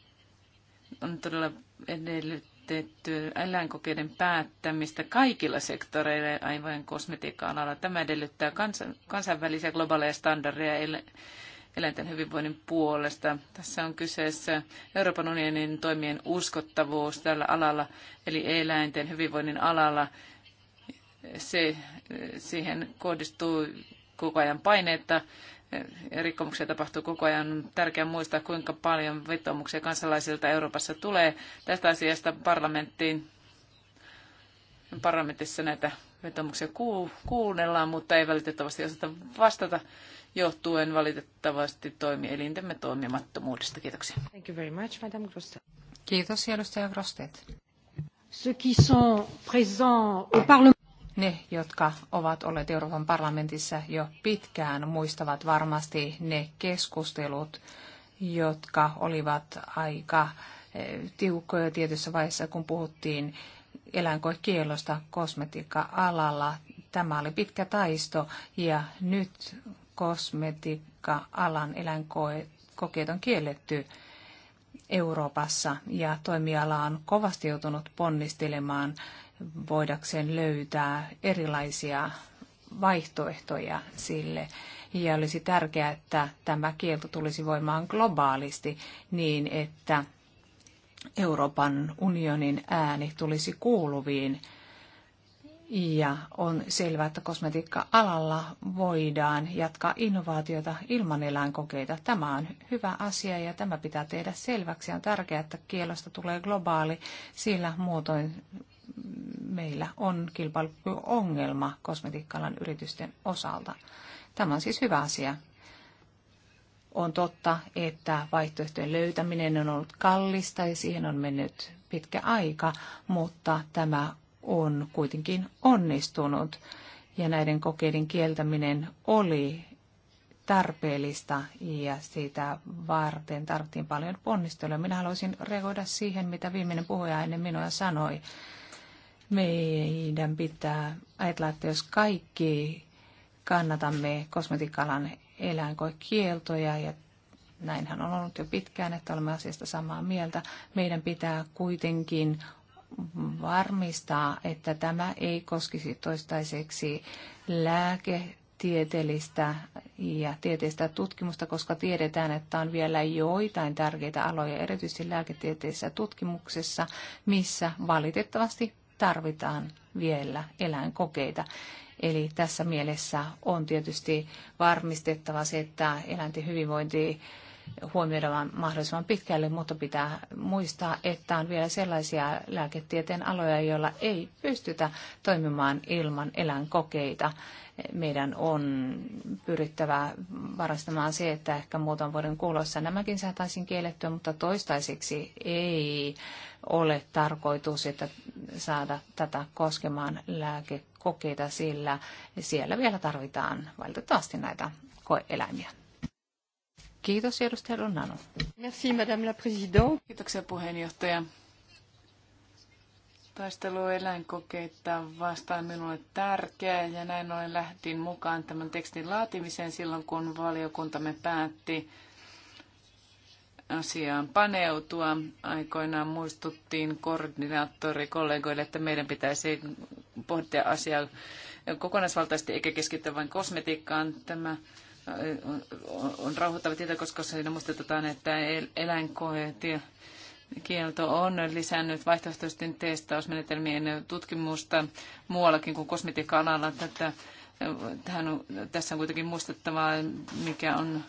On todella edellyt edistetty eläinkokeiden päättämistä kaikilla sektoreilla, aivan kosmetiikka-alalla. Tämä edellyttää kansainvälisiä globaaleja standardeja eläinten hyvinvoinnin puolesta. Tässä on kyseessä Euroopan unionin toimien uskottavuus tällä alalla, eli eläinten hyvinvoinnin alalla. Se, siihen kohdistuu koko ajan paineita rikkomuksia tapahtuu koko ajan. On tärkeää muistaa, kuinka paljon vetomuksia kansalaisilta Euroopassa tulee tästä asiasta parlamenttiin. Parlamentissa näitä vetomuksia kuunnellaan, mutta ei valitettavasti osata vastata johtuen valitettavasti toimielintemme toimimattomuudesta. Kiitoksia. Thank you very much, Madame Grosset. Kiitos, edustaja Grostet. Ceux qui sont présents au Parlement ne, jotka ovat olleet Euroopan parlamentissa jo pitkään, muistavat varmasti ne keskustelut, jotka olivat aika eh, tiukkoja tietyssä vaiheessa, kun puhuttiin eläinkoekielosta kosmetiikka-alalla. Tämä oli pitkä taisto ja nyt kosmetiikka-alan eläinkokeet on kielletty Euroopassa ja toimiala on kovasti joutunut ponnistelemaan voidakseen löytää erilaisia vaihtoehtoja sille. Ja olisi tärkeää, että tämä kielto tulisi voimaan globaalisti niin, että Euroopan unionin ääni tulisi kuuluviin. Ja on selvää, että kosmetiikka-alalla voidaan jatkaa innovaatiota ilman eläinkokeita. Tämä on hyvä asia ja tämä pitää tehdä selväksi. On tärkeää, että kielosta tulee globaali, sillä muutoin meillä on kilpailuongelma kosmetiikkalan yritysten osalta. Tämä on siis hyvä asia. On totta, että vaihtoehtojen löytäminen on ollut kallista ja siihen on mennyt pitkä aika, mutta tämä on kuitenkin onnistunut ja näiden kokeiden kieltäminen oli tarpeellista ja siitä varten tarvittiin paljon ponnisteluja. Minä haluaisin reagoida siihen, mitä viimeinen puhuja ennen minua sanoi. Meidän pitää ajatella, että jos kaikki kannatamme kosmetiikkalan eläinkoekieltoja ja näinhän on ollut jo pitkään, että olemme asiasta samaa mieltä. Meidän pitää kuitenkin varmistaa, että tämä ei koskisi toistaiseksi lääketieteellistä ja tieteistä tutkimusta, koska tiedetään, että on vielä joitain tärkeitä aloja, erityisesti lääketieteellisessä tutkimuksessa, missä valitettavasti tarvitaan vielä eläinkokeita. Eli tässä mielessä on tietysti varmistettava se, että eläinten hyvinvointi huomioidaan mahdollisimman pitkälle, mutta pitää muistaa, että on vielä sellaisia lääketieteen aloja, joilla ei pystytä toimimaan ilman eläinkokeita meidän on pyrittävä varastamaan se, että ehkä muutaman vuoden kuulossa nämäkin saataisiin kiellettyä, mutta toistaiseksi ei ole tarkoitus, että saada tätä koskemaan lääkekokeita, sillä siellä vielä tarvitaan valitettavasti näitä koeeläimiä. Kiitos edustaja Lunnanu. Merci madame la présidente. Kiitoksia puheenjohtaja. Taistelu eläinkokeita vastaan minulle tärkeä ja näin ollen lähdin mukaan tämän tekstin laatimiseen silloin, kun valiokuntamme päätti asiaan paneutua. Aikoinaan muistuttiin koordinaattorikollegoille, että meidän pitäisi pohtia asiaa kokonaisvaltaisesti eikä keskittyä vain kosmetiikkaan. Tämä on rauhoittava tieto, koska siinä muistetaan, että eläinkoeet kielto on lisännyt vaihtoehtoisten testausmenetelmien tutkimusta muuallakin kuin kosmetiikka-alalla. tässä on kuitenkin muistettavaa, mikä on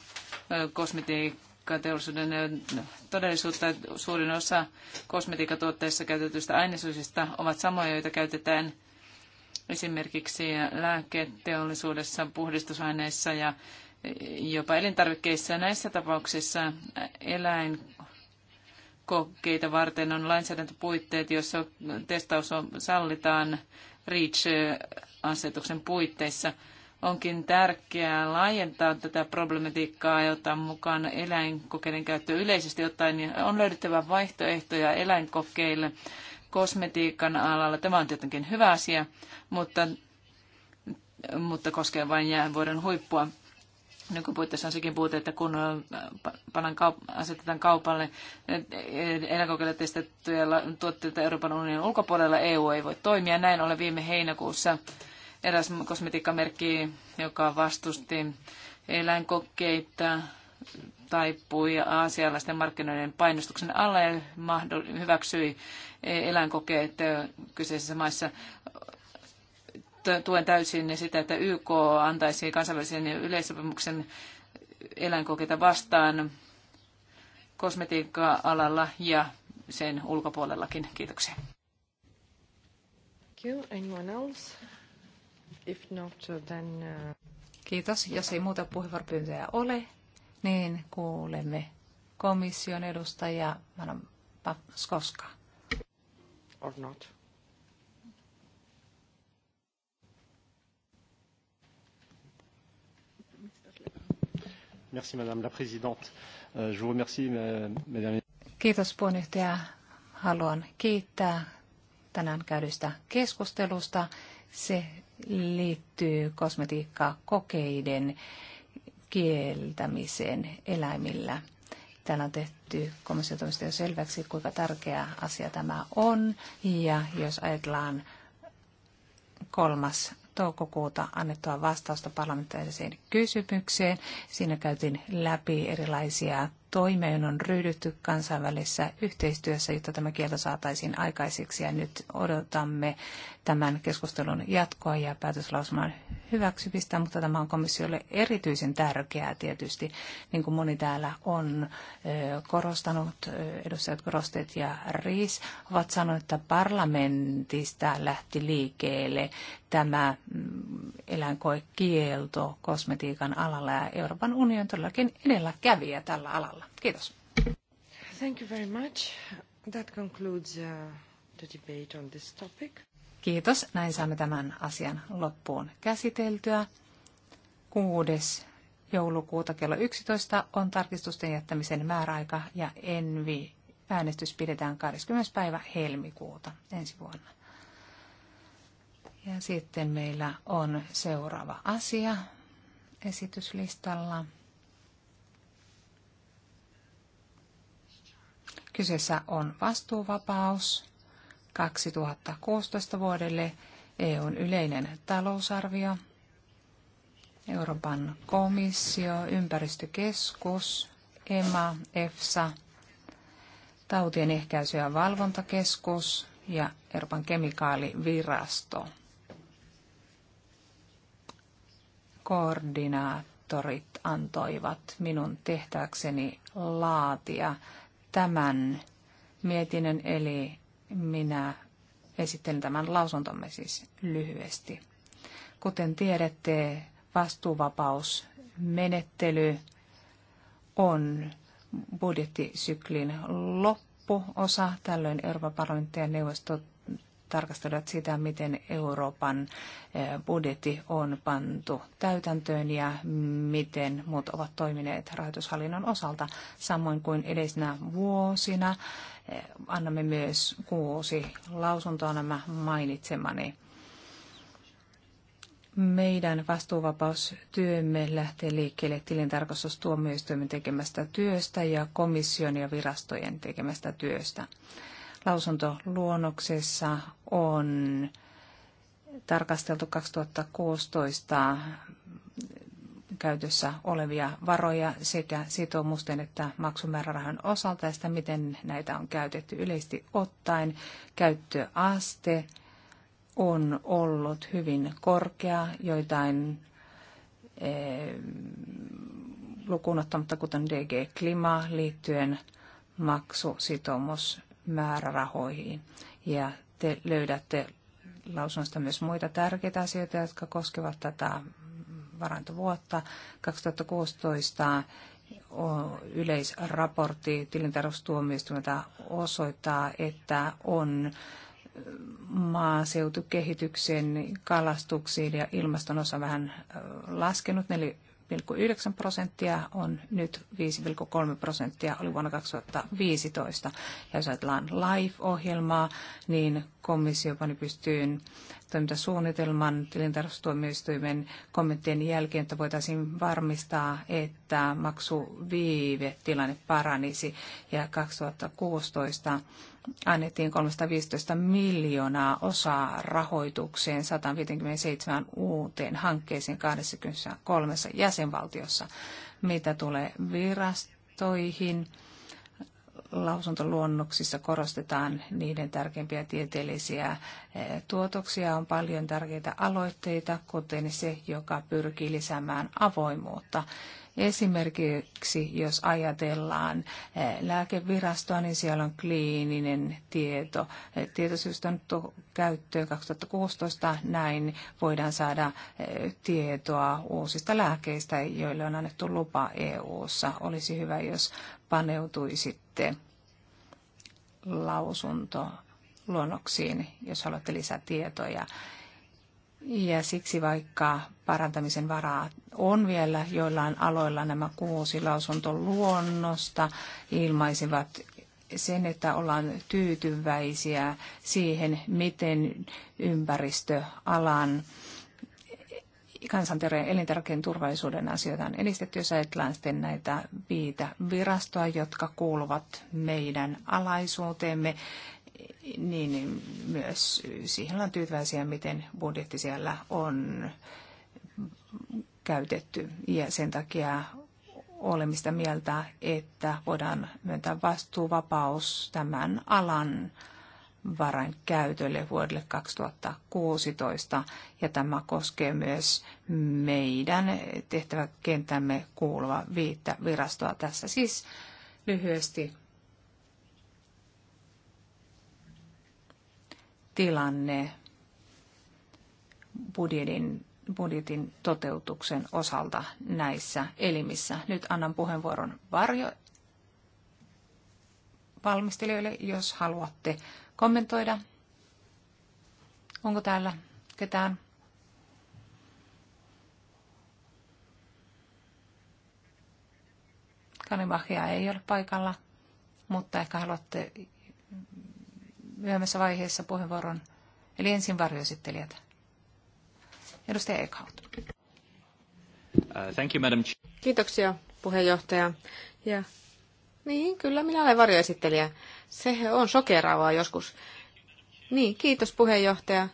kosmetiikkateollisuuden todellisuutta. Suurin osa kosmetiikkatuotteissa käytetyistä ainesosista ovat samoja, joita käytetään esimerkiksi lääketeollisuudessa, puhdistusaineissa ja jopa elintarvikkeissa. Näissä tapauksissa eläin kokeita varten on lainsäädäntöpuitteet, joissa testaus on, sallitaan REACH-asetuksen puitteissa. Onkin tärkeää laajentaa tätä problematiikkaa ja ottaa mukaan eläinkokeiden käyttö yleisesti ottaen. Niin on löydettävä vaihtoehtoja eläinkokeille kosmetiikan alalla. Tämä on tietenkin hyvä asia, mutta, mutta koskee vain jäävuoden huippua nykypuitteissa on sekin puute, että kun äh, panan kaup- asetetaan kaupalle eläinkokeilla testattuja tuotteita Euroopan unionin ulkopuolella, EU ei voi toimia. Näin ollen viime heinäkuussa eräs kosmetiikkamerkki, joka vastusti eläinkokeita, taipui aasialaisten markkinoiden painostuksen alle ja hyväksyi e-, eläinkokeet kyseisissä maissa tuen täysin sitä, että YK antaisi kansainvälisen yleissopimuksen eläinkokeita vastaan kosmetiikka-alalla ja sen ulkopuolellakin. Kiitoksia. Uh, uh, Kiitos. Jos ei muuta puheenvuoropyyntöjä ole, niin kuulemme komission edustaja Manon Paskoska. Or not. Euh, Kiitos puheenjohtaja. Haluan kiittää tänään käydystä keskustelusta. Se liittyy kosmetiikkakokeiden kieltämiseen eläimillä. Täällä on tehty komissiotoimista jo selväksi, kuinka tärkeä asia tämä on. Ja jos ajatellaan kolmas toukokuuta annettua vastausta parlamentaariseen kysymykseen. Siinä käytiin läpi erilaisia toimeen on ryhdytty kansainvälisessä yhteistyössä, jotta tämä kielto saataisiin aikaiseksi. Ja nyt odotamme tämän keskustelun jatkoa ja päätöslausuman hyväksymistä, mutta tämä on komissiolle erityisen tärkeää tietysti, niin kuin moni täällä on korostanut, edustajat Korostet ja Riis ovat sanoneet, että parlamentista lähti liikkeelle tämä mm, eläinkoekielto kosmetiikan alalla ja Euroopan unioni todellakin edelläkävijä tällä alalla. Kiitos. Thank you very much. That concludes uh, the debate on this topic. Kiitos. Näin saamme tämän asian loppuun käsiteltyä. 6. joulukuuta kello 11 on tarkistusten jättämisen määräaika ja envi äänestys pidetään 20. päivä helmikuuta ensi vuonna. Ja sitten meillä on seuraava asia esityslistalla. Kyseessä on vastuuvapaus 2016 vuodelle, EUn yleinen talousarvio, Euroopan komissio, ympäristökeskus, EMA, EFSA, tautien ehkäisy- ja valvontakeskus ja Euroopan kemikaalivirasto. Koordinaattorit antoivat minun tehtäväkseni laatia tämän mietinnön, eli minä esittelen tämän lausuntomme siis lyhyesti. Kuten tiedätte, vastuuvapausmenettely on budjettisyklin loppuosa. Tällöin Euroopan parlamentti ja neuvosto tarkastelevat sitä, miten Euroopan eh, budjetti on pantu täytäntöön ja miten muut ovat toimineet rahoitushallinnon osalta. Samoin kuin edellisinä vuosina eh, annamme myös kuusi lausuntoa nämä mainitsemani. Meidän vastuuvapaustyömme lähtee liikkeelle tilintarkastustuomioistuimen tekemästä työstä ja komission ja virastojen tekemästä työstä lausuntoluonnoksessa on tarkasteltu 2016 käytössä olevia varoja sekä sitoumusten että maksumäärärahan osalta ja sitä, miten näitä on käytetty yleisesti ottaen. Käyttöaste on ollut hyvin korkea, joitain e, lukuun ottamatta, kuten DG Klima liittyen maksusitoumus määrärahoihin. Ja te löydätte lausunnosta myös muita tärkeitä asioita, jotka koskevat tätä varantovuotta 2016 yleisraportti tilintarkastustuomioistuimelta osoittaa, että on maaseutukehityksen, kalastuksiin ja ilmaston osa vähän laskenut. Eli 3,9 prosenttia on nyt 5,3 prosenttia, oli vuonna 2015. Ja jos ajatellaan live-ohjelmaa, niin komissio pani pystyyn toimintasuunnitelman tilintarkastustuomioistuimen kommenttien jälkeen, että voitaisiin varmistaa, että maksuviivetilanne paranisi. Ja 2016 annettiin 315 miljoonaa osaa rahoitukseen 157 uuteen hankkeeseen 23 jäsenvaltiossa. Mitä tulee virastoihin, lausuntoluonnoksissa korostetaan niiden tärkeimpiä tieteellisiä eh, tuotoksia. On paljon tärkeitä aloitteita, kuten se, joka pyrkii lisäämään avoimuutta. Esimerkiksi jos ajatellaan eh, lääkevirastoa, niin siellä on kliininen tieto. Eh, Tietosyys on käyttöön 2016. Näin voidaan saada eh, tietoa uusista lääkeistä, joille on annettu lupa EU-ssa. Olisi hyvä, jos paneutuisitte lausuntoluonnoksiin, jos haluatte lisätietoja. tietoja ja siksi vaikka parantamisen varaa on vielä joillain aloilla nämä kuusi lausuntoluonnosta ilmaisivat sen, että ollaan tyytyväisiä siihen, miten ympäristöalan kansanterveyden elintärkeän turvallisuuden asioita on edistetty, jos ajatellaan sitten näitä viitä virastoa, jotka kuuluvat meidän alaisuuteemme. Niin, niin myös siihen ollaan tyytyväisiä, miten budjetti siellä on käytetty. Ja sen takia olemista mieltä, että voidaan myöntää vastuuvapaus tämän alan varain käytölle vuodelle 2016. Ja tämä koskee myös meidän tehtäväkentämme kuuluva viittä virastoa. Tässä siis lyhyesti tilanne budjetin, budjetin toteutuksen osalta näissä elimissä. Nyt annan puheenvuoron varjo valmistelijoille, jos haluatte kommentoida. Onko täällä ketään? Kanimahia ei ole paikalla, mutta ehkä haluatte myöhemmässä vaiheessa puheenvuoron. Eli ensin varjoesittelijät. Edustaja Eckhout. Uh, thank you, Madam Kiitoksia, puheenjohtaja. Ja, niin, kyllä minä olen varjoesittelijä. Se on sokeraavaa joskus. Niin, kiitos puheenjohtaja.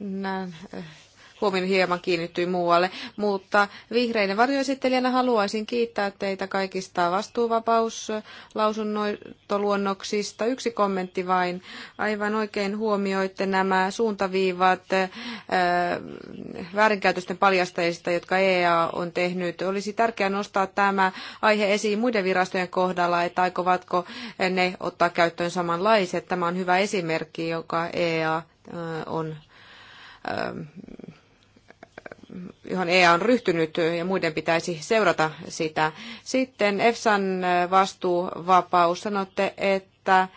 Minä huomioon hieman kiinnittyi muualle. Mutta vihreinen varjoesittelijänä haluaisin kiittää teitä kaikista vastuuvapauslausunnotoluonnoksista. Yksi kommentti vain. Aivan oikein huomioitte nämä suuntaviivat äh, väärinkäytösten paljastajista, jotka EA on tehnyt. Olisi tärkeää nostaa tämä aihe esiin muiden virastojen kohdalla, että aikovatko ne ottaa käyttöön samanlaiset. Tämä on hyvä esimerkki, joka EA äh, on ähm, johon EA on ryhtynyt ja muiden pitäisi seurata sitä. Sitten EFSAn vastuuvapaus. Sanotte, että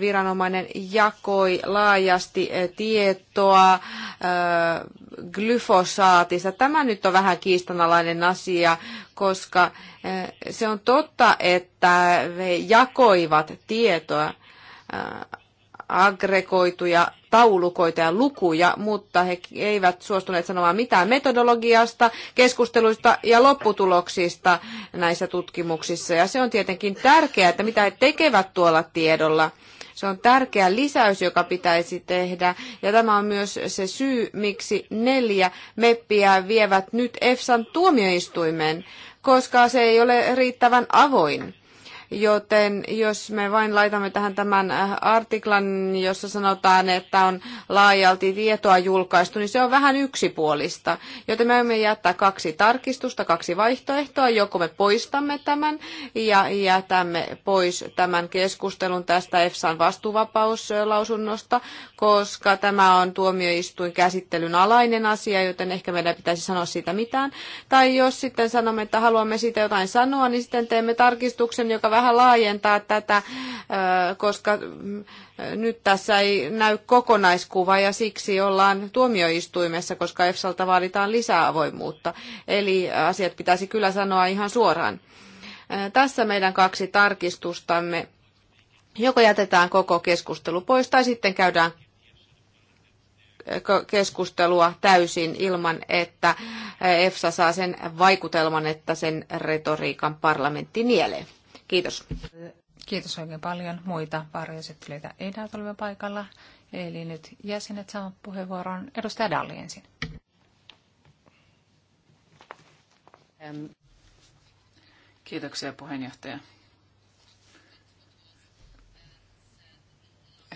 viranomainen jakoi laajasti tietoa glyfosaatista. Tämä nyt on vähän kiistanalainen asia, koska se on totta, että he jakoivat tietoa aggregoituja taulukoita ja lukuja, mutta he eivät suostuneet sanomaan mitään metodologiasta, keskusteluista ja lopputuloksista näissä tutkimuksissa. Ja se on tietenkin tärkeää, että mitä he tekevät tuolla tiedolla. Se on tärkeä lisäys, joka pitäisi tehdä. Ja tämä on myös se syy, miksi neljä meppiä vievät nyt EFSAn tuomioistuimeen, koska se ei ole riittävän avoin joten jos me vain laitamme tähän tämän äh, artiklan, jossa sanotaan, että on laajalti tietoa julkaistu, niin se on vähän yksipuolista. Joten me emme jättää kaksi tarkistusta, kaksi vaihtoehtoa, joko me poistamme tämän ja jätämme pois tämän keskustelun tästä EFSAn vastuuvapauslausunnosta, koska tämä on tuomioistuin käsittelyn alainen asia, joten ehkä meidän pitäisi sanoa siitä mitään. Tai jos sitten sanomme, että haluamme siitä jotain sanoa, niin sitten teemme tarkistuksen, joka vähän vähän laajentaa tätä, koska nyt tässä ei näy kokonaiskuva ja siksi ollaan tuomioistuimessa, koska EFSalta vaaditaan lisää avoimuutta. Eli asiat pitäisi kyllä sanoa ihan suoraan. Tässä meidän kaksi tarkistustamme. Joko jätetään koko keskustelu pois tai sitten käydään keskustelua täysin ilman, että EFSA saa sen vaikutelman, että sen retoriikan parlamentti nielee. Kiitos. Kiitos oikein paljon. Muita varjoesittelyitä ei näytä olevan paikalla. Eli nyt jäsenet saavat puheenvuoron. Edustaja Dalli ensin. Kiitoksia puheenjohtaja.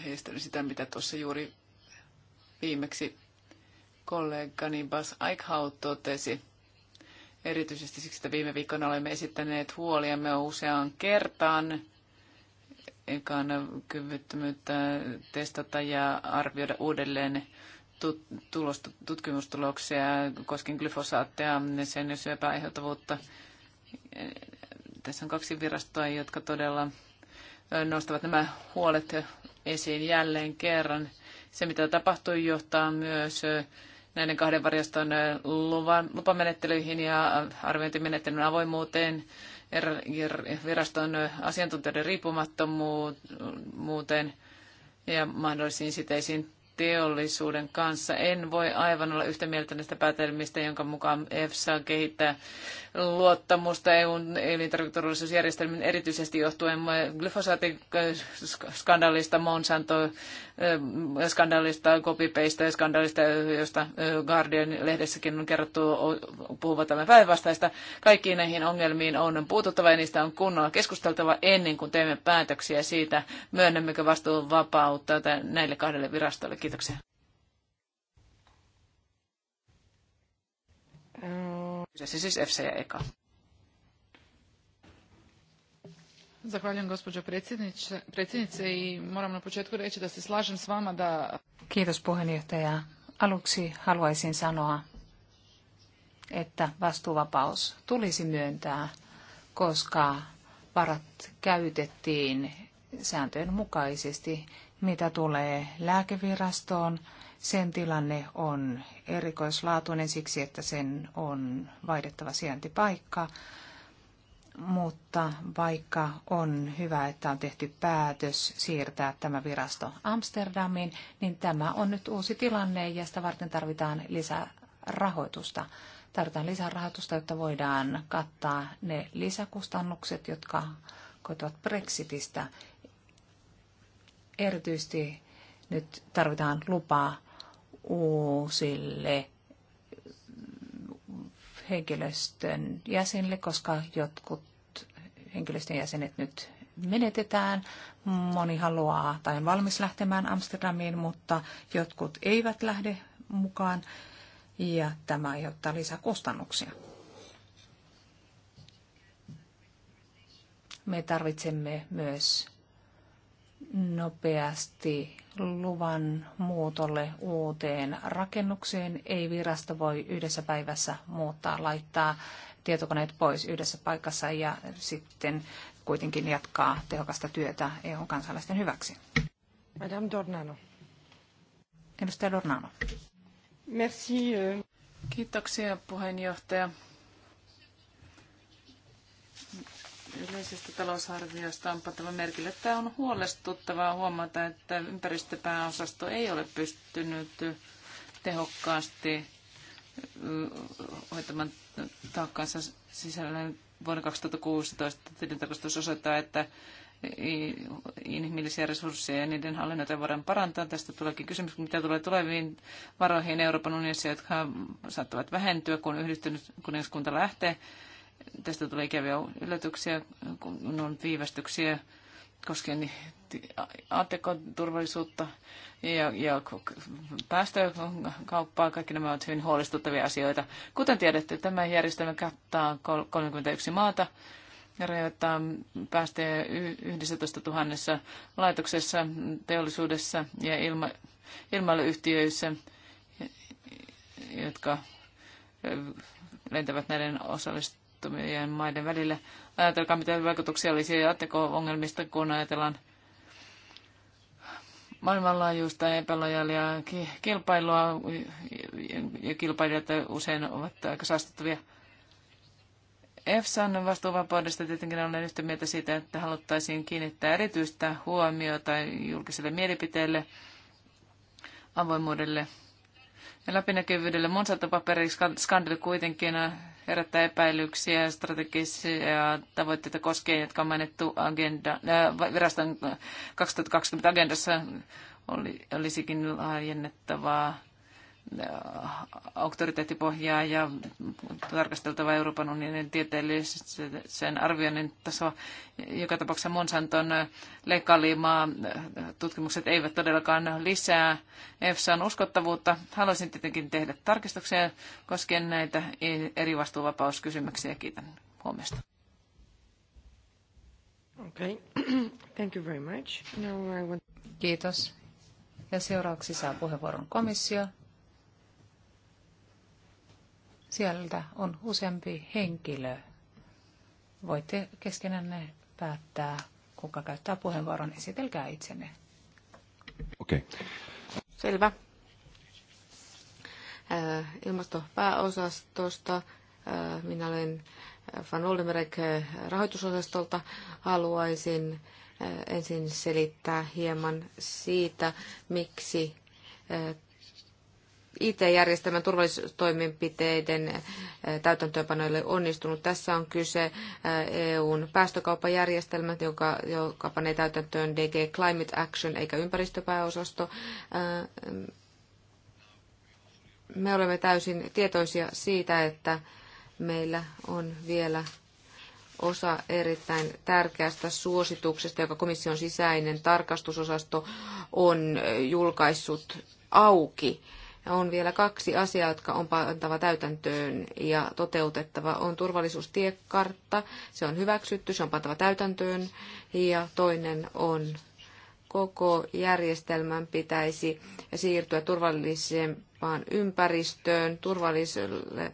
Heistän sitä, mitä tuossa juuri viimeksi kollegani Bas Eichhaut totesi. Erityisesti siksi, että viime viikolla olemme esittäneet huoliamme useaan kertaan ekan kyvyttömyyttä testata ja arvioida uudelleen tulosta, tutkimustuloksia koskien glyfosaattia ja sen syöpäaiheuttavuutta. Tässä on kaksi virastoa, jotka todella nostavat nämä huolet esiin jälleen kerran. Se, mitä tapahtui, johtaa myös näiden kahden varjoston luvan, lupamenettelyihin ja arviointimenettelyn avoimuuteen, er, viraston asiantuntijoiden riippumattomuuteen ja mahdollisiin siteisiin teollisuuden kanssa. En voi aivan olla yhtä mieltä näistä päätelmistä, jonka mukaan EFSA kehittää luottamusta EUn elintarviketurvallisuusjärjestelmän erityisesti johtuen glyfosaatin skandaalista, Monsanto eh, skandaalista, copypaste ja skandaalista, josta eh, Guardian lehdessäkin on kerrottu puhuvat tämän päinvastaista. Kaikkiin näihin ongelmiin on puututtava ja niistä on kunnolla keskusteltava ennen kuin teemme päätöksiä siitä, myönnämmekö vastuun vapautta näille kahdelle virastolle. Kiitoksia. Kyseessä siis FC ja EKA. Zahvaljujem gospođo predsjednice i moram na početku reći da se slažem s vama da... Kiitos puheenjohtaja. Aluksi haluaisin sanoa, että vastuuvapaus tulisi myöntää, koska varat käytettiin sääntöjen mukaisesti mitä tulee lääkevirastoon, sen tilanne on erikoislaatuinen siksi, että sen on vaihdettava sijaintipaikka. Mutta vaikka on hyvä, että on tehty päätös siirtää tämä virasto Amsterdamiin, niin tämä on nyt uusi tilanne ja sitä varten tarvitaan lisää rahoitusta. Tarvitaan lisää rahoitusta, jotta voidaan kattaa ne lisäkustannukset, jotka koituvat Brexitistä erityisesti nyt tarvitaan lupaa uusille henkilöstön jäsenille, koska jotkut henkilöstön jäsenet nyt menetetään. Moni haluaa tai on valmis lähtemään Amsterdamiin, mutta jotkut eivät lähde mukaan ja tämä aiheuttaa lisää kustannuksia. Me tarvitsemme myös nopeasti luvan muutolle uuteen rakennukseen. Ei virasto voi yhdessä päivässä muuttaa, laittaa tietokoneet pois yhdessä paikassa ja sitten kuitenkin jatkaa tehokasta työtä EU-kansalaisten hyväksi. Madame Dornano. Edustaja Dornano. Merci. Euh. Kiitoksia puheenjohtaja. yleisestä talousarviosta on pantava merkille. Tämä on huolestuttavaa huomata, että ympäristöpääosasto ei ole pystynyt tehokkaasti hoitamaan taakkaansa sisällä vuonna 2016 tilintarkastus osoittaa, että inhimillisiä resursseja ja niiden hallinnoita voidaan parantaa. Tästä tuleekin kysymys, mitä tulee tuleviin varoihin Euroopan unionissa, jotka saattavat vähentyä, kun yhdistynyt kuningaskunta lähtee Tästä tulee ikäviä yllätyksiä, kun on viivästyksiä koskien niin, ATK-turvallisuutta ja, ja päästökauppaa. Kaikki nämä ovat hyvin huolestuttavia asioita. Kuten tiedätte, tämä järjestelmä kattaa 31 maata ja rajoittaa päästöjä 11 000 laitoksessa, teollisuudessa ja ilma, ilmailuyhtiöissä, jotka lentävät näiden osallist, vaatimattomien maiden välillä. Ajatelkaa, mitä vaikutuksia olisi jatkeko-ongelmista, kun ajatellaan maailmanlaajuista epälojaalia kilpailua, ja kilpailijat usein ovat aika saastuttavia. EFSAn vastuuvapaudesta tietenkin olen yhtä mieltä siitä, että haluttaisiin kiinnittää erityistä huomiota julkiselle mielipiteelle, avoimuudelle ja läpinäkyvyydelle. Monsanto-paperiskandaali kuitenkin herättää epäilyksiä strategisia tavoitteita koskien, jotka on mainittu agenda, äh, viraston 2020 agendassa oli, olisikin laajennettavaa auktoriteettipohjaa ja tarkasteltava Euroopan unionin tieteellisen arvioinnin tasoa. Joka tapauksessa Monsanton leikkaalimaa tutkimukset eivät todellakaan lisää EFSAn uskottavuutta. Haluaisin tietenkin tehdä tarkistuksia koskien näitä eri vastuuvapauskysymyksiä. Kiitän huomiosta. Okay. Thank you very much. I want... Kiitos. Ja seuraavaksi saa puheenvuoron komissio. Sieltä on useampi henkilö. Voitte keskenänne päättää, kuka käyttää puheenvuoron. Esitelkää itsenne. Okei. Okay. Selvä. Äh, ilmastopääosastosta. Äh, minä olen äh, Van Oldenberg rahoitusosastolta. Haluaisin ensin selittää hieman siitä, miksi IT-järjestelmän turvallisuustoimenpiteiden eh, täytäntöönpanoille onnistunut. Tässä on kyse eh, EUn päästökauppajärjestelmät, joka, joka panee täytäntöön DG Climate Action eikä ympäristöpääosasto. Eh, me olemme täysin tietoisia siitä, että meillä on vielä osa erittäin tärkeästä suosituksesta, joka komission sisäinen tarkastusosasto on julkaissut auki on vielä kaksi asiaa, jotka on pantava täytäntöön ja toteutettava. On turvallisuustiekartta, se on hyväksytty, se on pantava täytäntöön. Ja toinen on koko järjestelmän pitäisi siirtyä turvallisempaan ympäristöön, turvalliselle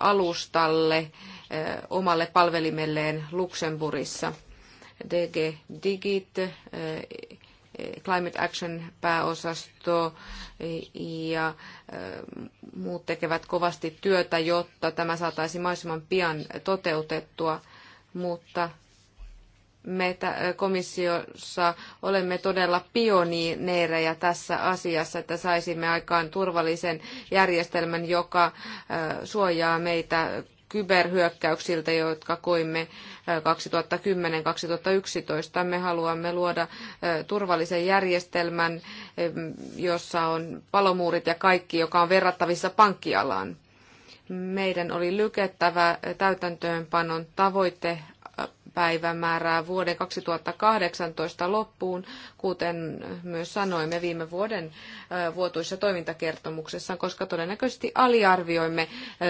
alustalle, omalle palvelimelleen Luxemburissa. DG Digit Climate Action pääosasto e, ja e, muut tekevät kovasti työtä, jotta tämä saataisiin mahdollisimman pian toteutettua, mutta me komissiossa olemme todella pioneereja tässä asiassa, että saisimme aikaan turvallisen järjestelmän, joka e, suojaa meitä kyberhyökkäyksiltä, jotka koimme 2010-2011. Me haluamme luoda turvallisen järjestelmän, jossa on palomuurit ja kaikki, joka on verrattavissa pankkialaan. Meidän oli lykettävä täytäntöönpanon tavoite päivämäärää vuoden 2018 loppuun, kuten myös sanoimme viime vuoden vuotuissa toimintakertomuksessa, koska todennäköisesti aliarvioimme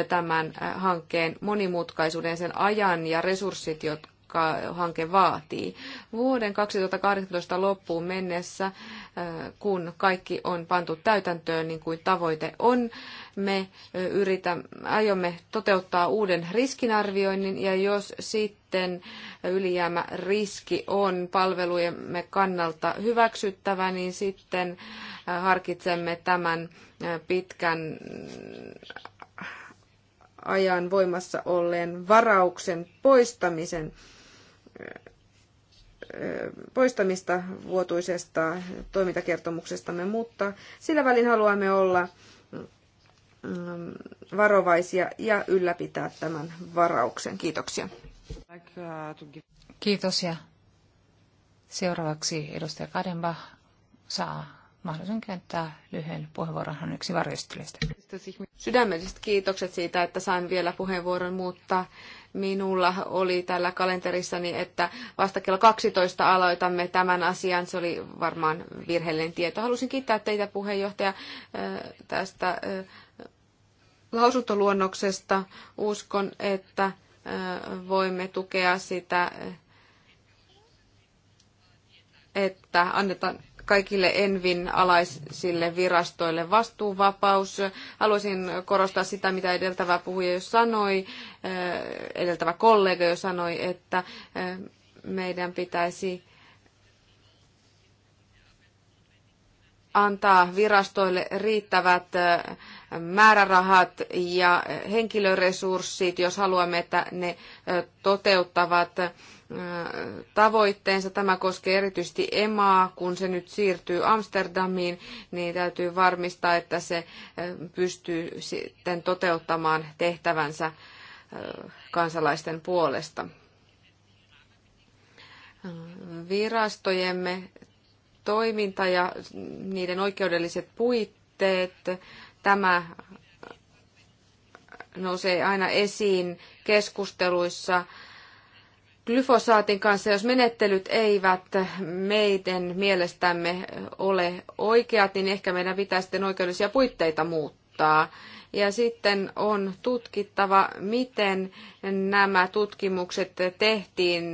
tämän hankkeen monimutkaisuuden, sen ajan ja resurssit, jotka joka hanke vaatii. Vuoden 2018 loppuun mennessä, kun kaikki on pantu täytäntöön niin kuin tavoite on, me yritämme, aiomme toteuttaa uuden riskinarvioinnin ja jos sitten ylijäämä riski on palvelujemme kannalta hyväksyttävä, niin sitten harkitsemme tämän pitkän ajan voimassa olleen varauksen poistamisen poistamista vuotuisesta toimintakertomuksestamme, mutta sillä välin haluamme olla mm, varovaisia ja ylläpitää tämän varauksen. Kiitoksia. Kiitos ja seuraavaksi edustaja Kadenba saa mahdollisuuden käyttää lyhyen puheenvuoron. Hän on yksi varjostelijasta. Sydämelliset kiitokset siitä, että sain vielä puheenvuoron, mutta minulla oli tällä kalenterissani, että vasta kello 12 aloitamme tämän asian. Se oli varmaan virheellinen tieto. Halusin kiittää teitä puheenjohtaja tästä lausuntoluonnoksesta. Uskon, että voimme tukea sitä, että annetaan kaikille Envin alaisille virastoille vastuuvapaus. Haluaisin korostaa sitä, mitä edeltävä puhuja jo sanoi, eh, edeltävä kollega jo sanoi, että eh, meidän pitäisi antaa virastoille riittävät eh, määrärahat ja henkilöresurssit, jos haluamme, että ne toteuttavat tavoitteensa. Tämä koskee erityisesti EMAa, kun se nyt siirtyy Amsterdamiin, niin täytyy varmistaa, että se pystyy sitten toteuttamaan tehtävänsä kansalaisten puolesta. Virastojemme toiminta ja niiden oikeudelliset puitteet, tämä nousee aina esiin keskusteluissa glyfosaatin kanssa, jos menettelyt eivät meidän mielestämme ole oikeat, niin ehkä meidän pitää sitten oikeudellisia puitteita muuttaa. Ja sitten on tutkittava, miten nämä tutkimukset tehtiin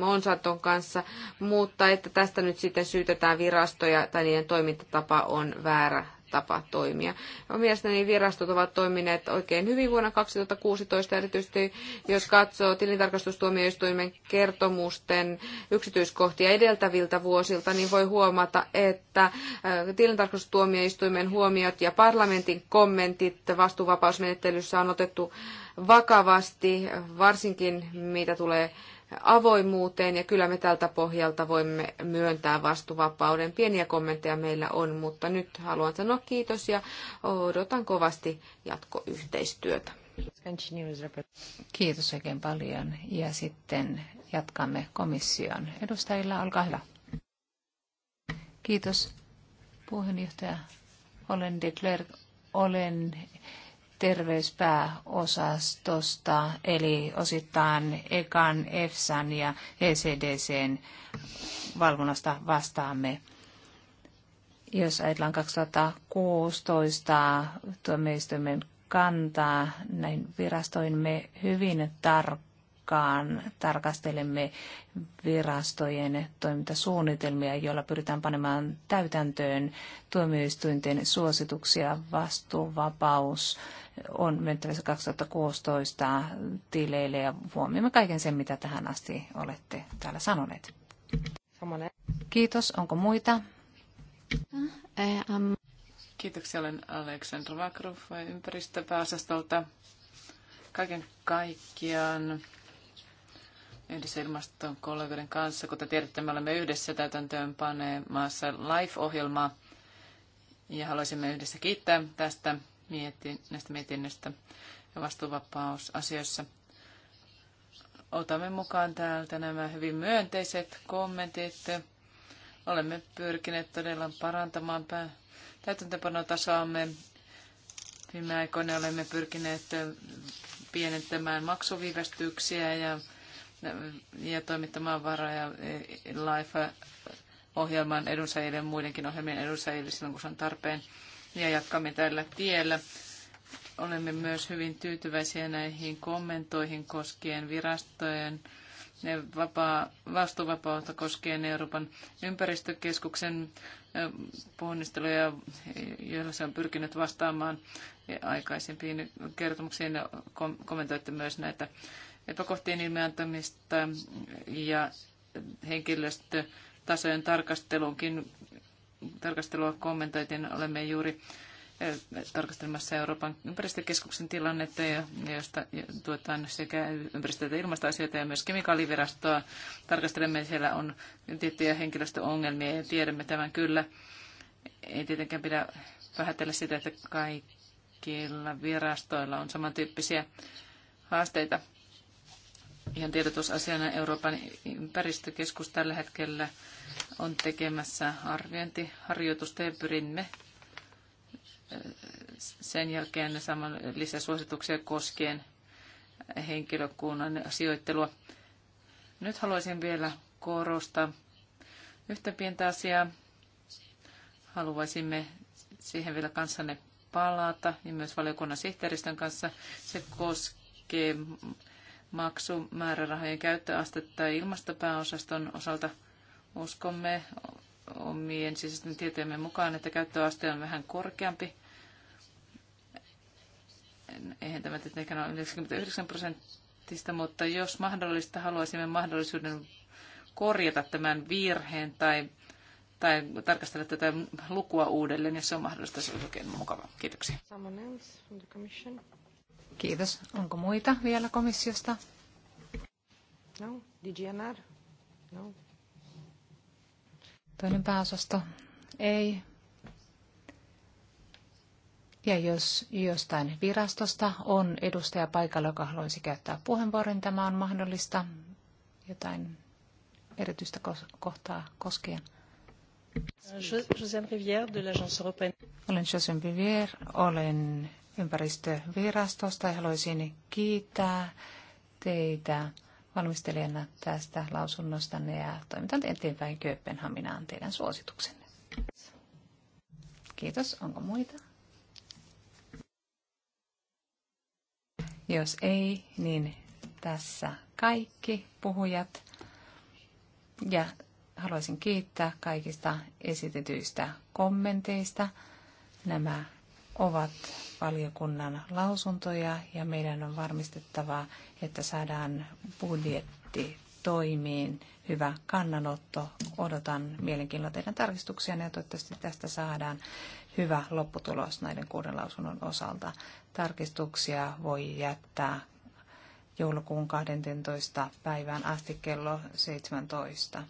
Monsanton kanssa, mutta että tästä nyt sitten syytetään virastoja tai niiden toimintatapa on väärä tapa toimia. Mielestäni virastot ovat toimineet oikein hyvin vuonna 2016, erityisesti jos katsoo tilintarkastustuomioistuimen kertomusten yksityiskohtia edeltäviltä vuosilta, niin voi huomata, että äh, tilintarkastustuomioistuimen huomiot ja parlamentin kommentit vastuuvapausmenettelyssä on otettu vakavasti, varsinkin mitä tulee avoimuuteen ja kyllä me tältä pohjalta voimme myöntää vastuvapauden. Pieniä kommentteja meillä on, mutta nyt haluan sanoa kiitos ja odotan kovasti jatkoyhteistyötä. Kiitos oikein paljon ja sitten jatkamme komission edustajilla. Olkaa hyvä. Kiitos puheenjohtaja. Olen Declerc. Olen terveyspääosastosta, eli osittain EKAN, EFSAN ja ECDCn valvonnasta vastaamme. Jos ajatellaan 2016 tuomioistuimen kantaa, näin virastoimme hyvin tarkkaan tarkkaan tarkastelemme virastojen toimintasuunnitelmia, joilla pyritään panemaan täytäntöön tuomioistuinten suosituksia. Vastuuvapaus on myöntävässä 2016 tileille ja huomioimme kaiken sen, mitä tähän asti olette täällä sanoneet. Kiitos. Onko muita? Kiitoksia. Olen Aleksandra Vakrov ympäristöpääosastolta. Kaiken kaikkiaan yhdessä ilmaston kollegoiden kanssa. Kuten tiedätte, me olemme yhdessä täytäntöön paneemassa LIFE-ohjelmaa ja haluaisimme yhdessä kiittää tästä mietin, näistä mietinnöstä ja vastuuvapausasioissa. Otamme mukaan täältä nämä hyvin myönteiset kommentit. Olemme pyrkineet todella parantamaan täytäntöpanotasoamme. Viime aikoina olemme pyrkineet pienentämään maksuviivästyksiä ja ja toimittamaan varoja e, live ohjelman edunsaajille ja muidenkin ohjelmien edunsaajille silloin, kun se on tarpeen. Ja jatkamme tällä tiellä. Olemme myös hyvin tyytyväisiä näihin kommentoihin koskien virastojen ne vapaa, vastuuvapautta koskien Euroopan ympäristökeskuksen e, ponnisteluja, joilla se on pyrkinyt vastaamaan aikaisempiin kertomuksiin. Kommentoitte myös näitä epäkohtien ilmiantamista ja henkilöstötasojen tarkasteluunkin tarkastelua kommentoitiin. Olemme juuri tarkastelemassa Euroopan ympäristökeskuksen tilannetta, josta tuetaan sekä ympäristö- ja ilmastoasioita ja myös kemikaalivirastoa. Tarkastelemme, siellä on tiettyjä henkilöstöongelmia ja tiedämme tämän kyllä. Ei tietenkään pidä vähätellä sitä, että kaikilla virastoilla on samantyyppisiä haasteita ihan tiedotusasiana Euroopan ympäristökeskus tällä hetkellä on tekemässä arviointiharjoitusta ja pyrimme eh, sen jälkeen saman lisäsuosituksia koskien henkilökunnan sijoittelua. Nyt haluaisin vielä korostaa yhtä pientä asiaa. Haluaisimme siihen vielä kanssanne palata ja myös valiokunnan sihteeristön kanssa. Se koskee maksumäärärahojen käyttöastetta ilmastopääosaston osalta. Uskomme omien sisäisten tietojemme mukaan, että käyttöaste on vähän korkeampi. Eihän tämä tietenkään ole 99 prosenttista, mutta jos mahdollista, haluaisimme mahdollisuuden korjata tämän virheen tai, tai tarkastella tätä lukua uudelleen, jos se on mahdollista. Se olisi oikein mukava. Kiitoksia. Kiitos. Onko muita vielä komissiosta? No, DGNR? No. Toinen pääosasto? Ei. Ja jos jostain virastosta on edustaja paikalla, joka haluaisi käyttää puheenvuoron, niin tämä on mahdollista jotain erityistä kohtaa koskien. Rivière de l'Agence Européenne. Olen José Rivière, olen ympäristövirastosta ja haluaisin kiittää teitä valmistelijana tästä lausunnostanne ja toimitan eteenpäin Kööpenhaminaan teidän suosituksenne. Kiitos. Onko muita? Jos ei, niin tässä kaikki puhujat. Ja haluaisin kiittää kaikista esitetyistä kommenteista. Nämä ovat valiokunnan lausuntoja ja meidän on varmistettava, että saadaan budjetti toimiin hyvä kannanotto. Odotan mielenkiinnolla teidän tarkistuksia ja toivottavasti tästä saadaan hyvä lopputulos näiden kuuden lausunnon osalta. Tarkistuksia voi jättää joulukuun 12. päivään asti kello 17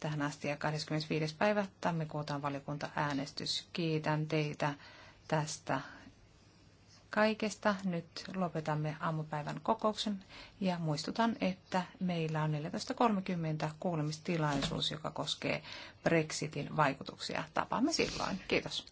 tähän asti ja 25. päivä tammikuuta on valiokunta äänestys. Kiitän teitä tästä kaikesta. Nyt lopetamme aamupäivän kokouksen ja muistutan, että meillä on 14.30 kuulemistilaisuus, joka koskee Brexitin vaikutuksia. Tapaamme silloin. Kiitos.